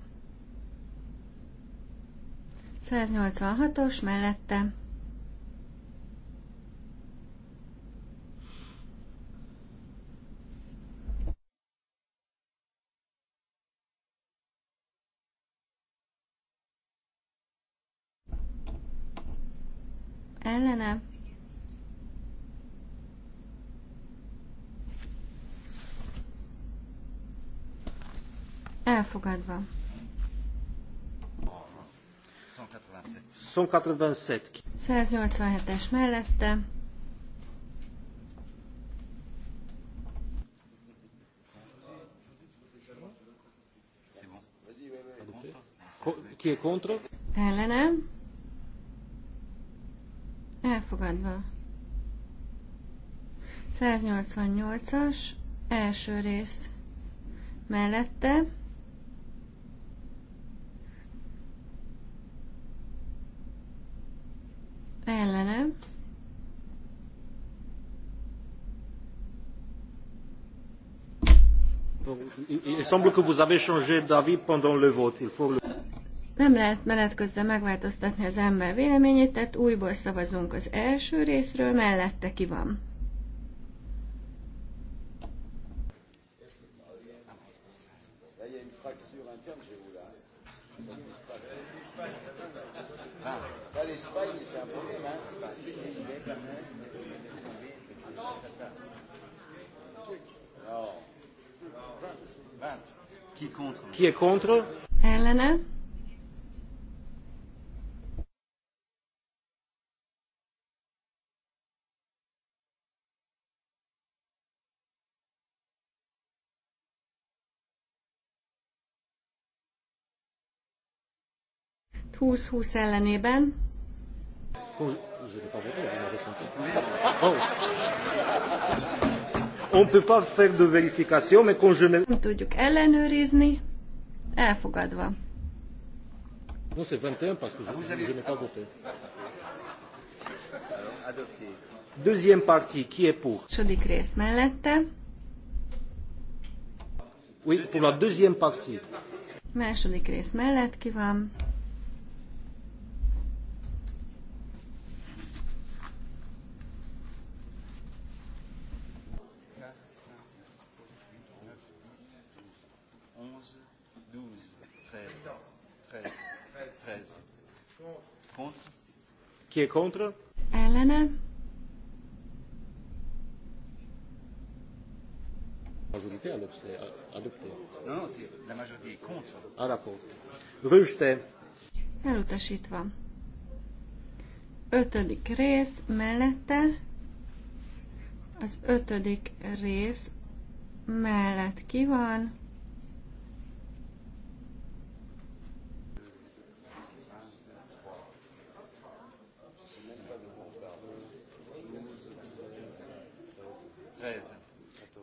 186-os mellette ellene. Elfogadva. 187-es mellette. Ki est Ellenem. Elfogadva. 188-as, első rész mellette. Ellene. Il semble que vous avez changé d'avis pendant le vote. Il faut le... Nem lehet menet közben megváltoztatni az ember véleményét, tehát újból szavazunk az első részről, mellette ki van. Qui est contre Ellene. 20-20 ellenében. On peut pas faire de vérification, mais quand je ne... Nem tudjuk ellenőrizni. Elfogadva. Non, c'est 21 parce que je, ah, avez... je n'ai pas voté. Deuxième partie, qui est pour? Második rész mellette. Oui, pour la deuxième partie. Második rész mellett ki van? Ki kontra? Ellene. Majorité adoptée. adoptée. Non, non, c'est la majorité contre. À la contre. Rejeté. Elutasítva. Ötödik rész mellette az ötödik rész mellett ki van,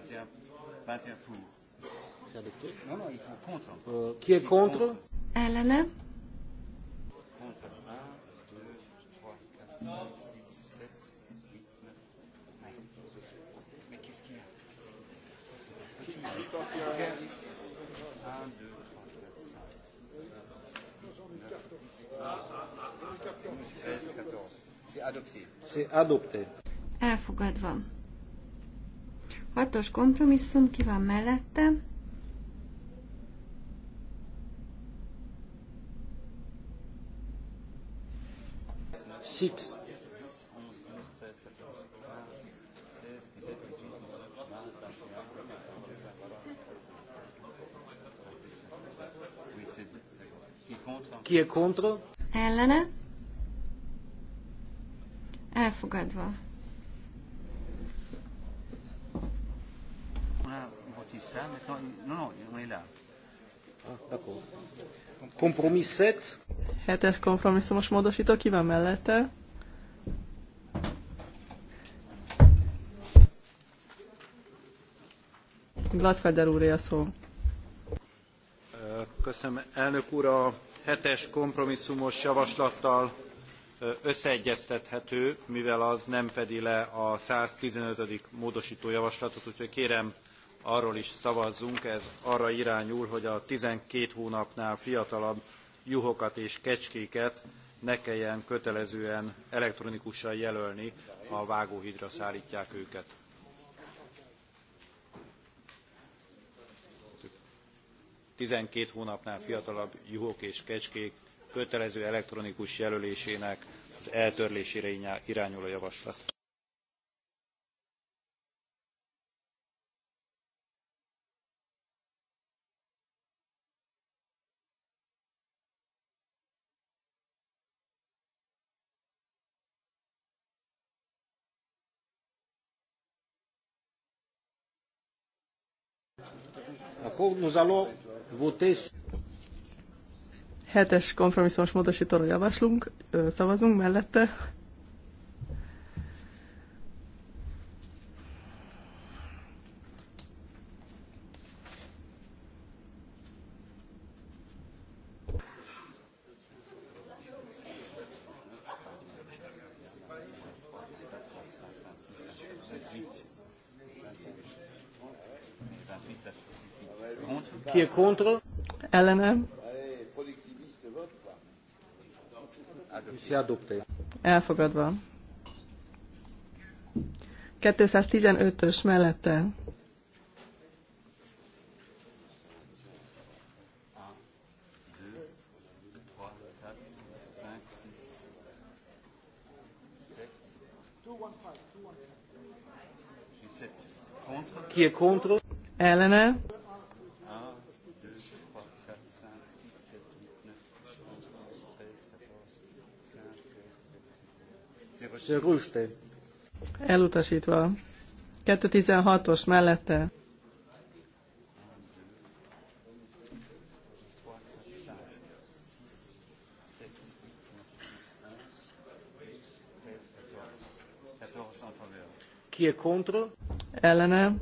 21, 21 pour. C'est adopté Non, non, il faut contre. Euh, qui est contre Elena. Contre 1, 2, 3, 4, 5, 6, 7, 8, 9. Mais qu'est-ce qu'il y a 1, 2, 3, 4, 5, 6, 7, 8, 9, 10, 11, 13, 14. C'est adopté. C'est adopté. Elfogadva. Hatos kompromisszum, ki van mellette? Six. Ki a kontra? Ellene? Elfogadva. dit ça. Maintenant, non, non, on est là. 7. Hetes kompromisszumos módosító, ki van mellette? Gladfelder úr a szó. Köszönöm, elnök úr, a hetes kompromisszumos javaslattal összeegyeztethető, mivel az nem fedi le a 115. módosító javaslatot, úgyhogy kérem arról is szavazzunk, ez arra irányul, hogy a 12 hónapnál fiatalabb juhokat és kecskéket ne kelljen kötelezően elektronikusan jelölni, ha a vágóhidra szállítják őket. Tizenkét hónapnál fiatalabb juhok és kecskék kötelező elektronikus jelölésének az eltörlésére irányul a javaslat. Akkor hetes kompromisszumos módosítóra javaslunk, szavazunk mellette, Contre. Ellene. Elfogadva. 215-ös mellette. Ki est contre? Ellene. Elutasítva. 216-os mellette. Ki est contre? Ellene.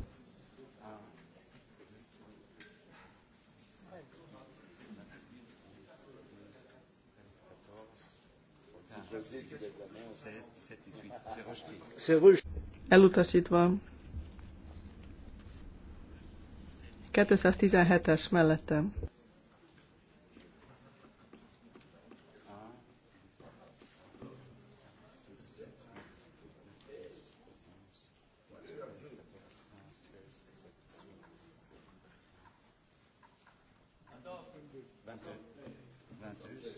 Elutasítva. 217-es mellettem.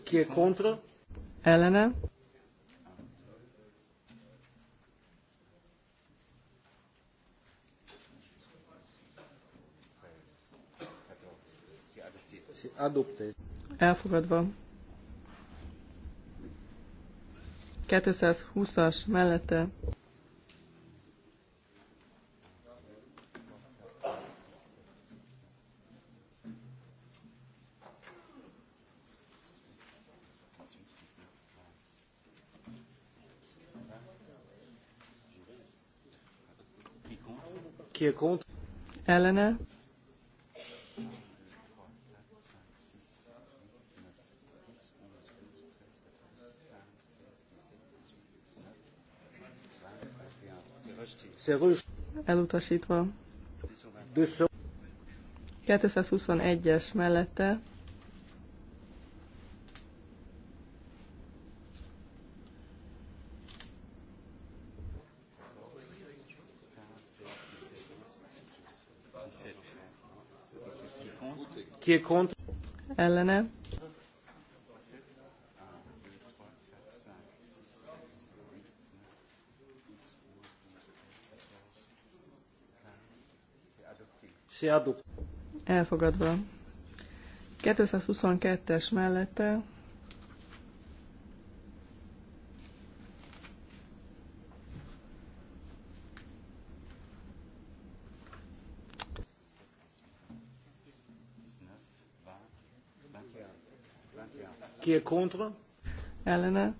Ki est contre? Ellene. adopted. Elfogadva. 220-as mellette. Ellene. Elutasítva. 221-es mellette. Ki est Ellene. Se Elfogadva. 222-es mellette Qui est contre Ellene.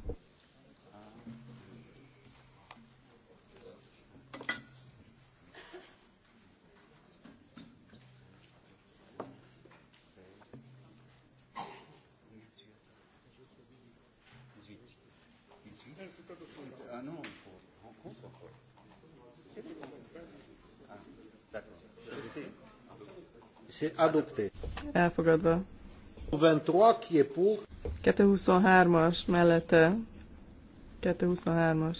adopté. Elfogadva. 23 qui est pour. 223-as mellette. 223-as.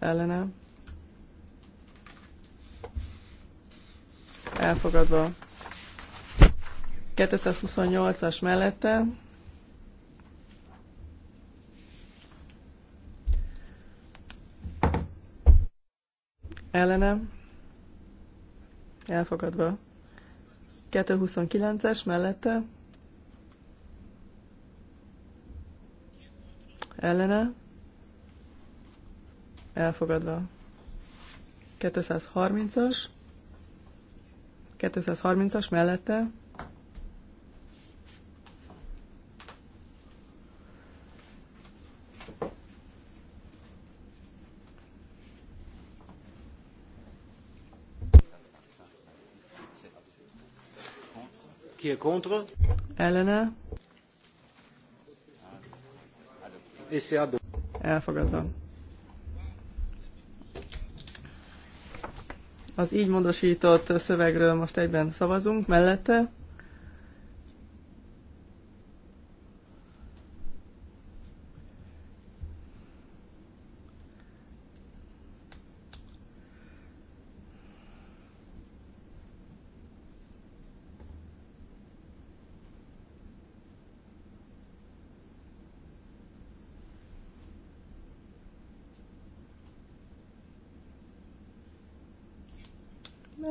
Ellene. Elfogadva. 228-as mellette ellenem, elfogadva. 229-es mellette, ellene, elfogadva. 230-as, 230-as mellette, Qui est contre Ellene. Et c'est adopté. Elfogadva. Az így módosított szövegről most egyben szavazunk, mellette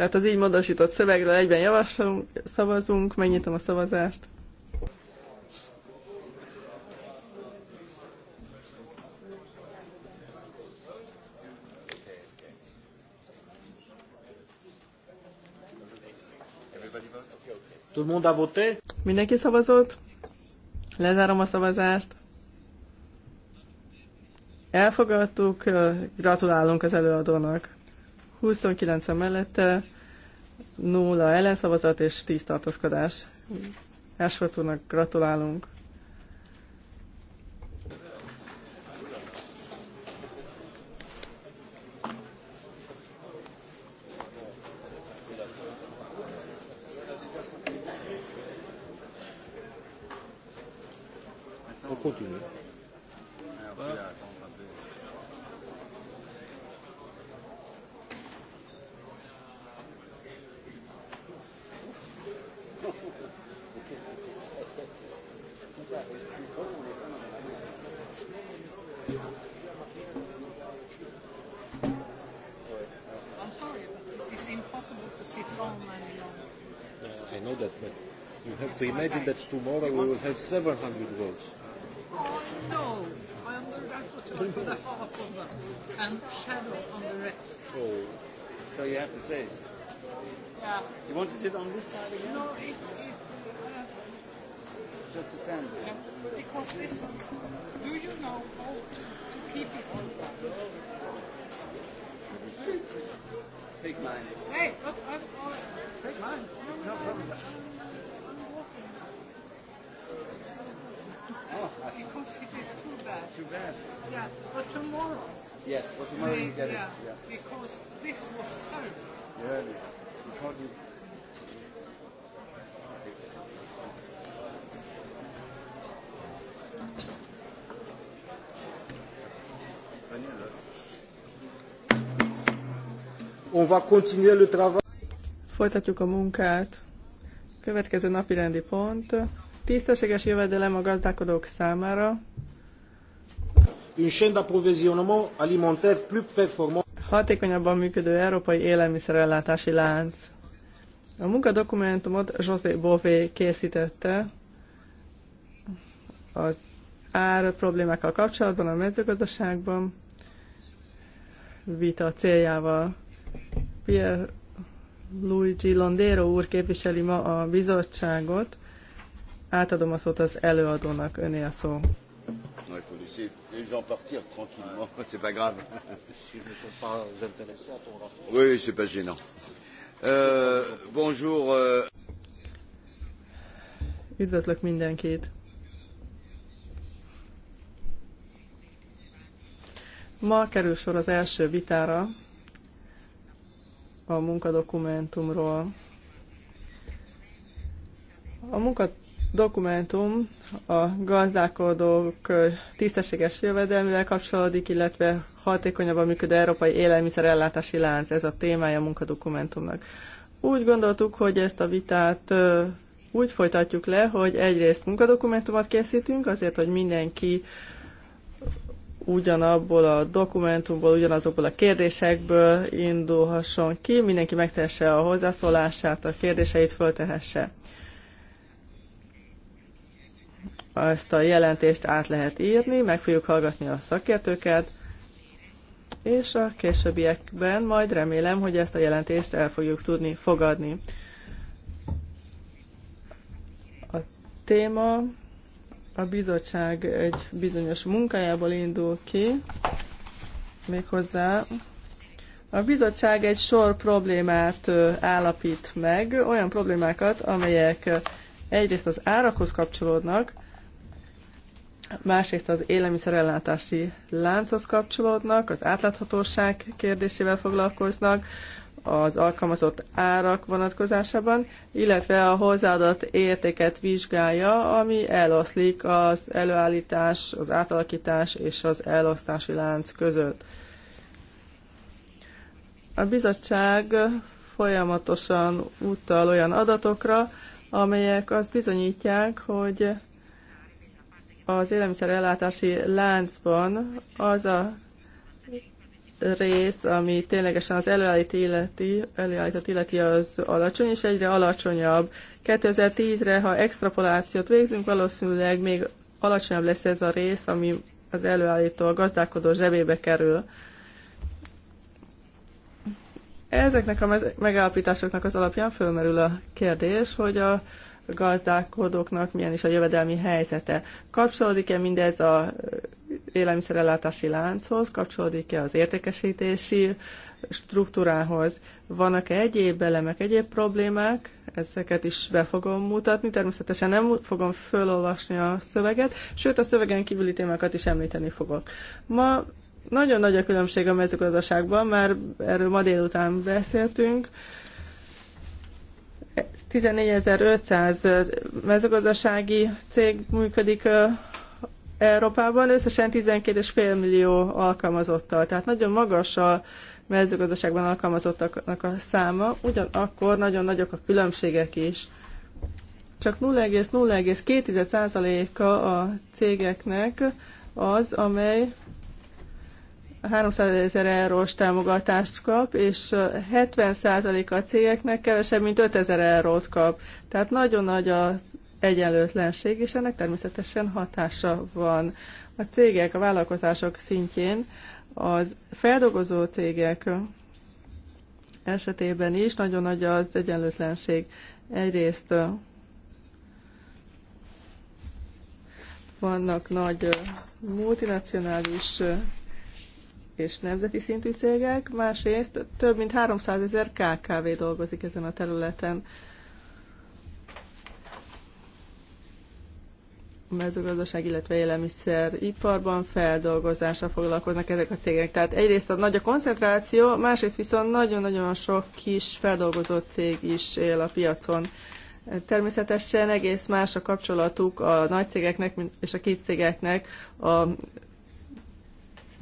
Tehát az így módosított szövegről egyben javaslunk, szavazunk, megnyitom a szavazást. Tout le monde a voté? Mindenki szavazott? Lezárom a szavazást. Elfogadtuk, gratulálunk az előadónak. 29 mellette, 0 ellenszavazat és 10 tartózkodás. Ashford úrnak gratulálunk. continue. imagine that tomorrow we will have 700 votes. Oh, no. I am the rapporteur for the half of them and shadow on the rest. Oh, so you have to say Yeah. You want to sit on this side again? No, it, it, uh, Just to stand there. Yeah, because this, do you know how to, to keep it on? Take mine. Hey, look, I'm, I'm, Take mine. It's no problem. Oh, because it is too bad. Too bad. Yeah, tomorrow. Yes, tomorrow you get yeah, it. Yeah. Because this was terrible. Yeah, you On va continuer le travail. Folytatjuk a munkát. Következő napi rendi pont. Tisztességes jövedelem a gazdálkodók számára. Une chaîne d'approvisionnement alimentaire plus performant. Hatékonyabban működő európai élelmiszerellátási lánc. A munkadokumentumot José Bové készítette az ár problémákkal kapcsolatban a mezőgazdaságban vita céljával. Pierre Luigi Londero úr képviseli ma a bizottságot, Átadom a szót az előadónak, öné a szó. Euh, euh. Üdvözlök mindenkit. Ma kerül sor az első vitára a munkadokumentumról. A munkadokumentum dokumentum a gazdálkodók tisztességes jövedelmével kapcsolódik, illetve hatékonyabban működő európai élelmiszerellátási lánc. Ez a témája a munkadokumentumnak. Úgy gondoltuk, hogy ezt a vitát úgy folytatjuk le, hogy egyrészt munkadokumentumot készítünk, azért, hogy mindenki ugyanabból a dokumentumból, ugyanazokból a kérdésekből indulhasson ki, mindenki megtehesse a hozzászólását, a kérdéseit föltehesse. Ezt a jelentést át lehet írni, meg fogjuk hallgatni a szakértőket, és a későbbiekben majd remélem, hogy ezt a jelentést el fogjuk tudni fogadni. A téma a bizottság egy bizonyos munkájából indul ki, méghozzá a bizottság egy sor problémát állapít meg, olyan problémákat, amelyek egyrészt az árakhoz kapcsolódnak, másrészt az élelmiszerellátási lánchoz kapcsolódnak, az átláthatóság kérdésével foglalkoznak, az alkalmazott árak vonatkozásában, illetve a hozzáadott értéket vizsgálja, ami eloszlik az előállítás, az átalakítás és az elosztási lánc között. A bizottság folyamatosan utal olyan adatokra, amelyek azt bizonyítják, hogy az élelmiszerellátási láncban az a rész, ami ténylegesen az előállít illeti, előállított illeti az alacsony, és egyre alacsonyabb. 2010-re, ha extrapolációt végzünk, valószínűleg még alacsonyabb lesz ez a rész, ami az előállító, a gazdálkodó zsebébe kerül. Ezeknek a megállapításoknak az alapján fölmerül a kérdés, hogy a gazdálkodóknak milyen is a jövedelmi helyzete. Kapcsolódik-e mindez a élelmiszerellátási lánchoz, kapcsolódik-e az értékesítési struktúrához? Vannak-e egyéb elemek, egyéb problémák? Ezeket is be fogom mutatni. Természetesen nem fogom fölolvasni a szöveget, sőt a szövegen kívüli témákat is említeni fogok. Ma nagyon nagy a különbség a mezőgazdaságban, már erről ma délután beszéltünk. 14.500 mezőgazdasági cég működik Európában, összesen 12,5 millió alkalmazottal. Tehát nagyon magas a mezőgazdaságban alkalmazottaknak a száma, ugyanakkor nagyon nagyok a különbségek is. Csak 0,0,2%-a a cégeknek az, amely 300 ezer eurós támogatást kap, és 70% a cégeknek kevesebb, mint 5000 eurót kap. Tehát nagyon nagy az egyenlőtlenség, és ennek természetesen hatása van. A cégek, a vállalkozások szintjén az feldolgozó cégek esetében is nagyon nagy az egyenlőtlenség. Egyrészt vannak nagy multinacionális és nemzeti szintű cégek, másrészt több mint 300 ezer KKV dolgozik ezen a területen. A mezőgazdaság, illetve iparban feldolgozásra foglalkoznak ezek a cégek. Tehát egyrészt a nagy a koncentráció, másrészt viszont nagyon-nagyon sok kis feldolgozott cég is él a piacon. Természetesen egész más a kapcsolatuk a nagy cégeknek és a kis cégeknek a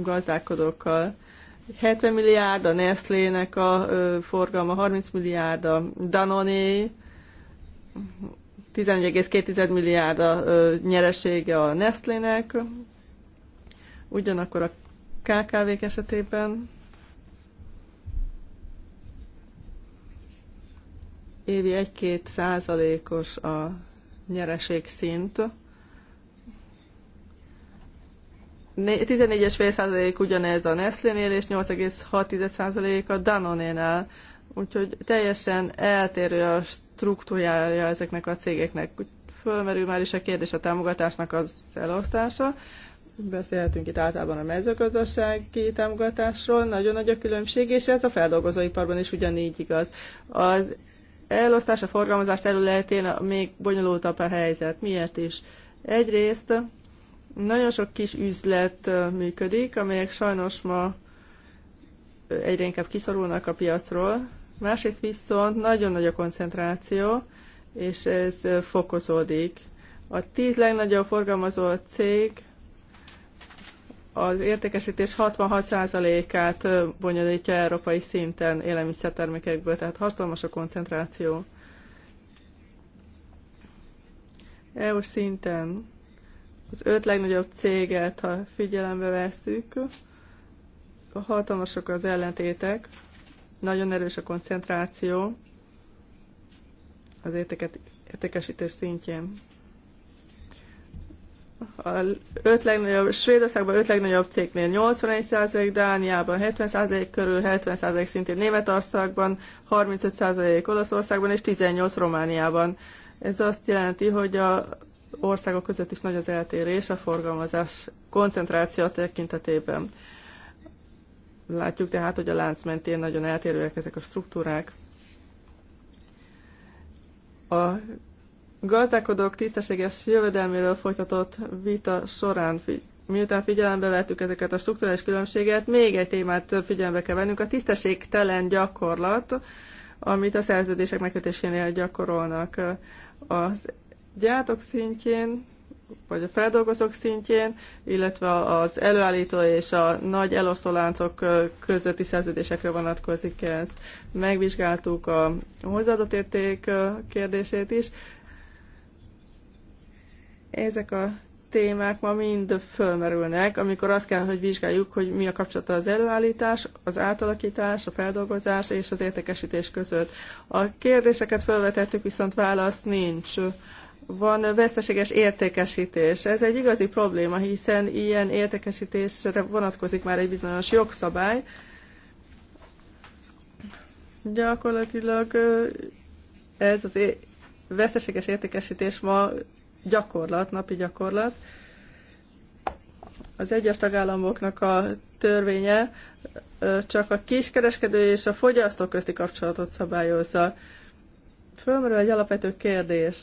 gazdálkodókkal. 70 milliárd, a Nestlé-nek a ö, forgalma 30 milliárd, a Danone 11,2 milliárd a ö, nyeresége a Nestlé-nek. ugyanakkor a KKV-k esetében évi 1-2 százalékos a nyereség szint. 14,5% ugyanez a Nestlénél, és 8,6% a Danonénál. Úgyhogy teljesen eltérő a struktúrája ezeknek a cégeknek. fölmerül már is a kérdés a támogatásnak az elosztása. Beszélhetünk itt általában a mezőgazdasági támogatásról, nagyon nagy a különbség, és ez a feldolgozóiparban is ugyanígy igaz. Az elosztás a forgalmazás területén még bonyolultabb a helyzet. Miért is? Egyrészt nagyon sok kis üzlet működik, amelyek sajnos ma egyre inkább kiszorulnak a piacról. Másrészt viszont nagyon nagy a koncentráció, és ez fokozódik. A tíz legnagyobb forgalmazó cég az értékesítés 66%-át bonyolítja európai szinten élelmiszertermékekből, tehát hatalmas a koncentráció. EU szinten az öt legnagyobb céget, ha figyelembe vesszük, hatalmasok az ellentétek, nagyon erős a koncentráció az érteket, értékesítés szintjén. A öt legnagyobb, Svédországban öt legnagyobb cégnél 81%, Dániában 70% körül, 70% szintén Németországban, 35% Olaszországban és 18% Romániában. Ez azt jelenti, hogy a országok között is nagy az eltérés a forgalmazás koncentráció tekintetében. Látjuk tehát, hogy a lánc mentén nagyon eltérőek ezek a struktúrák. A gazdálkodók tisztességes jövedelméről folytatott vita során miután figyelembe vettük ezeket a strukturális különbséget, még egy témát figyelembe kell vennünk, a tisztességtelen gyakorlat, amit a szerződések megkötésénél gyakorolnak. Az gyártók szintjén, vagy a feldolgozók szintjén, illetve az előállító és a nagy elosztóláncok közötti szerződésekre vonatkozik ez. Megvizsgáltuk a hozzáadott érték kérdését is. Ezek a témák ma mind fölmerülnek, amikor azt kell, hogy vizsgáljuk, hogy mi a kapcsolata az előállítás, az átalakítás, a feldolgozás és az értékesítés között. A kérdéseket felvetettük, viszont válasz nincs van veszteséges értékesítés. Ez egy igazi probléma, hiszen ilyen értékesítésre vonatkozik már egy bizonyos jogszabály. Gyakorlatilag ez az veszteséges értékesítés ma gyakorlat, napi gyakorlat. Az egyes tagállamoknak a törvénye csak a kiskereskedő és a fogyasztó közti kapcsolatot szabályozza. Fölmerül egy alapvető kérdés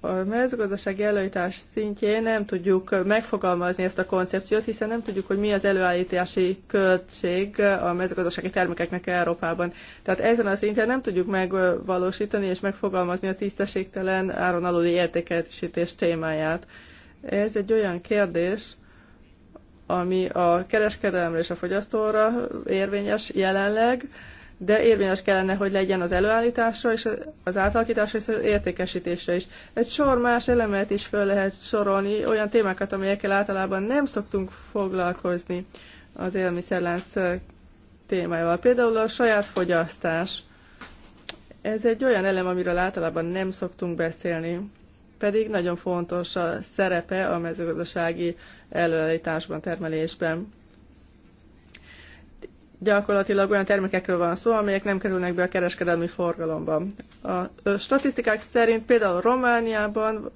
a mezőgazdasági előállítás szintjén nem tudjuk megfogalmazni ezt a koncepciót, hiszen nem tudjuk, hogy mi az előállítási költség a mezőgazdasági termékeknek Európában. Tehát ezen a szinten nem tudjuk megvalósítani és megfogalmazni a tisztességtelen áron aluli értékesítés témáját. Ez egy olyan kérdés, ami a kereskedelemre és a fogyasztóra érvényes jelenleg, de érvényes kellene, hogy legyen az előállításra és az átalakításra és az értékesítésre is. Egy sor más elemet is föl lehet sorolni, olyan témákat, amelyekkel általában nem szoktunk foglalkozni az élmiszerlánc témájával. Például a saját fogyasztás. Ez egy olyan elem, amiről általában nem szoktunk beszélni, pedig nagyon fontos a szerepe a mezőgazdasági előállításban, termelésben. Gyakorlatilag olyan termékekről van szó, amelyek nem kerülnek be a kereskedelmi forgalomba. A statisztikák szerint például Romániában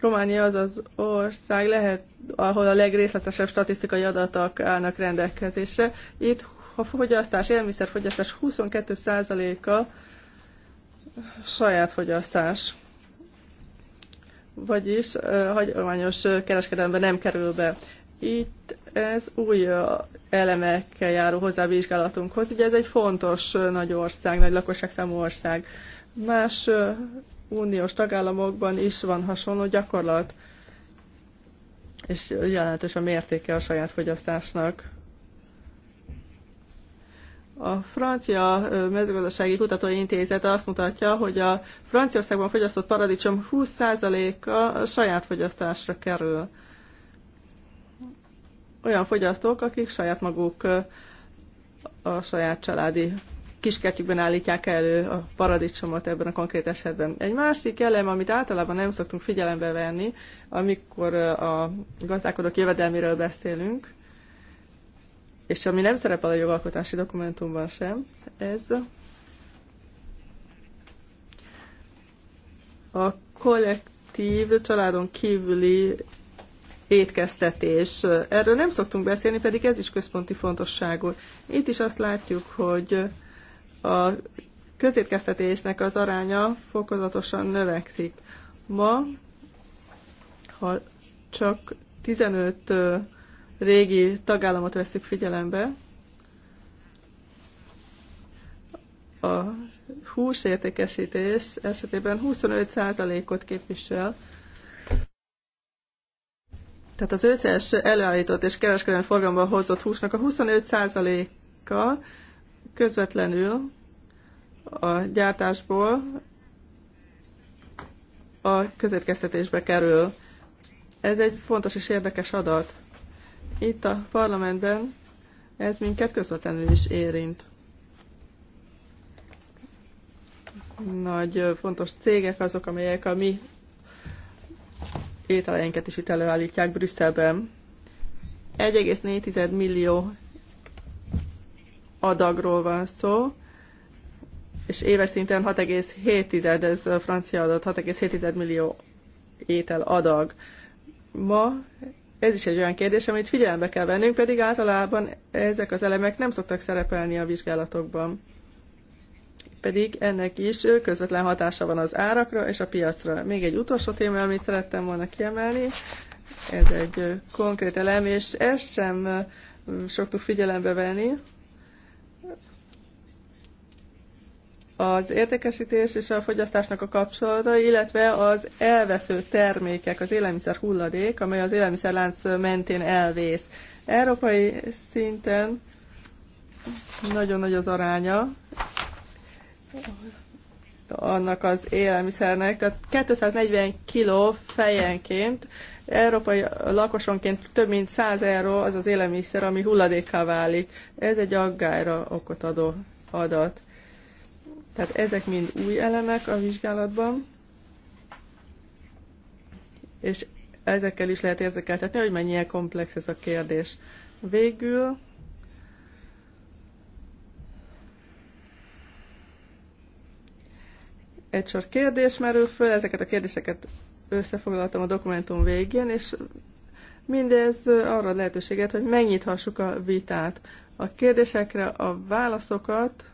Románia az az ország lehet, ahol a legrészletesebb statisztikai adatok állnak rendelkezésre. Itt a fogyasztás, élmiszerfogyasztás 22%-a saját fogyasztás. Vagyis hagyományos kereskedelemben nem kerül be. Itt ez új elemekkel járó hozzávizsgálatunkhoz. Ugye ez egy fontos nagy ország, nagy lakosságszámú ország. Más uniós tagállamokban is van hasonló gyakorlat, és jelentős a mértéke a saját fogyasztásnak. A francia mezőgazdasági kutatóintézet azt mutatja, hogy a Franciaországban fogyasztott paradicsom 20%-a saját fogyasztásra kerül olyan fogyasztók, akik saját maguk a saját családi kiskertjükben állítják elő a paradicsomot ebben a konkrét esetben. Egy másik elem, amit általában nem szoktunk figyelembe venni, amikor a gazdálkodók jövedelméről beszélünk, és ami nem szerepel a jogalkotási dokumentumban sem, ez a kollektív családon kívüli étkeztetés. Erről nem szoktunk beszélni, pedig ez is központi fontosságú. Itt is azt látjuk, hogy a közétkeztetésnek az aránya fokozatosan növekszik. Ma, ha csak 15 régi tagállamot veszük figyelembe, a értékesítés esetében 25%-ot képvisel tehát az összes előállított és kereskedelmi forgalomba hozott húsnak a 25%-a közvetlenül a gyártásból a közétkeztetésbe kerül. Ez egy fontos és érdekes adat. Itt a parlamentben ez minket közvetlenül is érint. Nagy fontos cégek azok, amelyek a mi ételeinket is itt előállítják Brüsszelben. 1,4 millió adagról van szó, és éves szinten 6,7, ez francia adat, 6,7 millió étel adag. Ma ez is egy olyan kérdés, amit figyelembe kell vennünk, pedig általában ezek az elemek nem szoktak szerepelni a vizsgálatokban pedig ennek is közvetlen hatása van az árakra és a piacra. Még egy utolsó téma, amit szerettem volna kiemelni, ez egy konkrét elem, és ezt sem soktuk figyelembe venni. Az értékesítés és a fogyasztásnak a kapcsolata, illetve az elvesző termékek, az élelmiszer hulladék, amely az élelmiszerlánc mentén elvész. Európai szinten nagyon nagy az aránya, annak az élelmiszernek, tehát 240 kiló fejenként, európai lakosonként több mint 100 euró az az élelmiszer, ami hulladékká válik. Ez egy aggályra okot adó adat. Tehát ezek mind új elemek a vizsgálatban, és ezekkel is lehet érzékeltetni, hogy mennyire komplex ez a kérdés. Végül Egy sor kérdés merül föl, ezeket a kérdéseket összefoglaltam a dokumentum végén, és mindez arra a lehetőséget, hogy megnyithassuk a vitát. A kérdésekre a válaszokat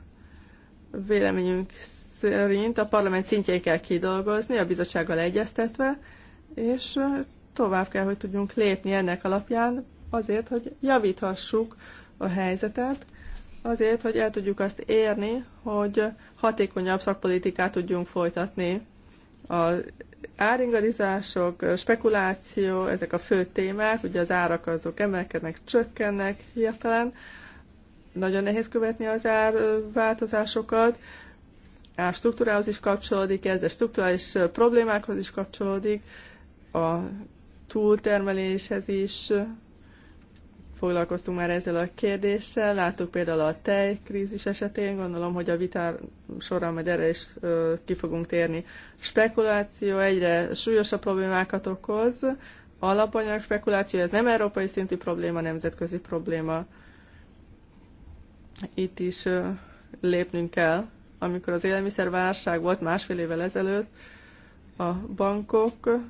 véleményünk szerint a parlament szintjén kell kidolgozni, a bizottsággal egyeztetve, és tovább kell, hogy tudjunk lépni ennek alapján azért, hogy javíthassuk a helyzetet, azért, hogy el tudjuk azt érni, hogy hatékonyabb szakpolitikát tudjunk folytatni. Az áringadizások, spekuláció, ezek a fő témák, ugye az árak azok emelkednek, csökkennek hirtelen, nagyon nehéz követni az árváltozásokat, a struktúrához is kapcsolódik ez, de struktúrális problémákhoz is kapcsolódik, a túltermeléshez is, foglalkoztunk már ezzel a kérdéssel, láttuk például a tejkrízis esetén, gondolom, hogy a vitár során majd erre is ö, ki fogunk térni. Spekuláció egyre súlyosabb problémákat okoz, alapanyag spekuláció, ez nem európai szintű probléma, nemzetközi probléma. Itt is ö, lépnünk kell. Amikor az élelmiszerválság volt másfél évvel ezelőtt, a bankok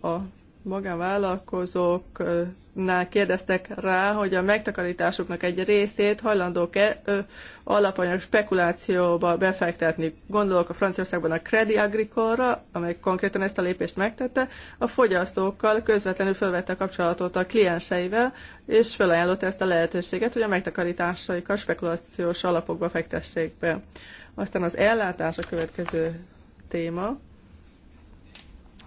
a magánvállalkozóknál kérdeztek rá, hogy a megtakarításuknak egy részét hajlandók-e alapanyag spekulációba befektetni. Gondolok a Franciaországban a Credit Agricole-ra, amely konkrétan ezt a lépést megtette, a fogyasztókkal közvetlenül felvette a kapcsolatot a klienseivel, és felajánlott ezt a lehetőséget, hogy a megtakarításaikat spekulációs alapokba fektessék be. Aztán az ellátás a következő téma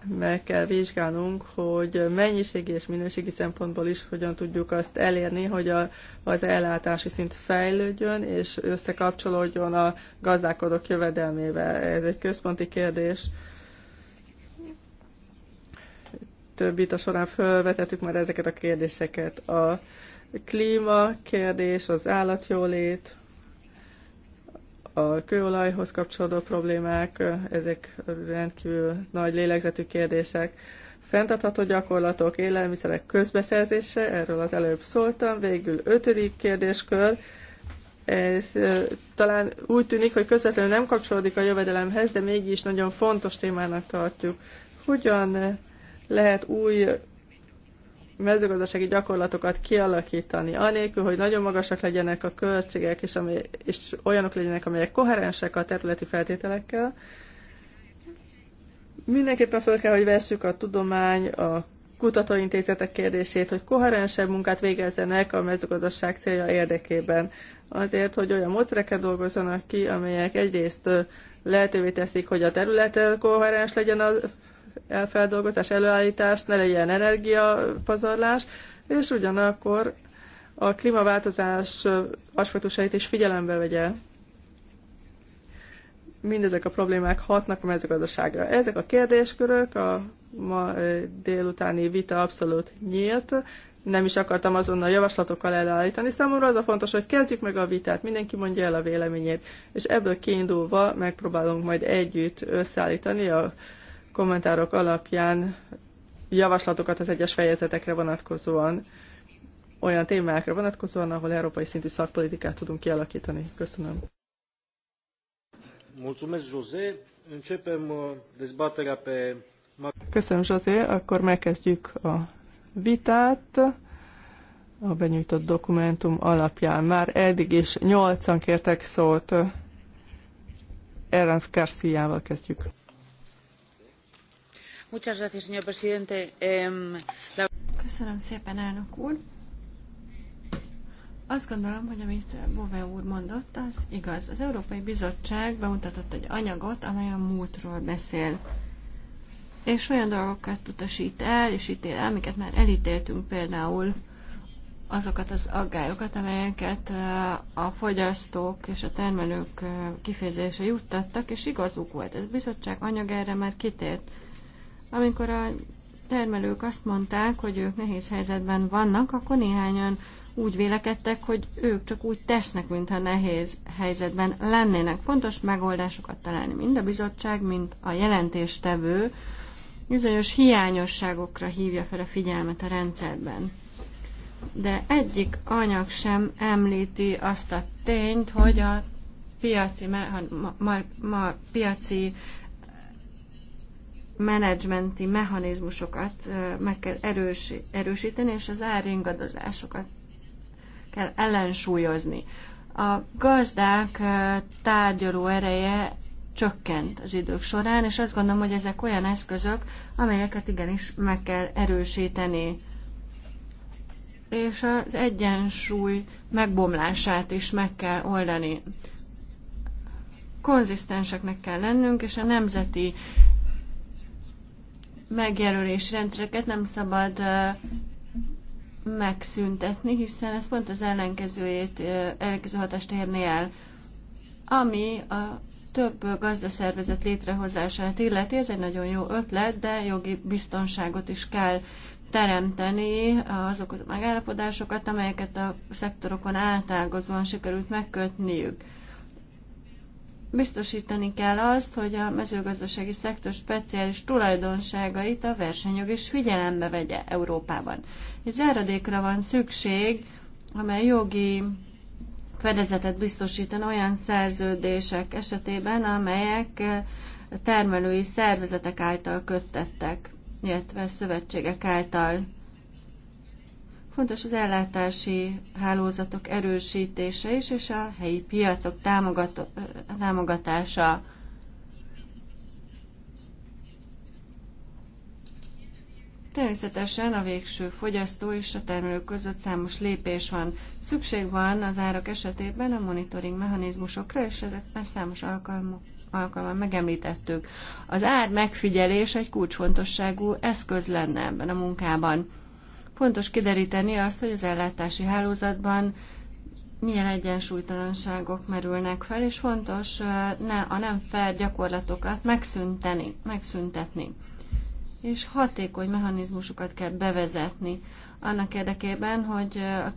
meg kell vizsgálnunk, hogy mennyiségi és minőségi szempontból is hogyan tudjuk azt elérni, hogy a, az ellátási szint fejlődjön és összekapcsolódjon a gazdálkodók jövedelmével. Ez egy központi kérdés. Több a során felvetettük már ezeket a kérdéseket. A klíma kérdés, az állatjólét, a kőolajhoz kapcsolódó problémák, ezek rendkívül nagy lélegzetű kérdések. Fenntartható gyakorlatok, élelmiszerek közbeszerzése, erről az előbb szóltam. Végül ötödik kérdéskör, ez talán úgy tűnik, hogy közvetlenül nem kapcsolódik a jövedelemhez, de mégis nagyon fontos témának tartjuk. Hogyan lehet új mezőgazdasági gyakorlatokat kialakítani, anélkül, hogy nagyon magasak legyenek a költségek, és, ami, és olyanok legyenek, amelyek koherensek a területi feltételekkel. Mindenképpen fel kell, hogy vessük a tudomány, a kutatóintézetek kérdését, hogy koherensebb munkát végezzenek a mezőgazdaság célja érdekében. Azért, hogy olyan módszereket dolgozzanak ki, amelyek egyrészt lehetővé teszik, hogy a területen koherens legyen a elfeldolgozás, előállítás, ne legyen energiapazarlás, és ugyanakkor a klímaváltozás aspektusait is figyelembe vegye. Mindezek a problémák hatnak a mezőgazdaságra. Ezek a kérdéskörök a ma délutáni vita abszolút nyílt, nem is akartam azonnal javaslatokkal előállítani. Számomra az a fontos, hogy kezdjük meg a vitát, mindenki mondja el a véleményét, és ebből kiindulva megpróbálunk majd együtt összeállítani a kommentárok alapján javaslatokat az egyes fejezetekre vonatkozóan, olyan témákra vonatkozóan, ahol európai szintű szakpolitikát tudunk kialakítani. Köszönöm. José. Uh, Köszönöm, José. Akkor megkezdjük a vitát a benyújtott dokumentum alapján. Már eddig is nyolcan kértek szót. Erranz Garciával kezdjük. Köszönöm szépen, elnök úr. Azt gondolom, hogy amit Bove úr mondott, az igaz. Az Európai Bizottság bemutatott egy anyagot, amely a múltról beszél. És olyan dolgokat utasít el, és ítél el, amiket már elítéltünk például azokat az aggályokat, amelyeket eh, a fogyasztók és a termelők eh, kifejezése juttattak, és igazuk volt. Ez bizottság anyag erre már kitért. Amikor a termelők azt mondták, hogy ők nehéz helyzetben vannak, akkor néhányan úgy vélekedtek, hogy ők csak úgy tesznek, mintha nehéz helyzetben lennének. Fontos megoldásokat találni mind a bizottság, mind a jelentéstevő bizonyos hiányosságokra hívja fel a figyelmet a rendszerben. De egyik anyag sem említi azt a tényt, hogy a piaci, ma, ma, ma, piaci menedzsmenti mechanizmusokat meg kell erős, erősíteni, és az áringadozásokat kell ellensúlyozni. A gazdák tárgyaló ereje csökkent az idők során, és azt gondolom, hogy ezek olyan eszközök, amelyeket igenis meg kell erősíteni. És az egyensúly megbomlását is meg kell oldani. Konzisztenseknek kell lennünk, és a nemzeti megjelölés rendszereket nem szabad megszüntetni, hiszen ez pont az ellenkezőjét, ellenkező hatást érni el, ami a több gazdaszervezet létrehozását illeti, ez egy nagyon jó ötlet, de jogi biztonságot is kell teremteni azok a megállapodásokat, amelyeket a szektorokon átágozóan sikerült megkötniük. Biztosítani kell azt, hogy a mezőgazdasági szektor speciális tulajdonságait a versenyjog is figyelembe vegye Európában. Egy záradékra van szükség, amely jogi fedezetet biztosítan olyan szerződések esetében, amelyek termelői szervezetek által köttettek, illetve szövetségek által. Fontos az ellátási hálózatok erősítése is, és a helyi piacok támogatása. Természetesen a végső fogyasztó és a termelő között számos lépés van. Szükség van az árak esetében a monitoring mechanizmusokra, és ezek már számos alkalmak alkalommal megemlítettük. Az ár megfigyelés egy kulcsfontosságú eszköz lenne ebben a munkában. Fontos kideríteni azt, hogy az ellátási hálózatban milyen egyensúlytalanságok merülnek fel, és fontos ne, a nem fel gyakorlatokat megszünteni, megszüntetni. És hatékony mechanizmusokat kell bevezetni annak érdekében, hogy a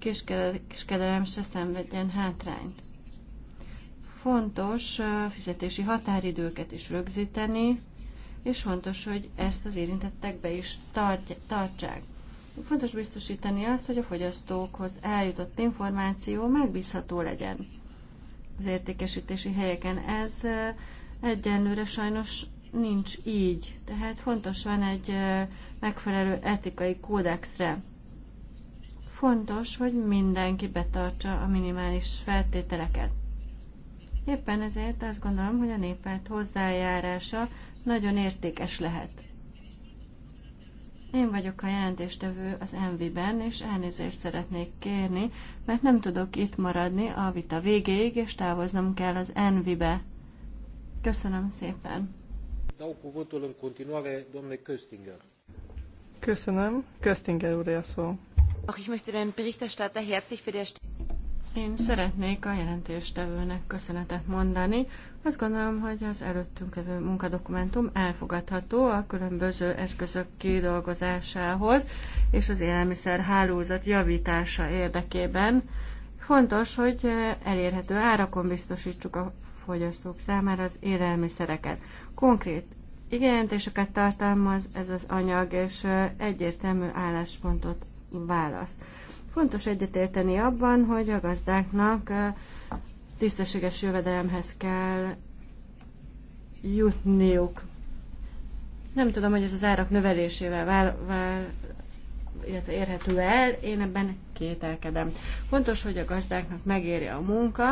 kiskedelem se szenvedjen hátrányt. Fontos fizetési határidőket is rögzíteni, és fontos, hogy ezt az érintettek be is tartják Fontos biztosítani azt, hogy a fogyasztókhoz eljutott információ megbízható legyen. Az értékesítési helyeken ez egyenlőre sajnos nincs így. Tehát fontos van egy megfelelő etikai kódexre. Fontos, hogy mindenki betartsa a minimális feltételeket. Éppen ezért azt gondolom, hogy a népelt hozzájárása nagyon értékes lehet. Én vagyok a jelentéstevő az MV-ben, és elnézést szeretnék kérni, mert nem tudok itt maradni a vita végéig, és távoznom kell az NV-be. Köszönöm szépen. Dau cuvântul în continuare, domnule Köstinger. Köszönöm. Köstinger úr, a szó. Auch ich möchte den Berichterstatter herzlich für die én szeretnék a jelentéstevőnek köszönetet mondani. Azt gondolom, hogy az előttünk levő munkadokumentum elfogadható a különböző eszközök kidolgozásához és az élelmiszer hálózat javítása érdekében. Fontos, hogy elérhető árakon biztosítsuk a fogyasztók számára az élelmiszereket. Konkrét igényentéseket tartalmaz ez az anyag, és egyértelmű álláspontot választ. Fontos egyetérteni abban, hogy a gazdáknak tisztességes jövedelemhez kell jutniuk. Nem tudom, hogy ez az árak növelésével vál, vál, illetve érhető el, én ebben kételkedem. Fontos, hogy a gazdáknak megérje a munka,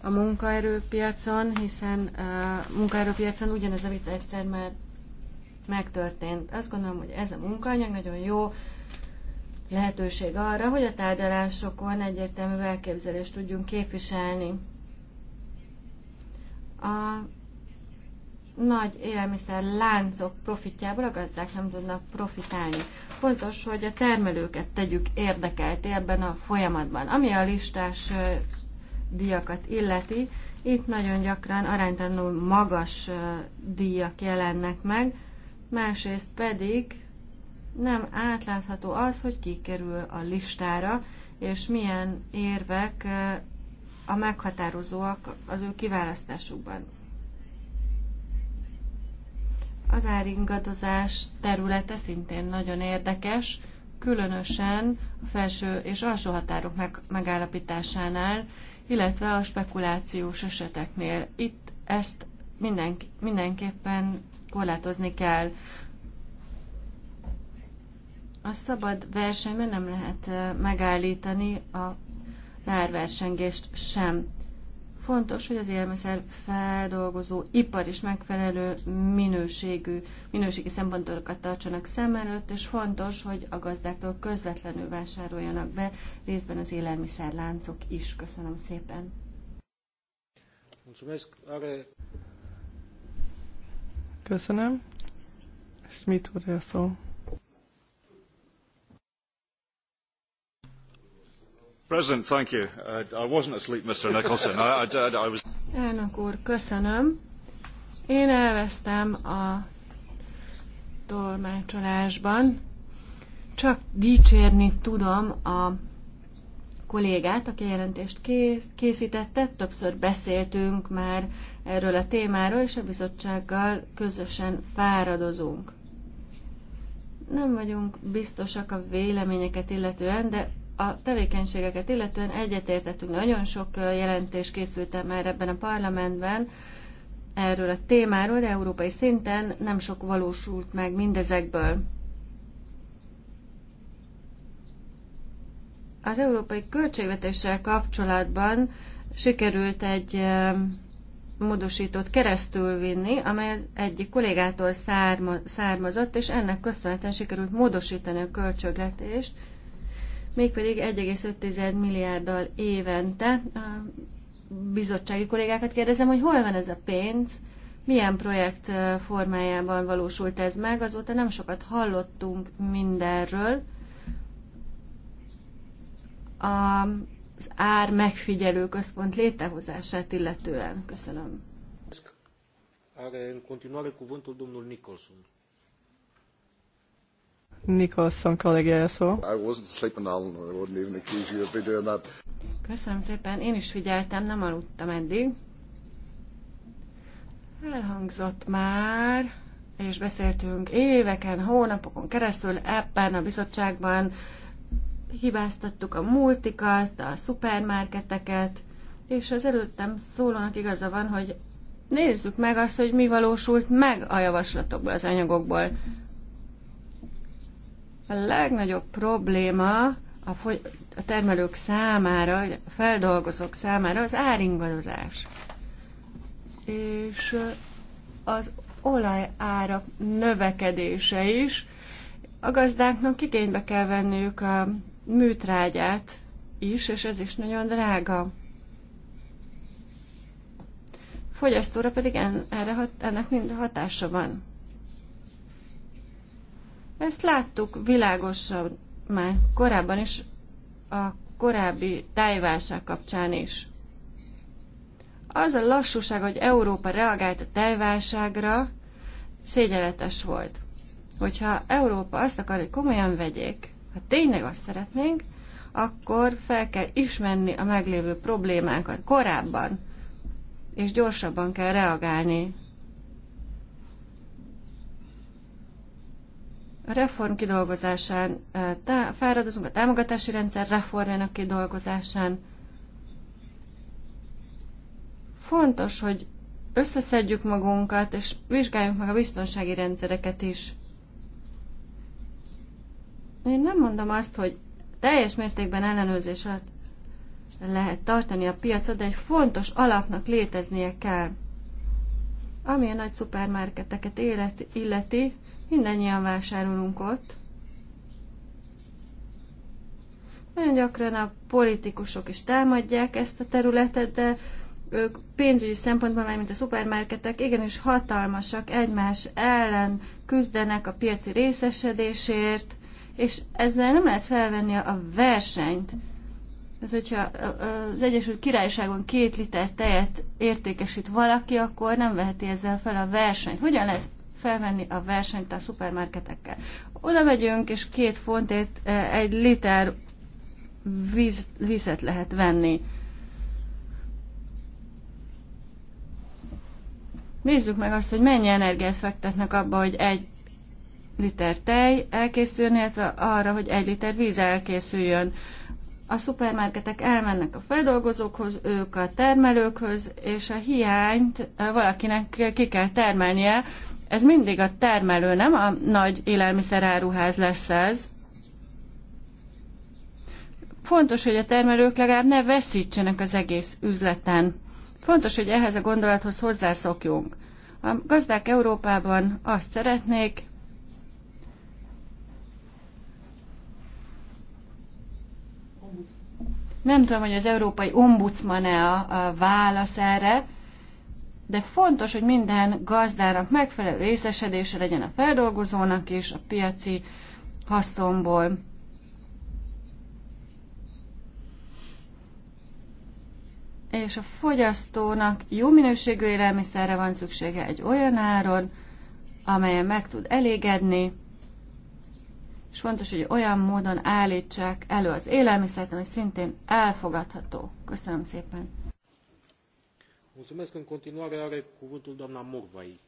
a munkaerőpiacon, hiszen a munkaerőpiacon ugyanez a vita egyszer már megtörtént. Azt gondolom, hogy ez a munkaanyag nagyon jó lehetőség arra, hogy a tárgyalásokon egyértelmű elképzelést tudjunk képviselni. A nagy élelmiszer láncok profitjából a gazdák nem tudnak profitálni. Fontos, hogy a termelőket tegyük érdekelt ebben a folyamatban. Ami a listás díjakat illeti, itt nagyon gyakran aránytanul magas díjak jelennek meg, másrészt pedig nem átlátható az, hogy ki kerül a listára, és milyen érvek eh, a meghatározóak az ő kiválasztásukban. Az áringadozás területe szintén nagyon érdekes, különösen a felső és alsó határok meg, megállapításánál, illetve a spekulációs eseteknél. Itt ezt mindenki, mindenképpen korlátozni kell. A szabad versenyben nem lehet megállítani a árversengést sem. Fontos, hogy az élmiszer feldolgozó ipar is megfelelő minőségű, minőségi szempontokat tartsanak szem előtt, és fontos, hogy a gazdáktól közvetlenül vásároljanak be részben az élelmiszerláncok is. Köszönöm szépen! Köszönöm. Smith úr, szó. President, thank you. I wasn't asleep, Mr. Nicholson. I, I, I was... Elnök úr, köszönöm. Én elvesztem a tolmácsolásban. Csak dicsérni tudom a kollégát, aki jelentést készítette. Többször beszéltünk már erről a témáról, és a bizottsággal közösen fáradozunk. Nem vagyunk biztosak a véleményeket illetően, de a tevékenységeket illetően egyetértettünk. Nagyon sok jelentés készült már ebben a parlamentben erről a témáról, de európai szinten nem sok valósult meg mindezekből. Az európai költségvetéssel kapcsolatban sikerült egy módosítót keresztül vinni, amely egy egyik kollégától származott, és ennek köszönhetően sikerült módosítani a költségvetést, mégpedig 1,5 milliárddal évente. A bizottsági kollégákat kérdezem, hogy hol van ez a pénz, milyen projekt formájában valósult ez meg, azóta nem sokat hallottunk mindenről. Az ár megfigyelő központ létehozását illetően. Köszönöm. Are în continuare cuvântul domnul Nicholson. Nicholson kollégiája szó. Köszönöm szépen, én is figyeltem, nem aludtam eddig. Elhangzott már, és beszéltünk éveken, hónapokon keresztül ebben a bizottságban, hibáztattuk a multikat, a szupermarketeket, és az előttem szólónak igaza van, hogy nézzük meg azt, hogy mi valósult meg a javaslatokból, az anyagokból. A legnagyobb probléma a, fogy- a termelők számára, a feldolgozók számára az áringadozás. És az olajárak növekedése is. A gazdáknak igénybe kell venniük a műtrágyát is, és ez is nagyon drága. Fogyasztóra pedig en, erre, ennek mind hatása van. Ezt láttuk világosan már korábban is, a korábbi tájválság kapcsán is. Az a lassúság, hogy Európa reagált a tájválságra, szégyenletes volt. Hogyha Európa azt akar, hogy komolyan vegyék, ha tényleg azt szeretnénk, akkor fel kell ismerni a meglévő problémákat korábban, és gyorsabban kell reagálni A reform kidolgozásán tá- fáradozunk, a támogatási rendszer reformjának kidolgozásán. Fontos, hogy összeszedjük magunkat, és vizsgáljuk meg a biztonsági rendszereket is. Én nem mondom azt, hogy teljes mértékben ellenőrzés alatt lehet tartani a piacot, de egy fontos alapnak léteznie kell. Ami a nagy szupermarketeket illeti, Mindannyian vásárolunk ott. Nagyon gyakran a politikusok is támadják ezt a területet, de ők pénzügyi szempontból, már mint a szupermarketek, igenis hatalmasak, egymás ellen küzdenek a piaci részesedésért, és ezzel nem lehet felvenni a versenyt. Ez, hogyha az Egyesült Királyságon két liter tejet értékesít valaki, akkor nem veheti ezzel fel a versenyt. Hogyan lehet felvenni a versenyt a szupermarketekkel. Oda megyünk, és két fontét eh, egy liter víz, vízet lehet venni. Nézzük meg azt, hogy mennyi energiát fektetnek abba, hogy egy liter tej elkészüljön, illetve arra, hogy egy liter víz elkészüljön. A szupermarketek elmennek a feldolgozókhoz, ők a termelőkhöz, és a hiányt eh, valakinek ki kell termelnie, ez mindig a termelő, nem a nagy élelmiszeráruház lesz ez. Fontos, hogy a termelők legalább ne veszítsenek az egész üzleten. Fontos, hogy ehhez a gondolathoz hozzászokjunk. A gazdák Európában azt szeretnék, nem tudom, hogy az európai ombudsman-e a, a válasz erre, de fontos, hogy minden gazdának megfelelő részesedése legyen a feldolgozónak is a piaci haszonból. És a fogyasztónak jó minőségű élelmiszerre van szüksége egy olyan áron, amelyen meg tud elégedni, és fontos, hogy olyan módon állítsák elő az élelmiszert, ami szintén elfogadható. Köszönöm szépen! Mulțumesc. În continuare are cuvântul doamna Morvai.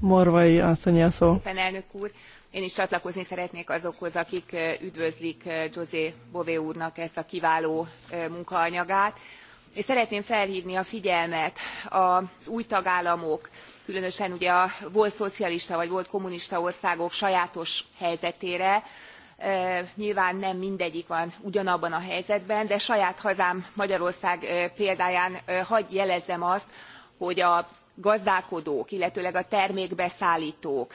Morvai Elnök úr, én is csatlakozni szeretnék azokhoz, akik üdvözlik José Bové úrnak ezt a kiváló munkaanyagát. És szeretném felhívni a figyelmet az új tagállamok, különösen ugye a volt szocialista vagy volt kommunista országok sajátos helyzetére, nyilván nem mindegyik van ugyanabban a helyzetben de saját hazám magyarország példáján hadd jelezzem azt hogy a gazdálkodók illetőleg a termékbeszálltók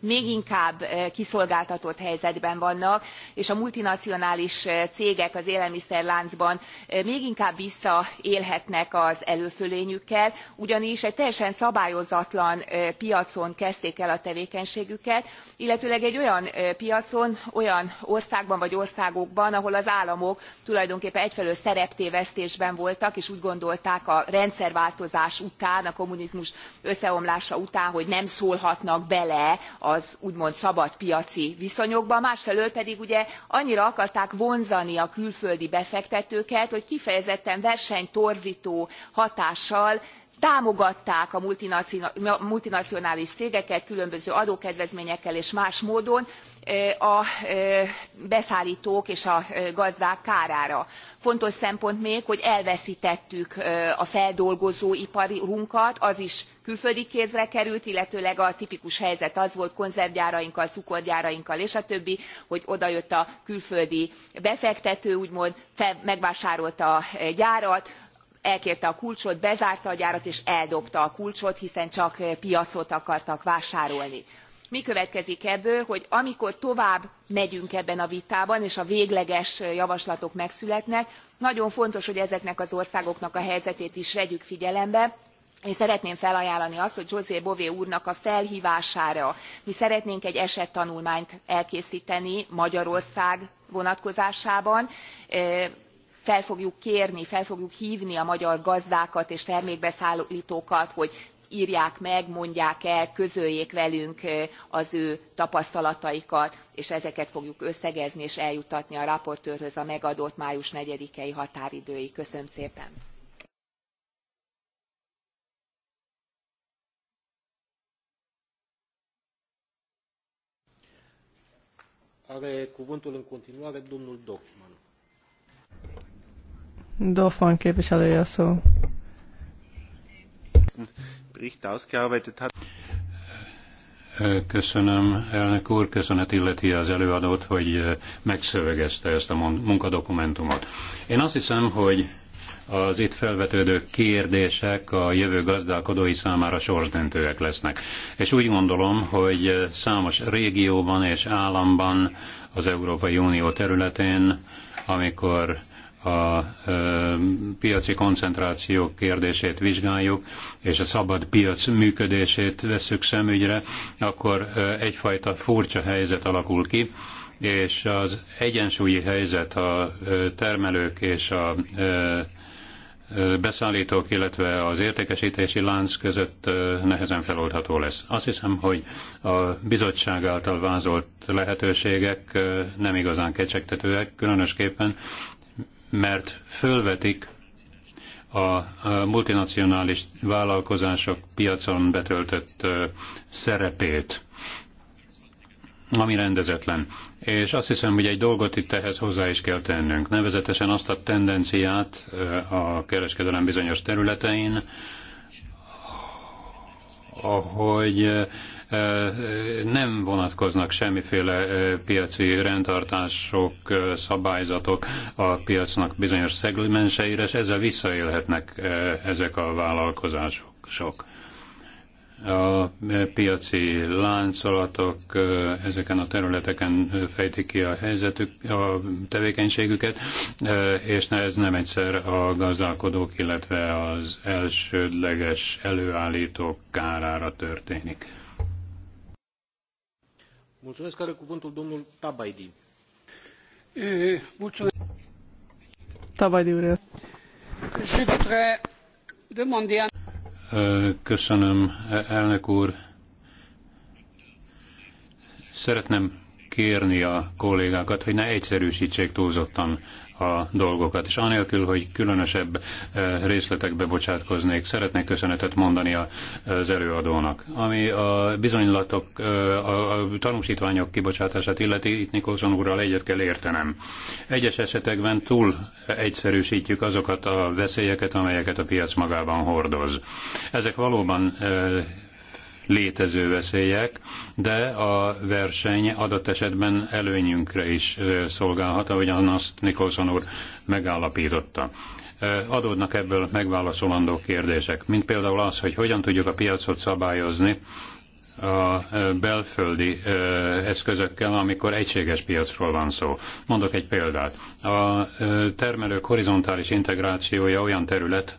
még inkább eh, kiszolgáltatott helyzetben vannak és a multinacionális eh, cégek az élelmiszerláncban eh, még inkább visszaélhetnek az előfölényükkel ugyanis egy teljesen szabályozatlan piacon kezdték el a tevékenységüket illetőleg egy olyan piacon olyan országban vagy országokban ahol az államok tulajdonképpen egyfelől szereptévesztésben voltak és úgy gondolták a rendszerváltozás után a kommunizmus összeomlása után hogy nem szólhatnak bele az úgymond szabad piaci viszonyokban másfelől pedig ugye annyira akarták vonzani a külföldi befektetőket hogy kifejezetten versenytorztó hatással támogatták a multinacionális cégeket különböző adókedvezményekkel és más módon a beszálltók és a gazdák kárára. fontos szempont még hogy elvesztettük a feldolgozóiparunkat az is külföldi kézre került illetőleg a tipikus helyzet az volt konzervgyárainkkal cukorgyárainkkal és a többi hogy odajött a külföldi befektető úgymond megvásárolta a gyárat elkérte a kulcsot bezárta a gyárat és eldobta a kulcsot hiszen csak piacot akartak vásárolni mi következik ebből hogy amikor tovább ebben a vitában és a végleges javaslatok megszületnek nagyon fontos hogy ezeknek az országoknak a helyzetét is vegyük figyelembe és szeretném felajánlani azt hogy josé bové úrnak a felhvására mi szeretnénk egy esettanulmányt elkészteni magyarország vonatkozásában fel fogjuk kérni fel fogjuk hvni a magyar gazdákat és termékbeszálltókat hogy rják meg mondják el közöljék velünk az ő tapasztalataikat és ezeket fogjuk összegezni és eljuttatni a raportőrhöz a megadott május four i határidőig. köszönöm szépen! Are cuvântul în continuare domnul Dorfman. Dorfman képviselője a szó. Bericht ausgearbeitet hat. Köszönöm, elnök úr, köszönet illeti az előadót, hogy megszövegezte ezt a munkadokumentumot. Én azt hiszem, hogy az itt felvetődő kérdések a jövő gazdálkodói számára sorsdöntőek lesznek. És úgy gondolom, hogy számos régióban és államban az Európai Unió területén, amikor a piaci koncentrációk kérdését vizsgáljuk, és a szabad piac működését vesszük szemügyre, akkor egyfajta furcsa helyzet alakul ki, és az egyensúlyi helyzet a termelők és a beszállítók, illetve az értékesítési lánc között nehezen feloldható lesz. Azt hiszem, hogy a bizottság által vázolt lehetőségek nem igazán kecsegtetőek, különösképpen mert fölvetik a multinacionális vállalkozások piacon betöltött szerepét, ami rendezetlen. És azt hiszem, hogy egy dolgot itt ehhez hozzá is kell tennünk. Nevezetesen azt a tendenciát a kereskedelem bizonyos területein, ahogy nem vonatkoznak semmiféle piaci rendtartások, szabályzatok a piacnak bizonyos szegmenseire, és ezzel visszaélhetnek ezek a vállalkozások. Sok a piaci láncolatok ezeken a területeken fejtik ki a helyzetük, a tevékenységüket, és ez nem egyszer a gazdálkodók, illetve az elsődleges előállítók kárára történik. Mulțumesc, are cuvântul domnul Tabaidi. E, mulțumesc. Tabaidi úr. Je voudrais demander e, Köszönöm, elnök úr. Szeretném kérni a kollégákat, hogy ne egyszerűsítsék túlzottan a dolgokat. És anélkül, hogy különösebb eh, részletekbe bocsátkoznék, szeretnék köszönetet mondani az előadónak. Ami a bizonylatok, eh, a tanúsítványok kibocsátását illeti, itt Nikolson úrral egyet kell értenem. Egyes esetekben túl egyszerűsítjük azokat a veszélyeket, amelyeket a piac magában hordoz. Ezek valóban eh, létező veszélyek, de a verseny adott esetben előnyünkre is szolgálhat, ahogyan azt Nicholson úr megállapította adódnak ebből megválaszolandó kérdések, mint például az, hogy hogyan tudjuk a piacot szabályozni a belföldi eszközökkel, amikor egységes piacról van szó. Mondok egy példát. A termelők horizontális integrációja olyan terület,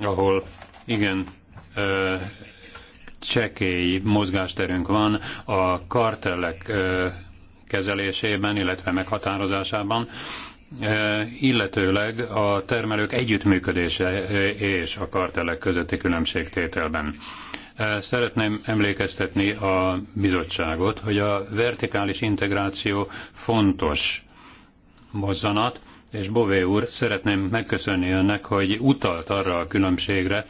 ahol igen csekély mozgásterünk van a kartellek kezelésében, illetve meghatározásában, illetőleg a termelők együttműködése és a kartellek közötti különbségtételben. Szeretném emlékeztetni a bizottságot, hogy a vertikális integráció fontos mozzanat, és Bové úr, szeretném megköszönni önnek, hogy utalt arra a különbségre,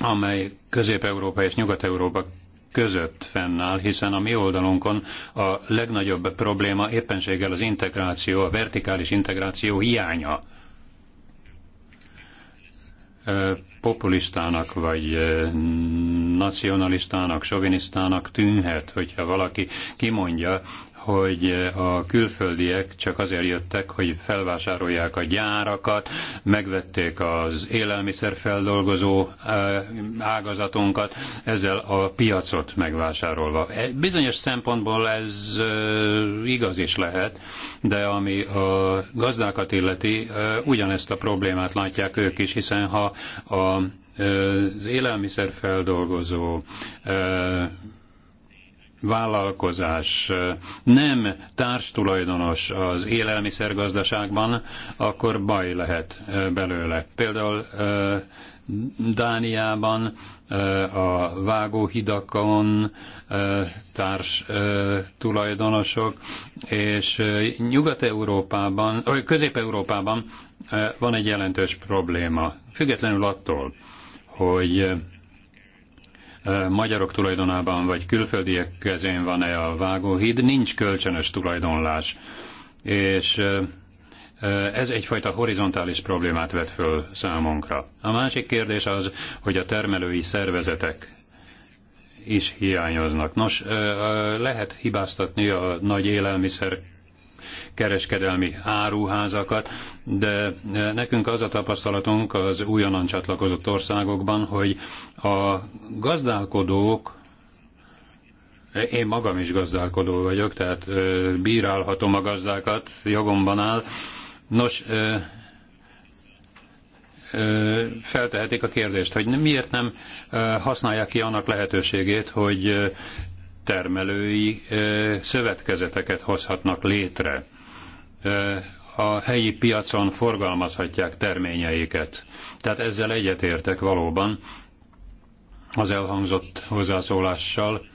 amely Közép-Európa és Nyugat-Európa között fennáll, hiszen a mi oldalunkon a legnagyobb probléma éppenséggel az integráció, a vertikális integráció hiánya. Populistának vagy nacionalistának, sovinistának tűnhet, hogyha valaki kimondja, hogy a külföldiek csak azért jöttek, hogy felvásárolják a gyárakat, megvették az élelmiszerfeldolgozó ágazatunkat, ezzel a piacot megvásárolva. E, bizonyos szempontból ez igaz is lehet, de ami a gazdákat illeti, ugyanezt a problémát látják ők is, hiszen ha a az élelmiszerfeldolgozó vállalkozás nem társtulajdonos az élelmiszergazdaságban, akkor baj lehet belőle. Például Dániában a vágóhidakon társ tulajdonosok, és Nyugat-Európában, vagy Közép-Európában van egy jelentős probléma. Függetlenül attól, hogy magyarok tulajdonában vagy külföldiek kezén van-e a vágóhíd, nincs kölcsönös tulajdonlás. És ez egyfajta horizontális problémát vet föl számunkra. A másik kérdés az, hogy a termelői szervezetek is hiányoznak. Nos, lehet hibáztatni a nagy élelmiszer kereskedelmi áruházakat, de e, nekünk az a tapasztalatunk az újonnan csatlakozott országokban, hogy a gazdálkodók e, én magam is gazdálkodó vagyok, tehát e, bírálhatom a gazdákat, jogomban áll. Nos, feltehetik a kérdést, hogy miért nem használják ki annak lehetőségét, hogy termelői szövetkezeteket hozhatnak létre a helyi piacon forgalmazhatják terményeiket. Tehát ezzel egyetértek valóban az elhangzott hozzászólással,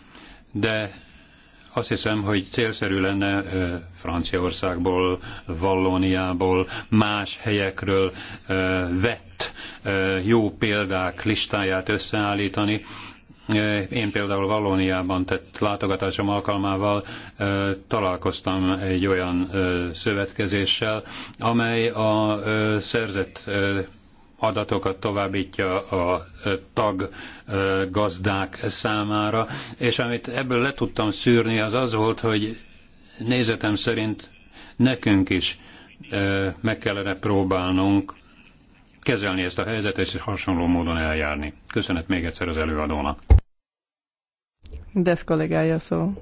de azt hiszem, hogy célszerű lenne Franciaországból, Vallóniából, más helyekről vett jó példák listáját összeállítani, én például Valóniában tett látogatásom alkalmával találkoztam egy olyan szövetkezéssel, amely a szerzett adatokat továbbítja a tag gazdák számára, és amit ebből le tudtam szűrni, az az volt, hogy nézetem szerint nekünk is meg kellene próbálnunk kezelni ezt a helyzetet, és hasonló módon eljárni. Köszönet még egyszer az előadónak. Desz kollégája szó.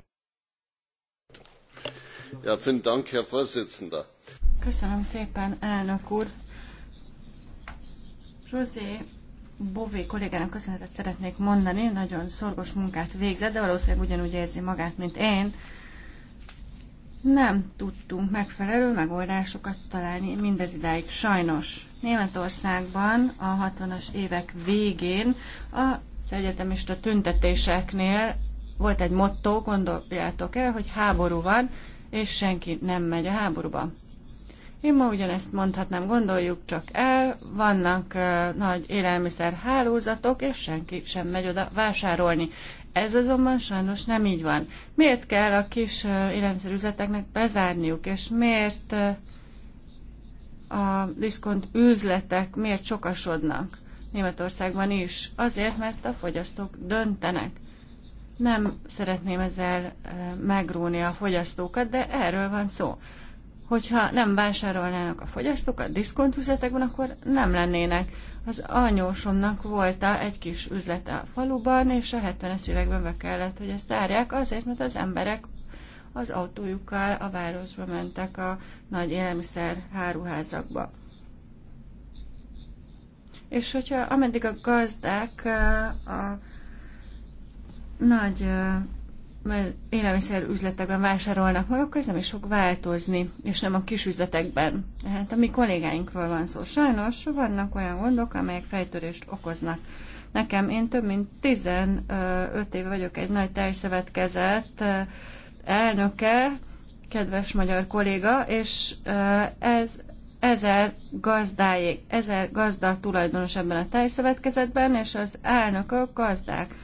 Ja, vielen Dank, Herr Vorsitzender. Köszönöm szépen, elnök úr. José Bové kollégának köszönetet szeretnék mondani, nagyon szorgos munkát végzett, de valószínűleg ugyanúgy érzi magát, mint én nem tudtunk megfelelő megoldásokat találni mindez idáig sajnos. Németországban a 60-as évek végén az egyetemista tüntetéseknél volt egy motto, gondoljátok el, hogy háború van, és senki nem megy a háborúba. Én ma ugyanezt mondhatnám, gondoljuk csak el, vannak uh, nagy élelmiszer hálózatok, és senki sem megy oda vásárolni. Ez azonban sajnos nem így van. Miért kell a kis élelmiszerüzleteknek bezárniuk, és miért a diszkont üzletek miért sokasodnak Németországban is? Azért, mert a fogyasztók döntenek. Nem szeretném ezzel megróni a fogyasztókat, de erről van szó. Hogyha nem vásárolnának a fogyasztók a üzletekben, akkor nem lennének az anyósomnak volt egy kis üzlete a faluban, és a 70-es években be kellett, hogy ezt zárják, azért, mert az emberek az autójukkal a városba mentek a nagy élelmiszer háruházakba. És hogyha ameddig a gazdák a nagy élelmiszer üzletekben vásárolnak akkor ez nem is fog változni, és nem a kis üzletekben. Tehát a mi kollégáinkról van szó. Sajnos vannak olyan gondok, amelyek fejtörést okoznak. Nekem én több mint 15 éve vagyok egy nagy tejszövetkezet elnöke, kedves magyar kolléga, és ez ezer gazdáig, ezer gazda tulajdonos ebben a tájszövetkezetben, és az elnökök gazdák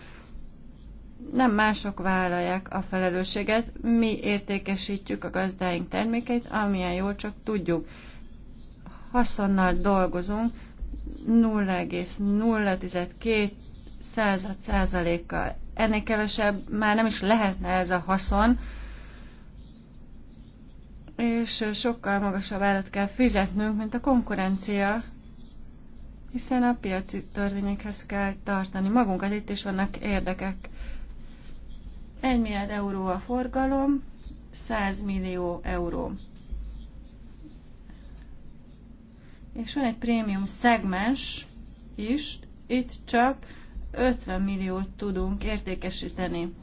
nem mások vállalják a felelősséget, mi értékesítjük a gazdáink termékeit, amilyen jól csak tudjuk. Haszonnal dolgozunk 0,012 század százalékkal. Ennél kevesebb már nem is lehetne ez a haszon, és sokkal magasabb állat kell fizetnünk, mint a konkurencia, hiszen a piaci törvényekhez kell tartani magunkat, itt is vannak érdekek 1 milliárd euró a forgalom, 100 millió euró. És van egy prémium szegmens is, itt csak 50 milliót tudunk értékesíteni.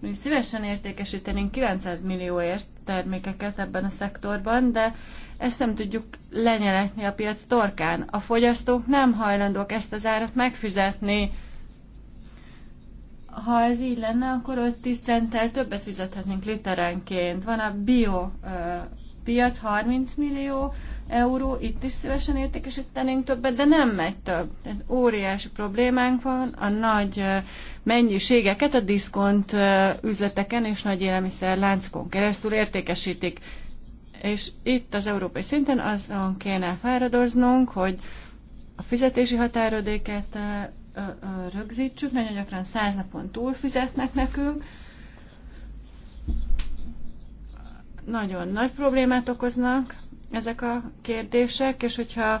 Mi szívesen értékesítenénk 900 millióért termékeket ebben a szektorban, de ezt nem tudjuk lenyeletni a piac torkán. A fogyasztók nem hajlandók ezt az árat megfizetni ha ez így lenne, akkor 5-10 centtel többet fizethetnénk literenként. Van a bio piac 30 millió euró, itt is szívesen értékesítenénk többet, de nem megy több. Tehát óriási problémánk van a nagy mennyiségeket a diszkont üzleteken és nagy élelmiszerláncokon keresztül értékesítik. És itt az európai szinten azon kéne fáradoznunk, hogy a fizetési határodéket rögzítsük. Nagyon gyakran 100 napon túl fizetnek nekünk. Nagyon nagy problémát okoznak ezek a kérdések, és hogyha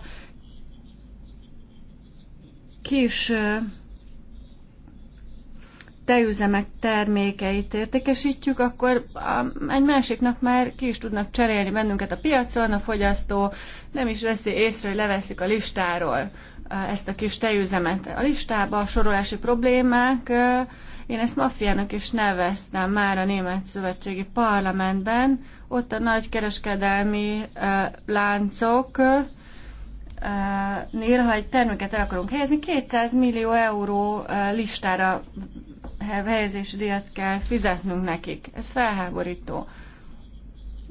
kis tejüzemek termékeit értékesítjük, akkor egy másik nap már ki is tudnak cserélni bennünket a piacon, a fogyasztó nem is veszi észre, hogy leveszik a listáról ezt a kis tejüzemet. A listába a sorolási problémák, én ezt maffiának is neveztem már a Német Szövetségi Parlamentben, ott a nagy kereskedelmi láncok, nél, ha egy terméket el akarunk helyezni, 200 millió euró listára helyezési díjat kell fizetnünk nekik. Ez felháborító.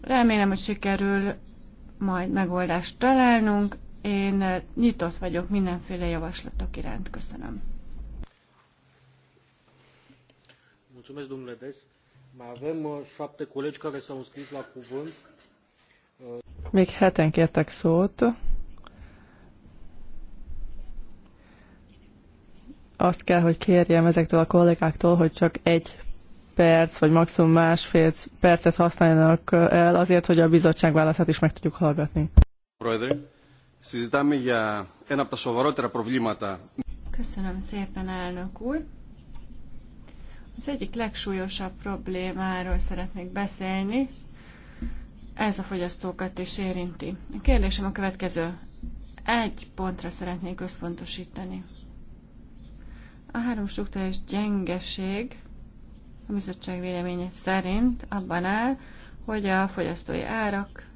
Remélem, hogy sikerül majd megoldást találnunk. Én eh, nyitott vagyok mindenféle javaslatok iránt. Köszönöm. Mulțumesc, domnule Des. Mai avem eh, șapte colegi care s-au înscris la cuvânt. Eh, Még heten kértek szót. Azt kell, hogy kérjem ezektől a kollégáktól, hogy csak egy perc, vagy maximum másfél percet használjanak el azért, hogy a bizottság válaszát is meg tudjuk hallgatni. Brother. Συζητάμε για ένα από τα σοβαρότερα προβλήματα. Köszönöm szépen, elnök úr. Az egyik legsúlyosabb problémáról szeretnék beszélni. Ez a fogyasztókat is érinti. A kérdésem a következő. Egy pontra szeretnék összpontosítani. A három struktúrális gyengeség a bizottság véleménye szerint abban áll, hogy a fogyasztói árak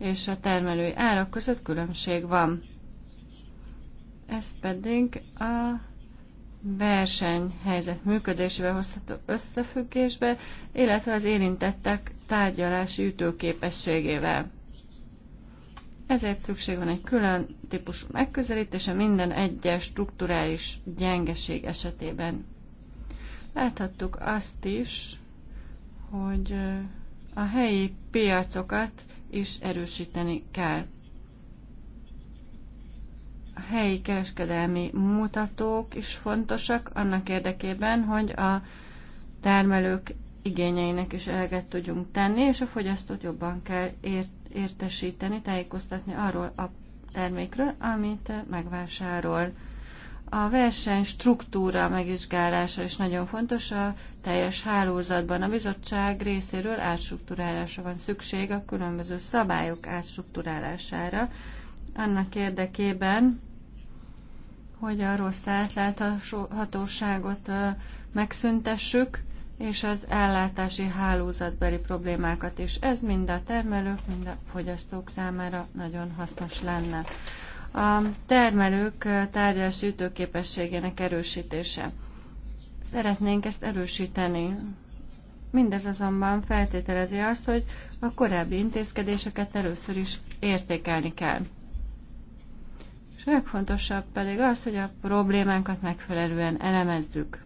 és a termelői árak között különbség van. Ez pedig a versenyhelyzet működésével hozható összefüggésbe, illetve az érintettek tárgyalási ütőképességével. Ezért szükség van egy külön típusú megközelítése minden egyes strukturális gyengeség esetében. Láthattuk azt is, hogy a helyi piacokat is erősíteni kell. A helyi kereskedelmi mutatók is fontosak annak érdekében, hogy a termelők igényeinek is eleget tudjunk tenni, és a fogyasztót jobban kell ért- értesíteni, tájékoztatni arról a termékről, amit megvásárol. A verseny struktúra megvizsgálása is nagyon fontos a teljes hálózatban. A bizottság részéről átstruktúrálása van szükség, a különböző szabályok átstruktúrálására, annak érdekében, hogy a rossz átláthatóságot megszüntessük, és az ellátási hálózatbeli problémákat is. Ez mind a termelők, mind a fogyasztók számára nagyon hasznos lenne a termelők tárgyalási ütőképességének erősítése. Szeretnénk ezt erősíteni. Mindez azonban feltételezi azt, hogy a korábbi intézkedéseket először is értékelni kell. És a legfontosabb pedig az, hogy a problémánkat megfelelően elemezzük.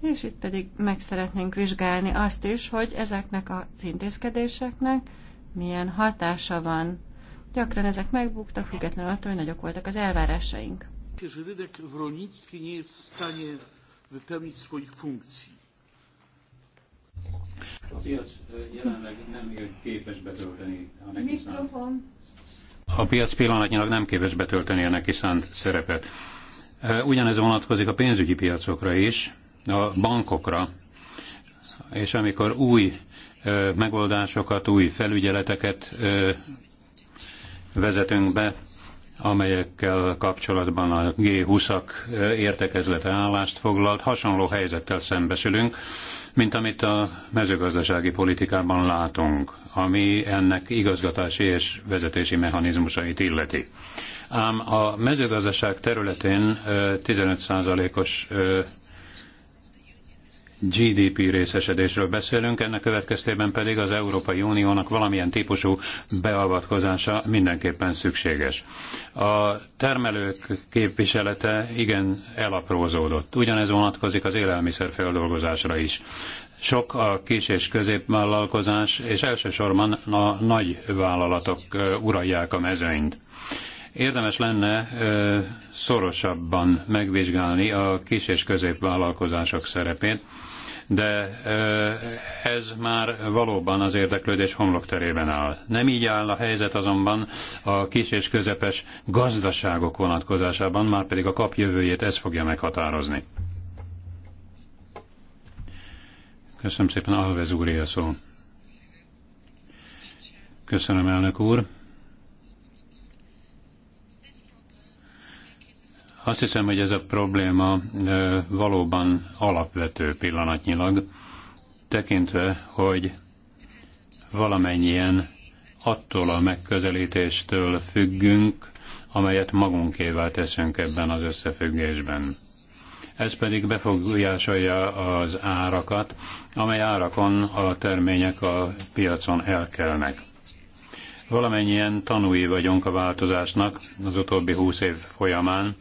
És itt pedig meg szeretnénk vizsgálni azt is, hogy ezeknek az intézkedéseknek milyen hatása van Gyakran ezek megbuktak, függetlenül attól, hogy nagyok voltak az elvárásaink. A piac e, jelenleg nem képes betölteni a neki szánt. A piac pillanatnyilag nem képes betölteni a neki szánt szerepet. E, ugyanez vonatkozik a pénzügyi piacokra is, a bankokra, és amikor új e, megoldásokat, új felügyeleteket vezetünk be, amelyekkel kapcsolatban a G20-ak értekezlete állást foglalt, hasonló helyzettel szembesülünk, mint amit a mezőgazdasági politikában látunk, ami ennek igazgatási és vezetési mechanizmusait illeti. Ám a mezőgazdaság területén 15%-os GDP részesedésről beszélünk, ennek következtében pedig az Európai Uniónak valamilyen típusú beavatkozása mindenképpen szükséges. A termelők képviselete igen elaprózódott. Ugyanez vonatkozik az élelmiszer feldolgozásra is. Sok a kis és középvállalkozás, és elsősorban a nagy vállalatok uralják a mezőnyt. Érdemes lenne szorosabban megvizsgálni a kis és középvállalkozások szerepét, de ez már valóban az érdeklődés homlokterében áll. Nem így áll a helyzet azonban a kis és közepes gazdaságok vonatkozásában, már pedig a kap jövőjét ez fogja meghatározni. Köszönöm szépen, Alvez úr a szó. Köszönöm, elnök úr. Azt hiszem, hogy ez a probléma valóban alapvető pillanatnyilag, tekintve, hogy valamennyien attól a megközelítéstől függünk, amelyet magunkévá teszünk ebben az összefüggésben. Ez pedig befogulásolja az árakat, amely árakon a termények a piacon elkelnek. Valamennyien tanúi vagyunk a változásnak az utóbbi húsz év folyamán,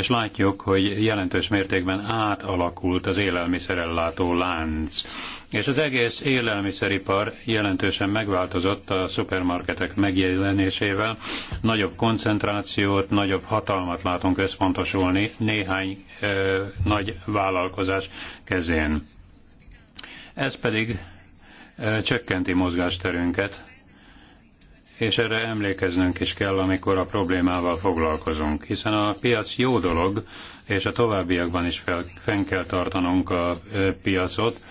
és látjuk, hogy jelentős mértékben átalakult az élelmiszerellátó lánc. És az egész élelmiszeripar jelentősen megváltozott a szupermarketek megjelenésével. Nagyobb koncentrációt, nagyobb hatalmat látunk összpontosulni néhány ö, nagy vállalkozás kezén. Ez pedig ö, csökkenti mozgásterünket, és erre emlékeznünk is kell, amikor a problémával foglalkozunk, hiszen a piac jó dolog, és a továbbiakban is fel, fenn kell tartanunk a piacot,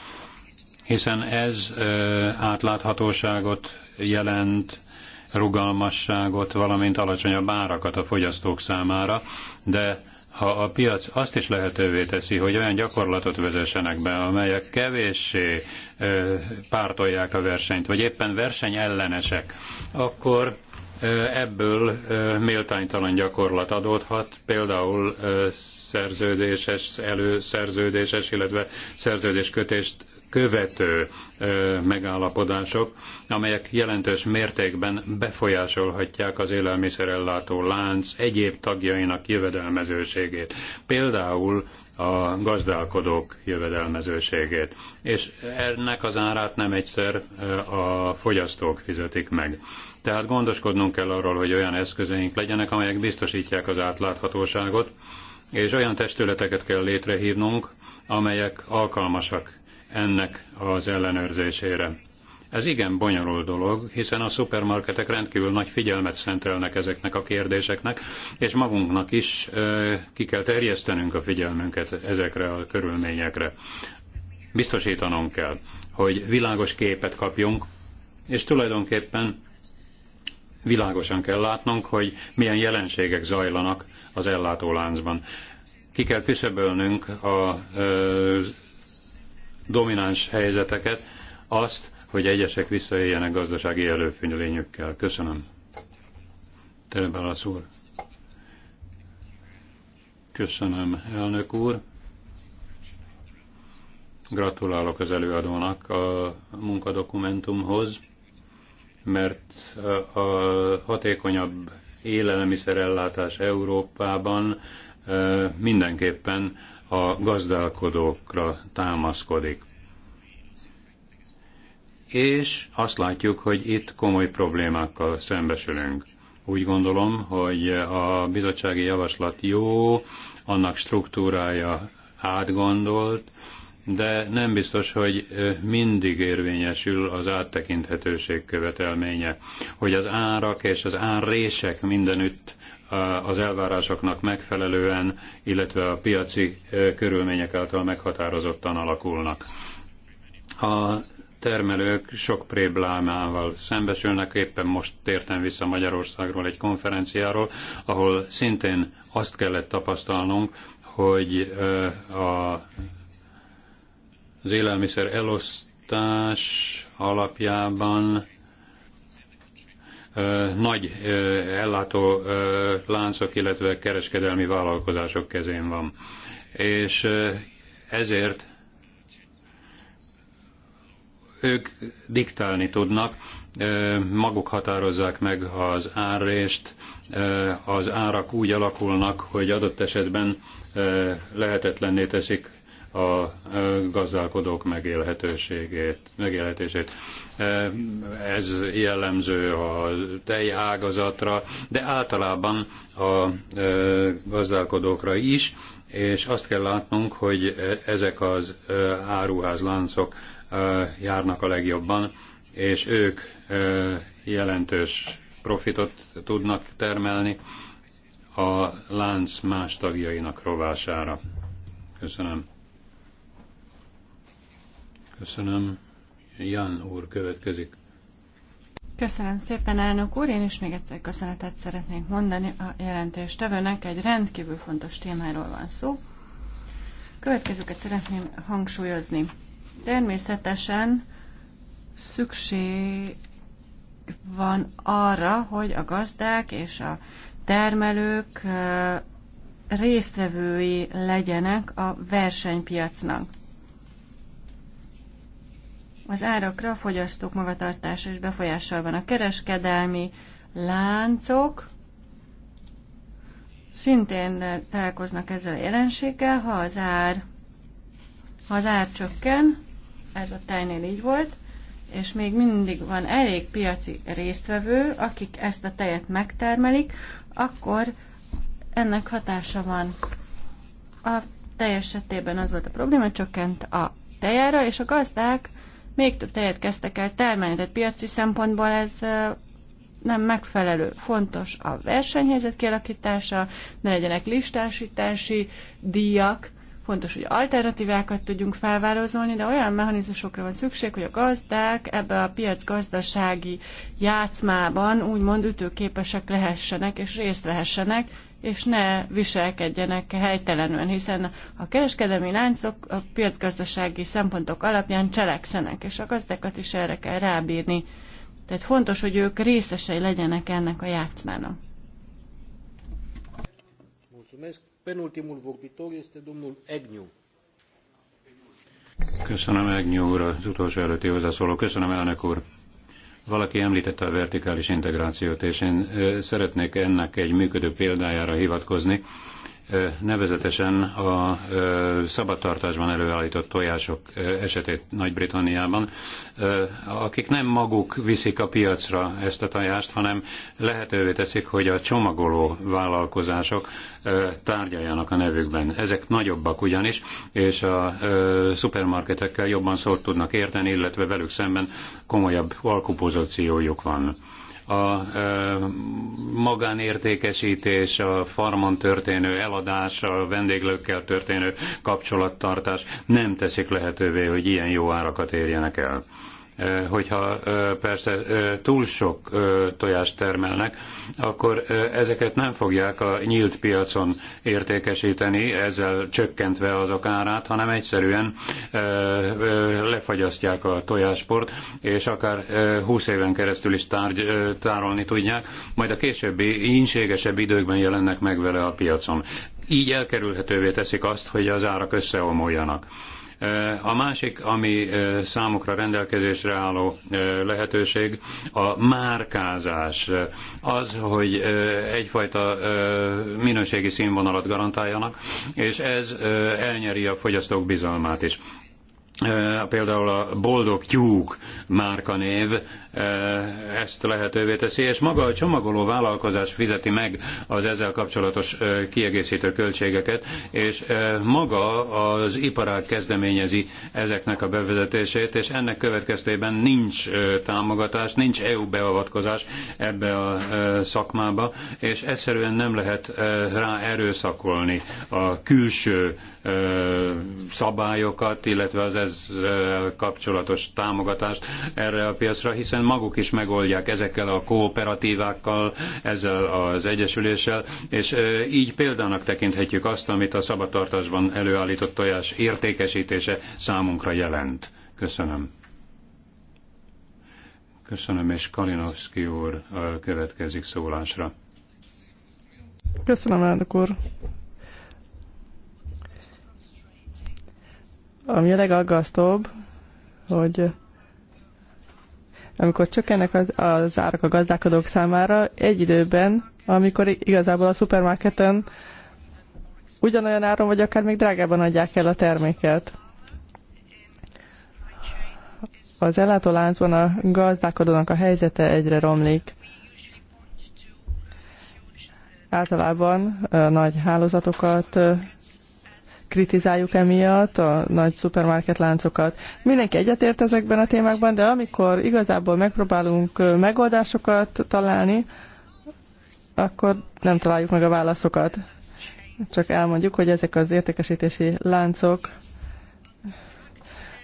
hiszen ez átláthatóságot jelent, rugalmasságot, valamint alacsonyabb árakat a fogyasztók számára, de ha a piac azt is lehetővé teszi, hogy olyan gyakorlatot vezessenek be, amelyek kevéssé pártolják a versenyt, vagy éppen versenyellenesek, akkor ebből méltánytalan gyakorlat adódhat, például szerződéses, előszerződéses, illetve szerződéskötést követő megállapodások, amelyek jelentős mértékben befolyásolhatják az élelmiszerellátó lánc egyéb tagjainak jövedelmezőségét, például a gazdálkodók jövedelmezőségét. És ennek az árát nem egyszer a fogyasztók fizetik meg. Tehát gondoskodnunk kell arról, hogy olyan eszközeink legyenek, amelyek biztosítják az átláthatóságot, és olyan testületeket kell létrehívnunk, amelyek alkalmasak ennek az ellenőrzésére. Ez igen bonyolult dolog, hiszen a szupermarketek rendkívül nagy figyelmet szentelnek ezeknek a kérdéseknek, és magunknak is ki kell terjesztenünk a figyelmünket ezekre a körülményekre. Biztosítanunk kell, hogy világos képet kapjunk, és tulajdonképpen világosan kell látnunk, hogy milyen jelenségek zajlanak az ellátóláncban. Ki kell küszöbölnünk a, az domináns helyzeteket, azt, hogy egyesek visszaéljenek gazdasági előfényelényükkel. Köszönöm. Terebálasz úr. Köszönöm, elnök úr. Gratulálok az előadónak a munkadokumentumhoz, mert a hatékonyabb élelmiszerellátás Európában eh, mindenképpen a gazdálkodókra támaszkodik. És azt látjuk, hogy itt komoly problémákkal szembesülünk. Úgy gondolom, hogy a bizottsági javaslat jó, annak struktúrája átgondolt, de nem biztos, hogy mindig érvényesül az áttekinthetőség követelménye, hogy az árak és az árrések mindenütt az elvárásoknak megfelelően, illetve a piaci körülmények által meghatározottan alakulnak. A termelők sok préblámával szembesülnek. Éppen most tértem vissza Magyarországról egy konferenciáról, ahol szintén azt kellett tapasztalnunk, hogy a, az élelmiszer elosztás alapjában nagy ellátó láncok, illetve kereskedelmi vállalkozások kezén van. És ezért ők diktálni tudnak, maguk határozzák meg az árrést, az árak úgy alakulnak, hogy adott esetben lehetetlenné teszik a gazdálkodók megélhetőségét, megélhetését. Ez jellemző a tej ágazatra, de általában a gazdálkodókra is, és azt kell látnunk, hogy ezek az áruházláncok járnak a legjobban, és ők jelentős profitot tudnak termelni a lánc más tagjainak rovására. Köszönöm. Köszönöm. Jan úr következik. Köszönöm szépen, elnök úr. Én is még egyszer köszönetet szeretnék mondani a jelentéstevőnek. Egy rendkívül fontos témáról van szó. Következőket szeretném hangsúlyozni. Természetesen szükség van arra, hogy a gazdák és a termelők résztvevői legyenek a versenypiacnak. Az árakra a fogyasztók magatartása és befolyással van. A kereskedelmi láncok szintén találkoznak ezzel a jelenséggel, ha az ár, ha az ár csökken, ez a tejnél így volt, és még mindig van elég piaci résztvevő, akik ezt a tejet megtermelik, akkor ennek hatása van. A tej esetében az volt a probléma, csökkent a tejára, és a gazdák még több tejet kezdtek el termelni, tehát piaci szempontból ez nem megfelelő. Fontos a versenyhelyzet kialakítása, ne legyenek listásítási díjak, fontos, hogy alternatívákat tudjunk felvározolni, de olyan mechanizmusokra van szükség, hogy a gazdák ebbe a piacgazdasági játszmában úgymond ütőképesek lehessenek és részt vehessenek, és ne viselkedjenek helytelenül, hiszen a kereskedelmi láncok a piacgazdasági szempontok alapján cselekszenek, és a gazdákat is erre kell rábírni. Tehát fontos, hogy ők részesei legyenek ennek a játszmának. Penultimul Egnyú. Köszönöm Egnyú úr, az utolsó előtti hozzászóló. Köszönöm elnök úr. Valaki említette a vertikális integrációt, és én szeretnék ennek egy működő példájára hivatkozni, nevezetesen a szabadtartásban előállított tojások esetét Nagy-Britanniában, akik nem maguk viszik a piacra ezt a tojást, hanem lehetővé teszik, hogy a csomagoló vállalkozások tárgyaljanak a nevükben. Ezek nagyobbak ugyanis, és a szupermarketekkel jobban szót tudnak érteni, illetve velük szemben komolyabb alkupozíciójuk van a e, magánértékesítés, a farmon történő eladás, a vendéglőkkel történő kapcsolattartás nem teszik lehetővé, hogy ilyen jó árakat érjenek el hogyha persze túl sok tojást termelnek, akkor ezeket nem fogják a nyílt piacon értékesíteni, ezzel csökkentve azok árát, hanem egyszerűen lefagyasztják a tojásport, és akár 20 éven keresztül is tárgy, tárolni tudják, majd a későbbi ínségesebb időkben jelennek meg vele a piacon. Így elkerülhetővé teszik azt, hogy az árak összeomoljanak a másik, ami számukra rendelkezésre álló lehetőség, a márkázás. Az, hogy egyfajta minőségi színvonalat garantáljanak, és ez elnyeri a fogyasztók bizalmát is például a Boldog Tyúk márkanév E, ezt lehetővé teszi, és maga a csomagoló vállalkozás fizeti meg az ezzel kapcsolatos e, kiegészítő költségeket, és e, maga az iparág kezdeményezi ezeknek a bevezetését, és ennek következtében nincs támogatás, nincs EU beavatkozás ebbe a szakmába, és egyszerűen nem lehet rá erőszakolni a külső szabályokat, illetve az ez kapcsolatos támogatást erre a piacra, hiszen maguk is megoldják ezekkel a kooperatívákkal, ezzel az egyesüléssel, és így példának tekinthetjük azt, amit a szabadtartásban előállított tojás értékesítése számunkra jelent. Köszönöm. Köszönöm, és Kalinowski úr következik szólásra. Köszönöm, elnök úr. Ami a legaggasztóbb, hogy amikor csökkennek az, az árak a gazdálkodók számára, egy időben, amikor igazából a szupermarketen ugyanolyan áron, vagy akár még drágában adják el a terméket. Az ellátóláncban a gazdálkodónak a helyzete egyre romlik. Általában nagy hálózatokat kritizáljuk emiatt a nagy szupermarket láncokat. Mindenki egyetért ezekben a témákban, de amikor igazából megpróbálunk megoldásokat találni, akkor nem találjuk meg a válaszokat. Csak elmondjuk, hogy ezek az értékesítési láncok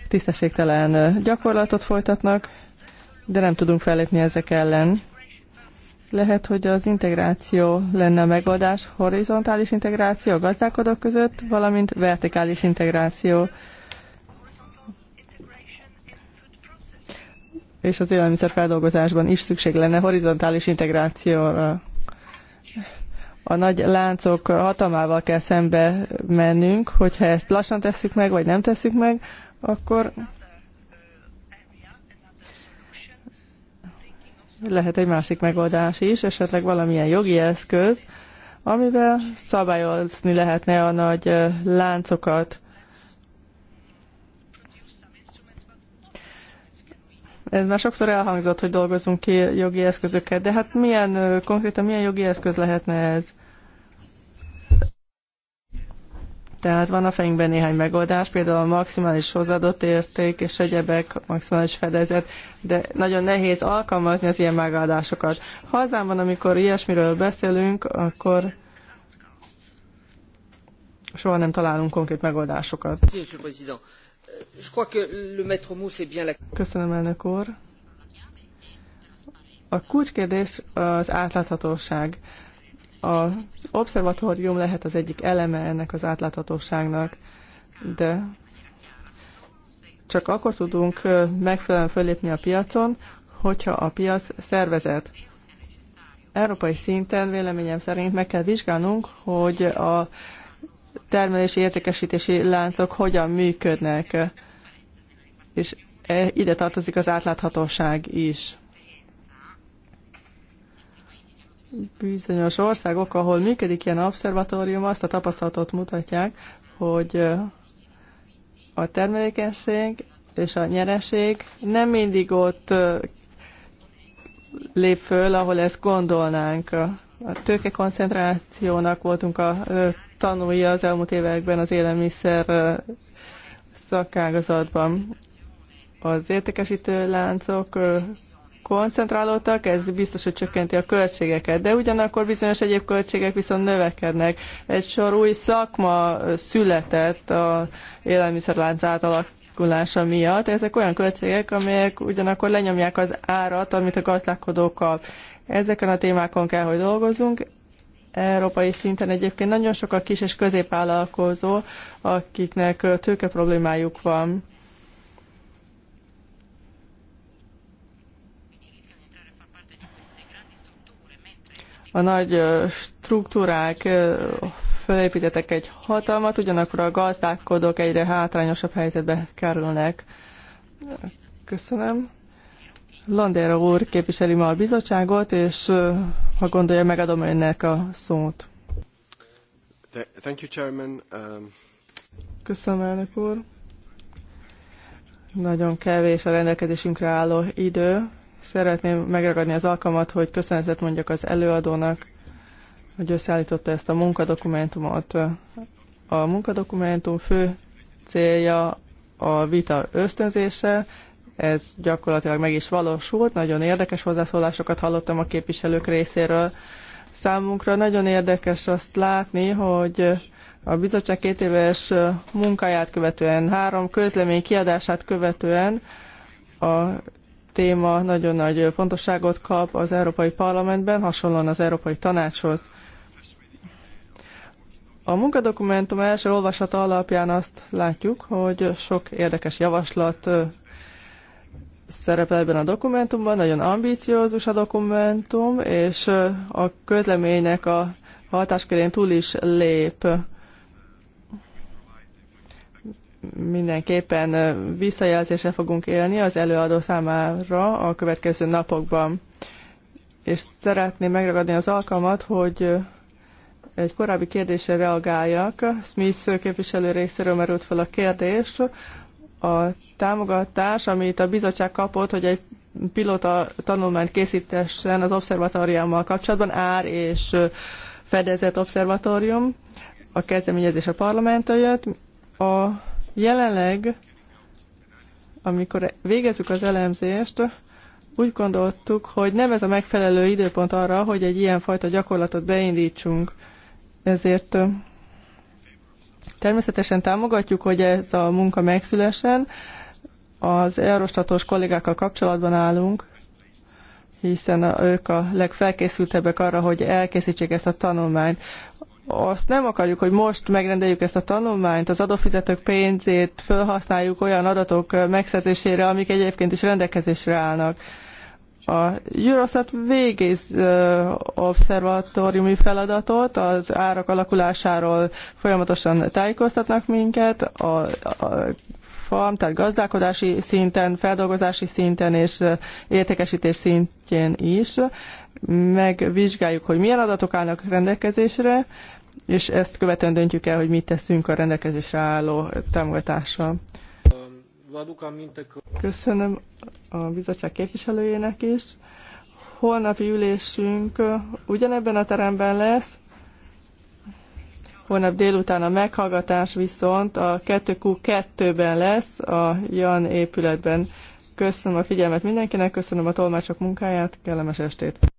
tisztességtelen gyakorlatot folytatnak, de nem tudunk fellépni ezek ellen. Lehet, hogy az integráció lenne a megoldás, horizontális integráció a gazdálkodók között, valamint vertikális integráció. És az élelmiszerfeldolgozásban is szükség lenne horizontális integrációra a nagy láncok hatalmával kell szembe mennünk, hogyha ezt lassan tesszük meg, vagy nem tesszük meg, akkor lehet egy másik megoldás is, esetleg valamilyen jogi eszköz, amivel szabályozni lehetne a nagy láncokat. Ez már sokszor elhangzott, hogy dolgozunk ki jogi eszközöket, de hát milyen konkrétan milyen jogi eszköz lehetne ez? Tehát van a fejünkben néhány megoldás, például a maximális hozadott érték és egyebek, maximális fedezet, de nagyon nehéz alkalmazni az ilyen megoldásokat. Hazámban, amikor ilyesmiről beszélünk, akkor soha nem találunk konkrét megoldásokat. Köszönöm, elnök úr. A kulcskérdés az átláthatóság. Az obszervatórium lehet az egyik eleme ennek az átláthatóságnak, de csak akkor tudunk megfelelően fölépni a piacon, hogyha a piac szervezet. Európai szinten véleményem szerint meg kell vizsgálnunk, hogy a termelési értékesítési láncok hogyan működnek, és e, ide tartozik az átláthatóság is. bizonyos országok, ahol működik ilyen abszervatórium, azt a tapasztalatot mutatják, hogy a termelékenység és a nyereség nem mindig ott lép föl, ahol ezt gondolnánk. A tőkekoncentrációnak voltunk a tanulja az elmúlt években az élelmiszer szakágazatban. Az értékesítő láncok koncentrálódtak, ez biztos, hogy csökkenti a költségeket, de ugyanakkor bizonyos egyéb költségek viszont növekednek. Egy sor új szakma született a élelmiszerlánc átalakulása miatt. Ezek olyan költségek, amelyek ugyanakkor lenyomják az árat, amit a gazdálkodó kap. Ezeken a témákon kell, hogy dolgozunk, európai szinten egyébként nagyon sok a kis és középvállalkozó, akiknek tőke problémájuk van. a nagy struktúrák fölépítettek egy hatalmat, ugyanakkor a gazdálkodók egyre hátrányosabb helyzetbe kerülnek. Köszönöm. Landéra úr képviseli ma a bizottságot, és ha gondolja, megadom önnek a szót. Thank you, Chairman. Um... Köszönöm, elnök úr. Nagyon kevés a rendelkezésünkre álló idő, Szeretném megragadni az alkalmat, hogy köszönetet mondjak az előadónak, hogy összeállította ezt a munkadokumentumot. A munkadokumentum fő célja a vita ösztönzése, ez gyakorlatilag meg is valósult, nagyon érdekes hozzászólásokat hallottam a képviselők részéről. Számunkra nagyon érdekes azt látni, hogy a bizottság két éves munkáját követően, három közlemény kiadását követően a téma nagyon nagy fontosságot kap az Európai Parlamentben, hasonlóan az Európai Tanácshoz. A munkadokumentum első olvasata alapján azt látjuk, hogy sok érdekes javaslat szerepel ebben a dokumentumban, nagyon ambíciózus a dokumentum, és a közleménynek a hatáskörén túl is lép mindenképpen visszajelzésre fogunk élni az előadó számára a következő napokban. És szeretném megragadni az alkalmat, hogy egy korábbi kérdésre reagáljak. Smith képviselő részéről merült fel a kérdés. A támogatás, amit a bizottság kapott, hogy egy pilota tanulmányt készítessen az obszervatóriummal kapcsolatban, ár és fedezett obszervatórium. A kezdeményezés a parlamenttől jött. A Jelenleg, amikor végezzük az elemzést, úgy gondoltuk, hogy nem ez a megfelelő időpont arra, hogy egy ilyenfajta gyakorlatot beindítsunk. Ezért természetesen támogatjuk, hogy ez a munka megszülesen. Az eurostatos kollégákkal kapcsolatban állunk, hiszen ők a legfelkészültebbek arra, hogy elkészítsék ezt a tanulmányt azt nem akarjuk, hogy most megrendeljük ezt a tanulmányt, az adófizetők pénzét felhasználjuk olyan adatok megszerzésére, amik egyébként is rendelkezésre állnak. A Eurostat végez obszervatóriumi feladatot, az árak alakulásáról folyamatosan tájékoztatnak minket, a, a farm, tehát gazdálkodási szinten, feldolgozási szinten és értékesítés szintjén is. Megvizsgáljuk, hogy milyen adatok állnak rendelkezésre, és ezt követően döntjük el, hogy mit teszünk a rendelkezésre álló támogatással. Köszönöm a bizottság képviselőjének is. Holnapi ülésünk ugyanebben a teremben lesz, holnap délután a meghallgatás viszont a 2Q2-ben lesz a Jan épületben. Köszönöm a figyelmet mindenkinek, köszönöm a tolmácsok munkáját, kellemes estét!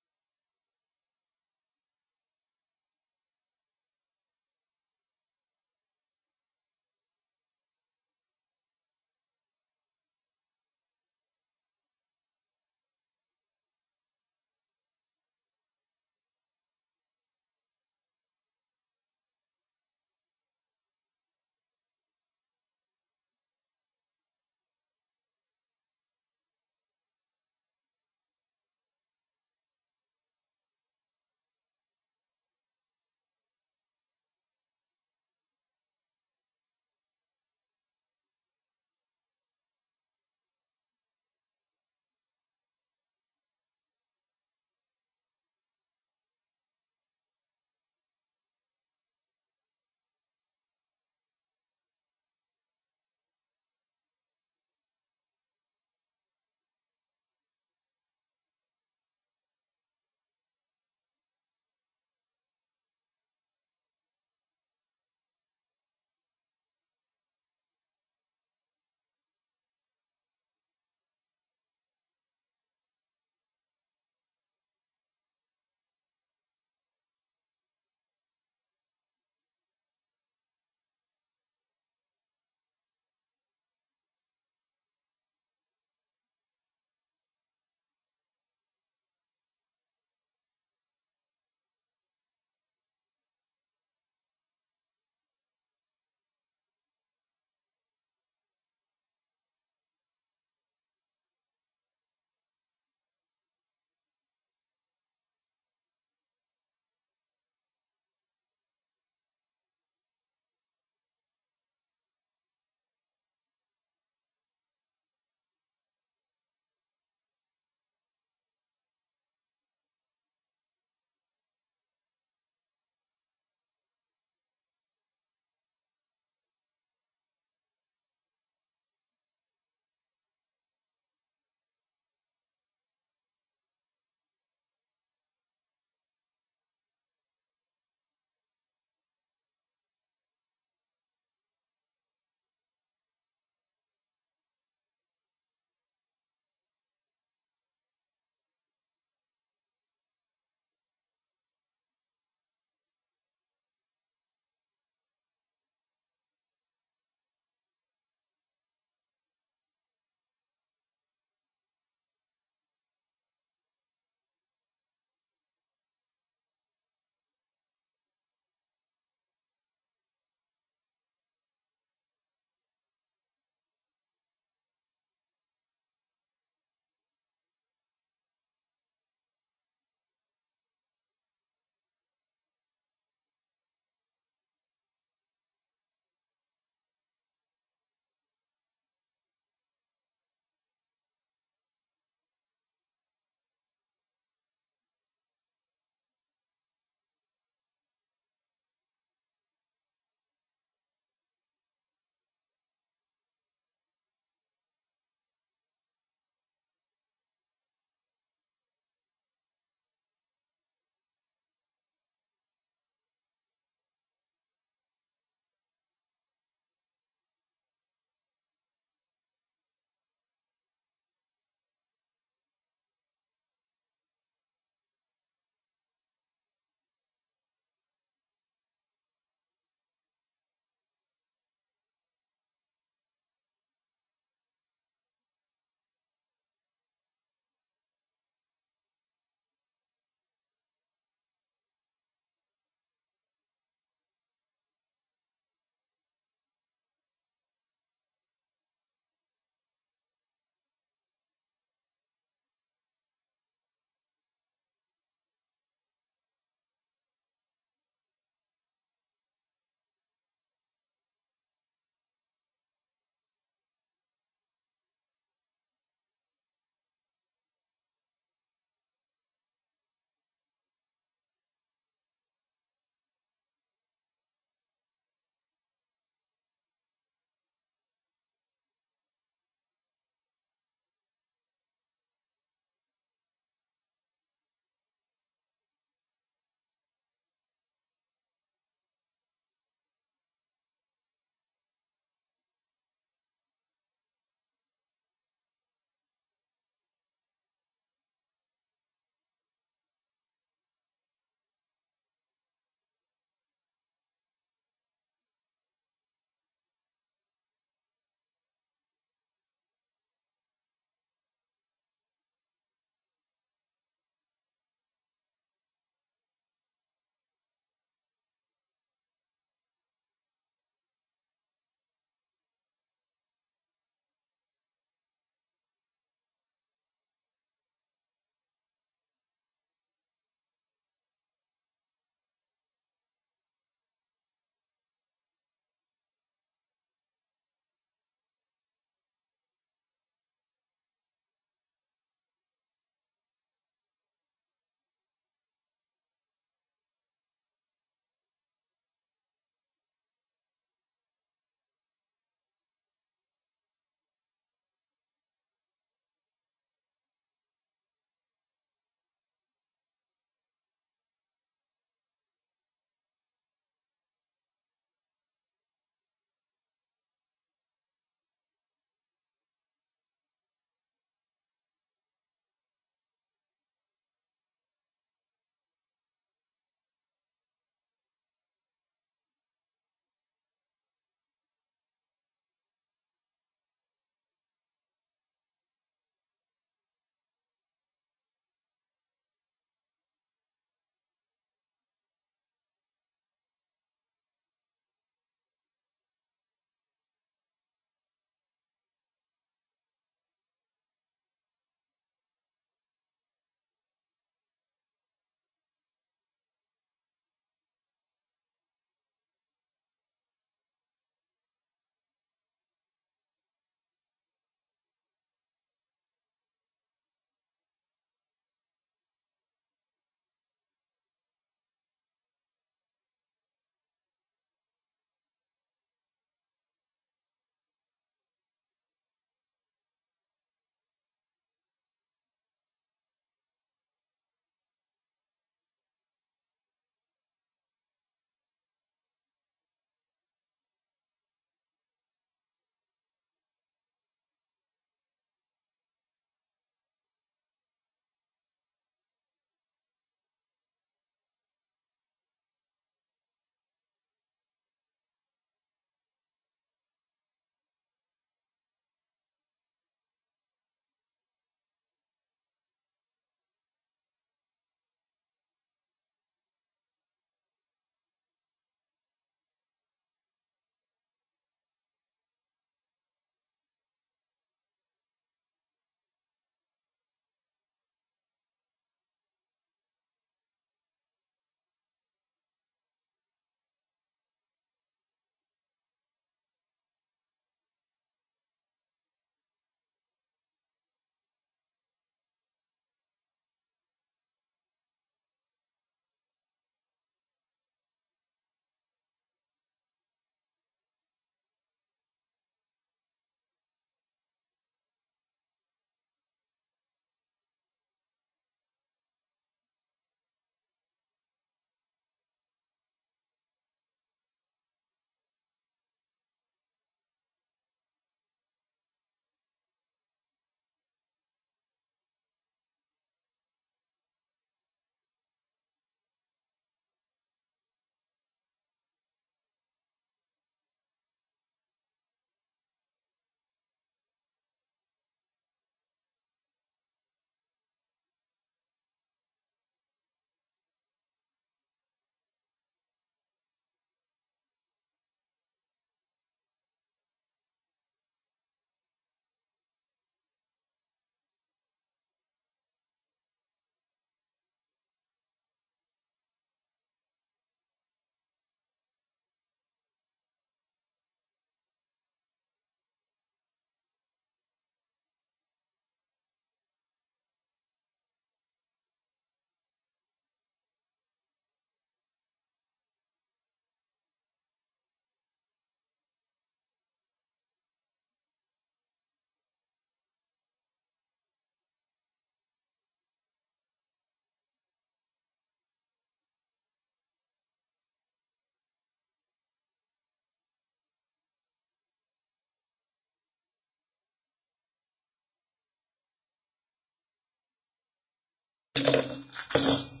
you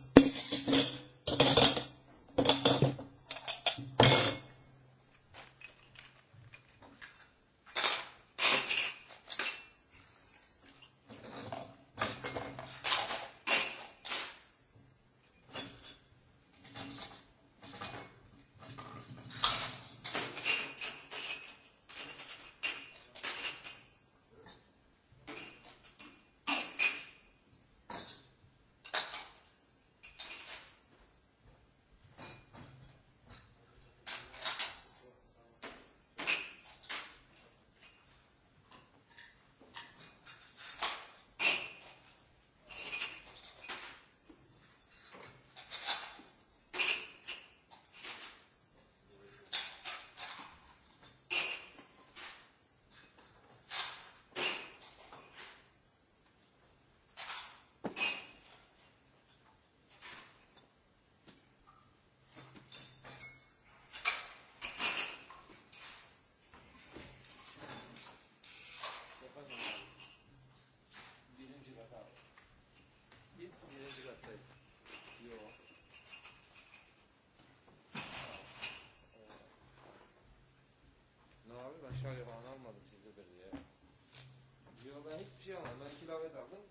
hiçbir şey almadım. Ben iki lavet aldım.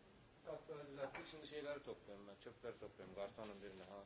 Atkıları düzelttik. Şimdi şeyleri topluyorum ben. Çöpleri topluyorum. Kartonun birine. Ha.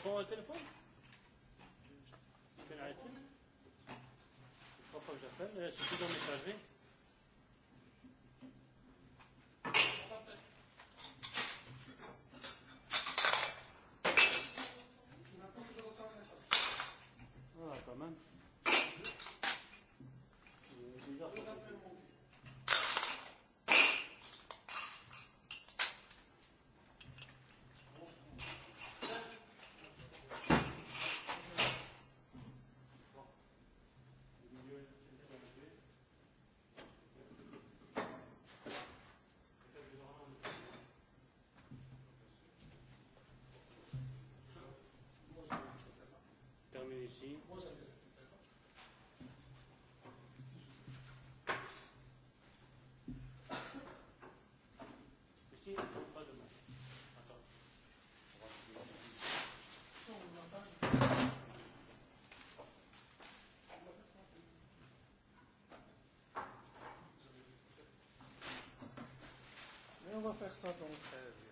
Pourquoi au téléphone Quelle arrêté Pourquoi j'appelle C'est toujours messagerie. kérdési. Ici, on va faire ça dans 13.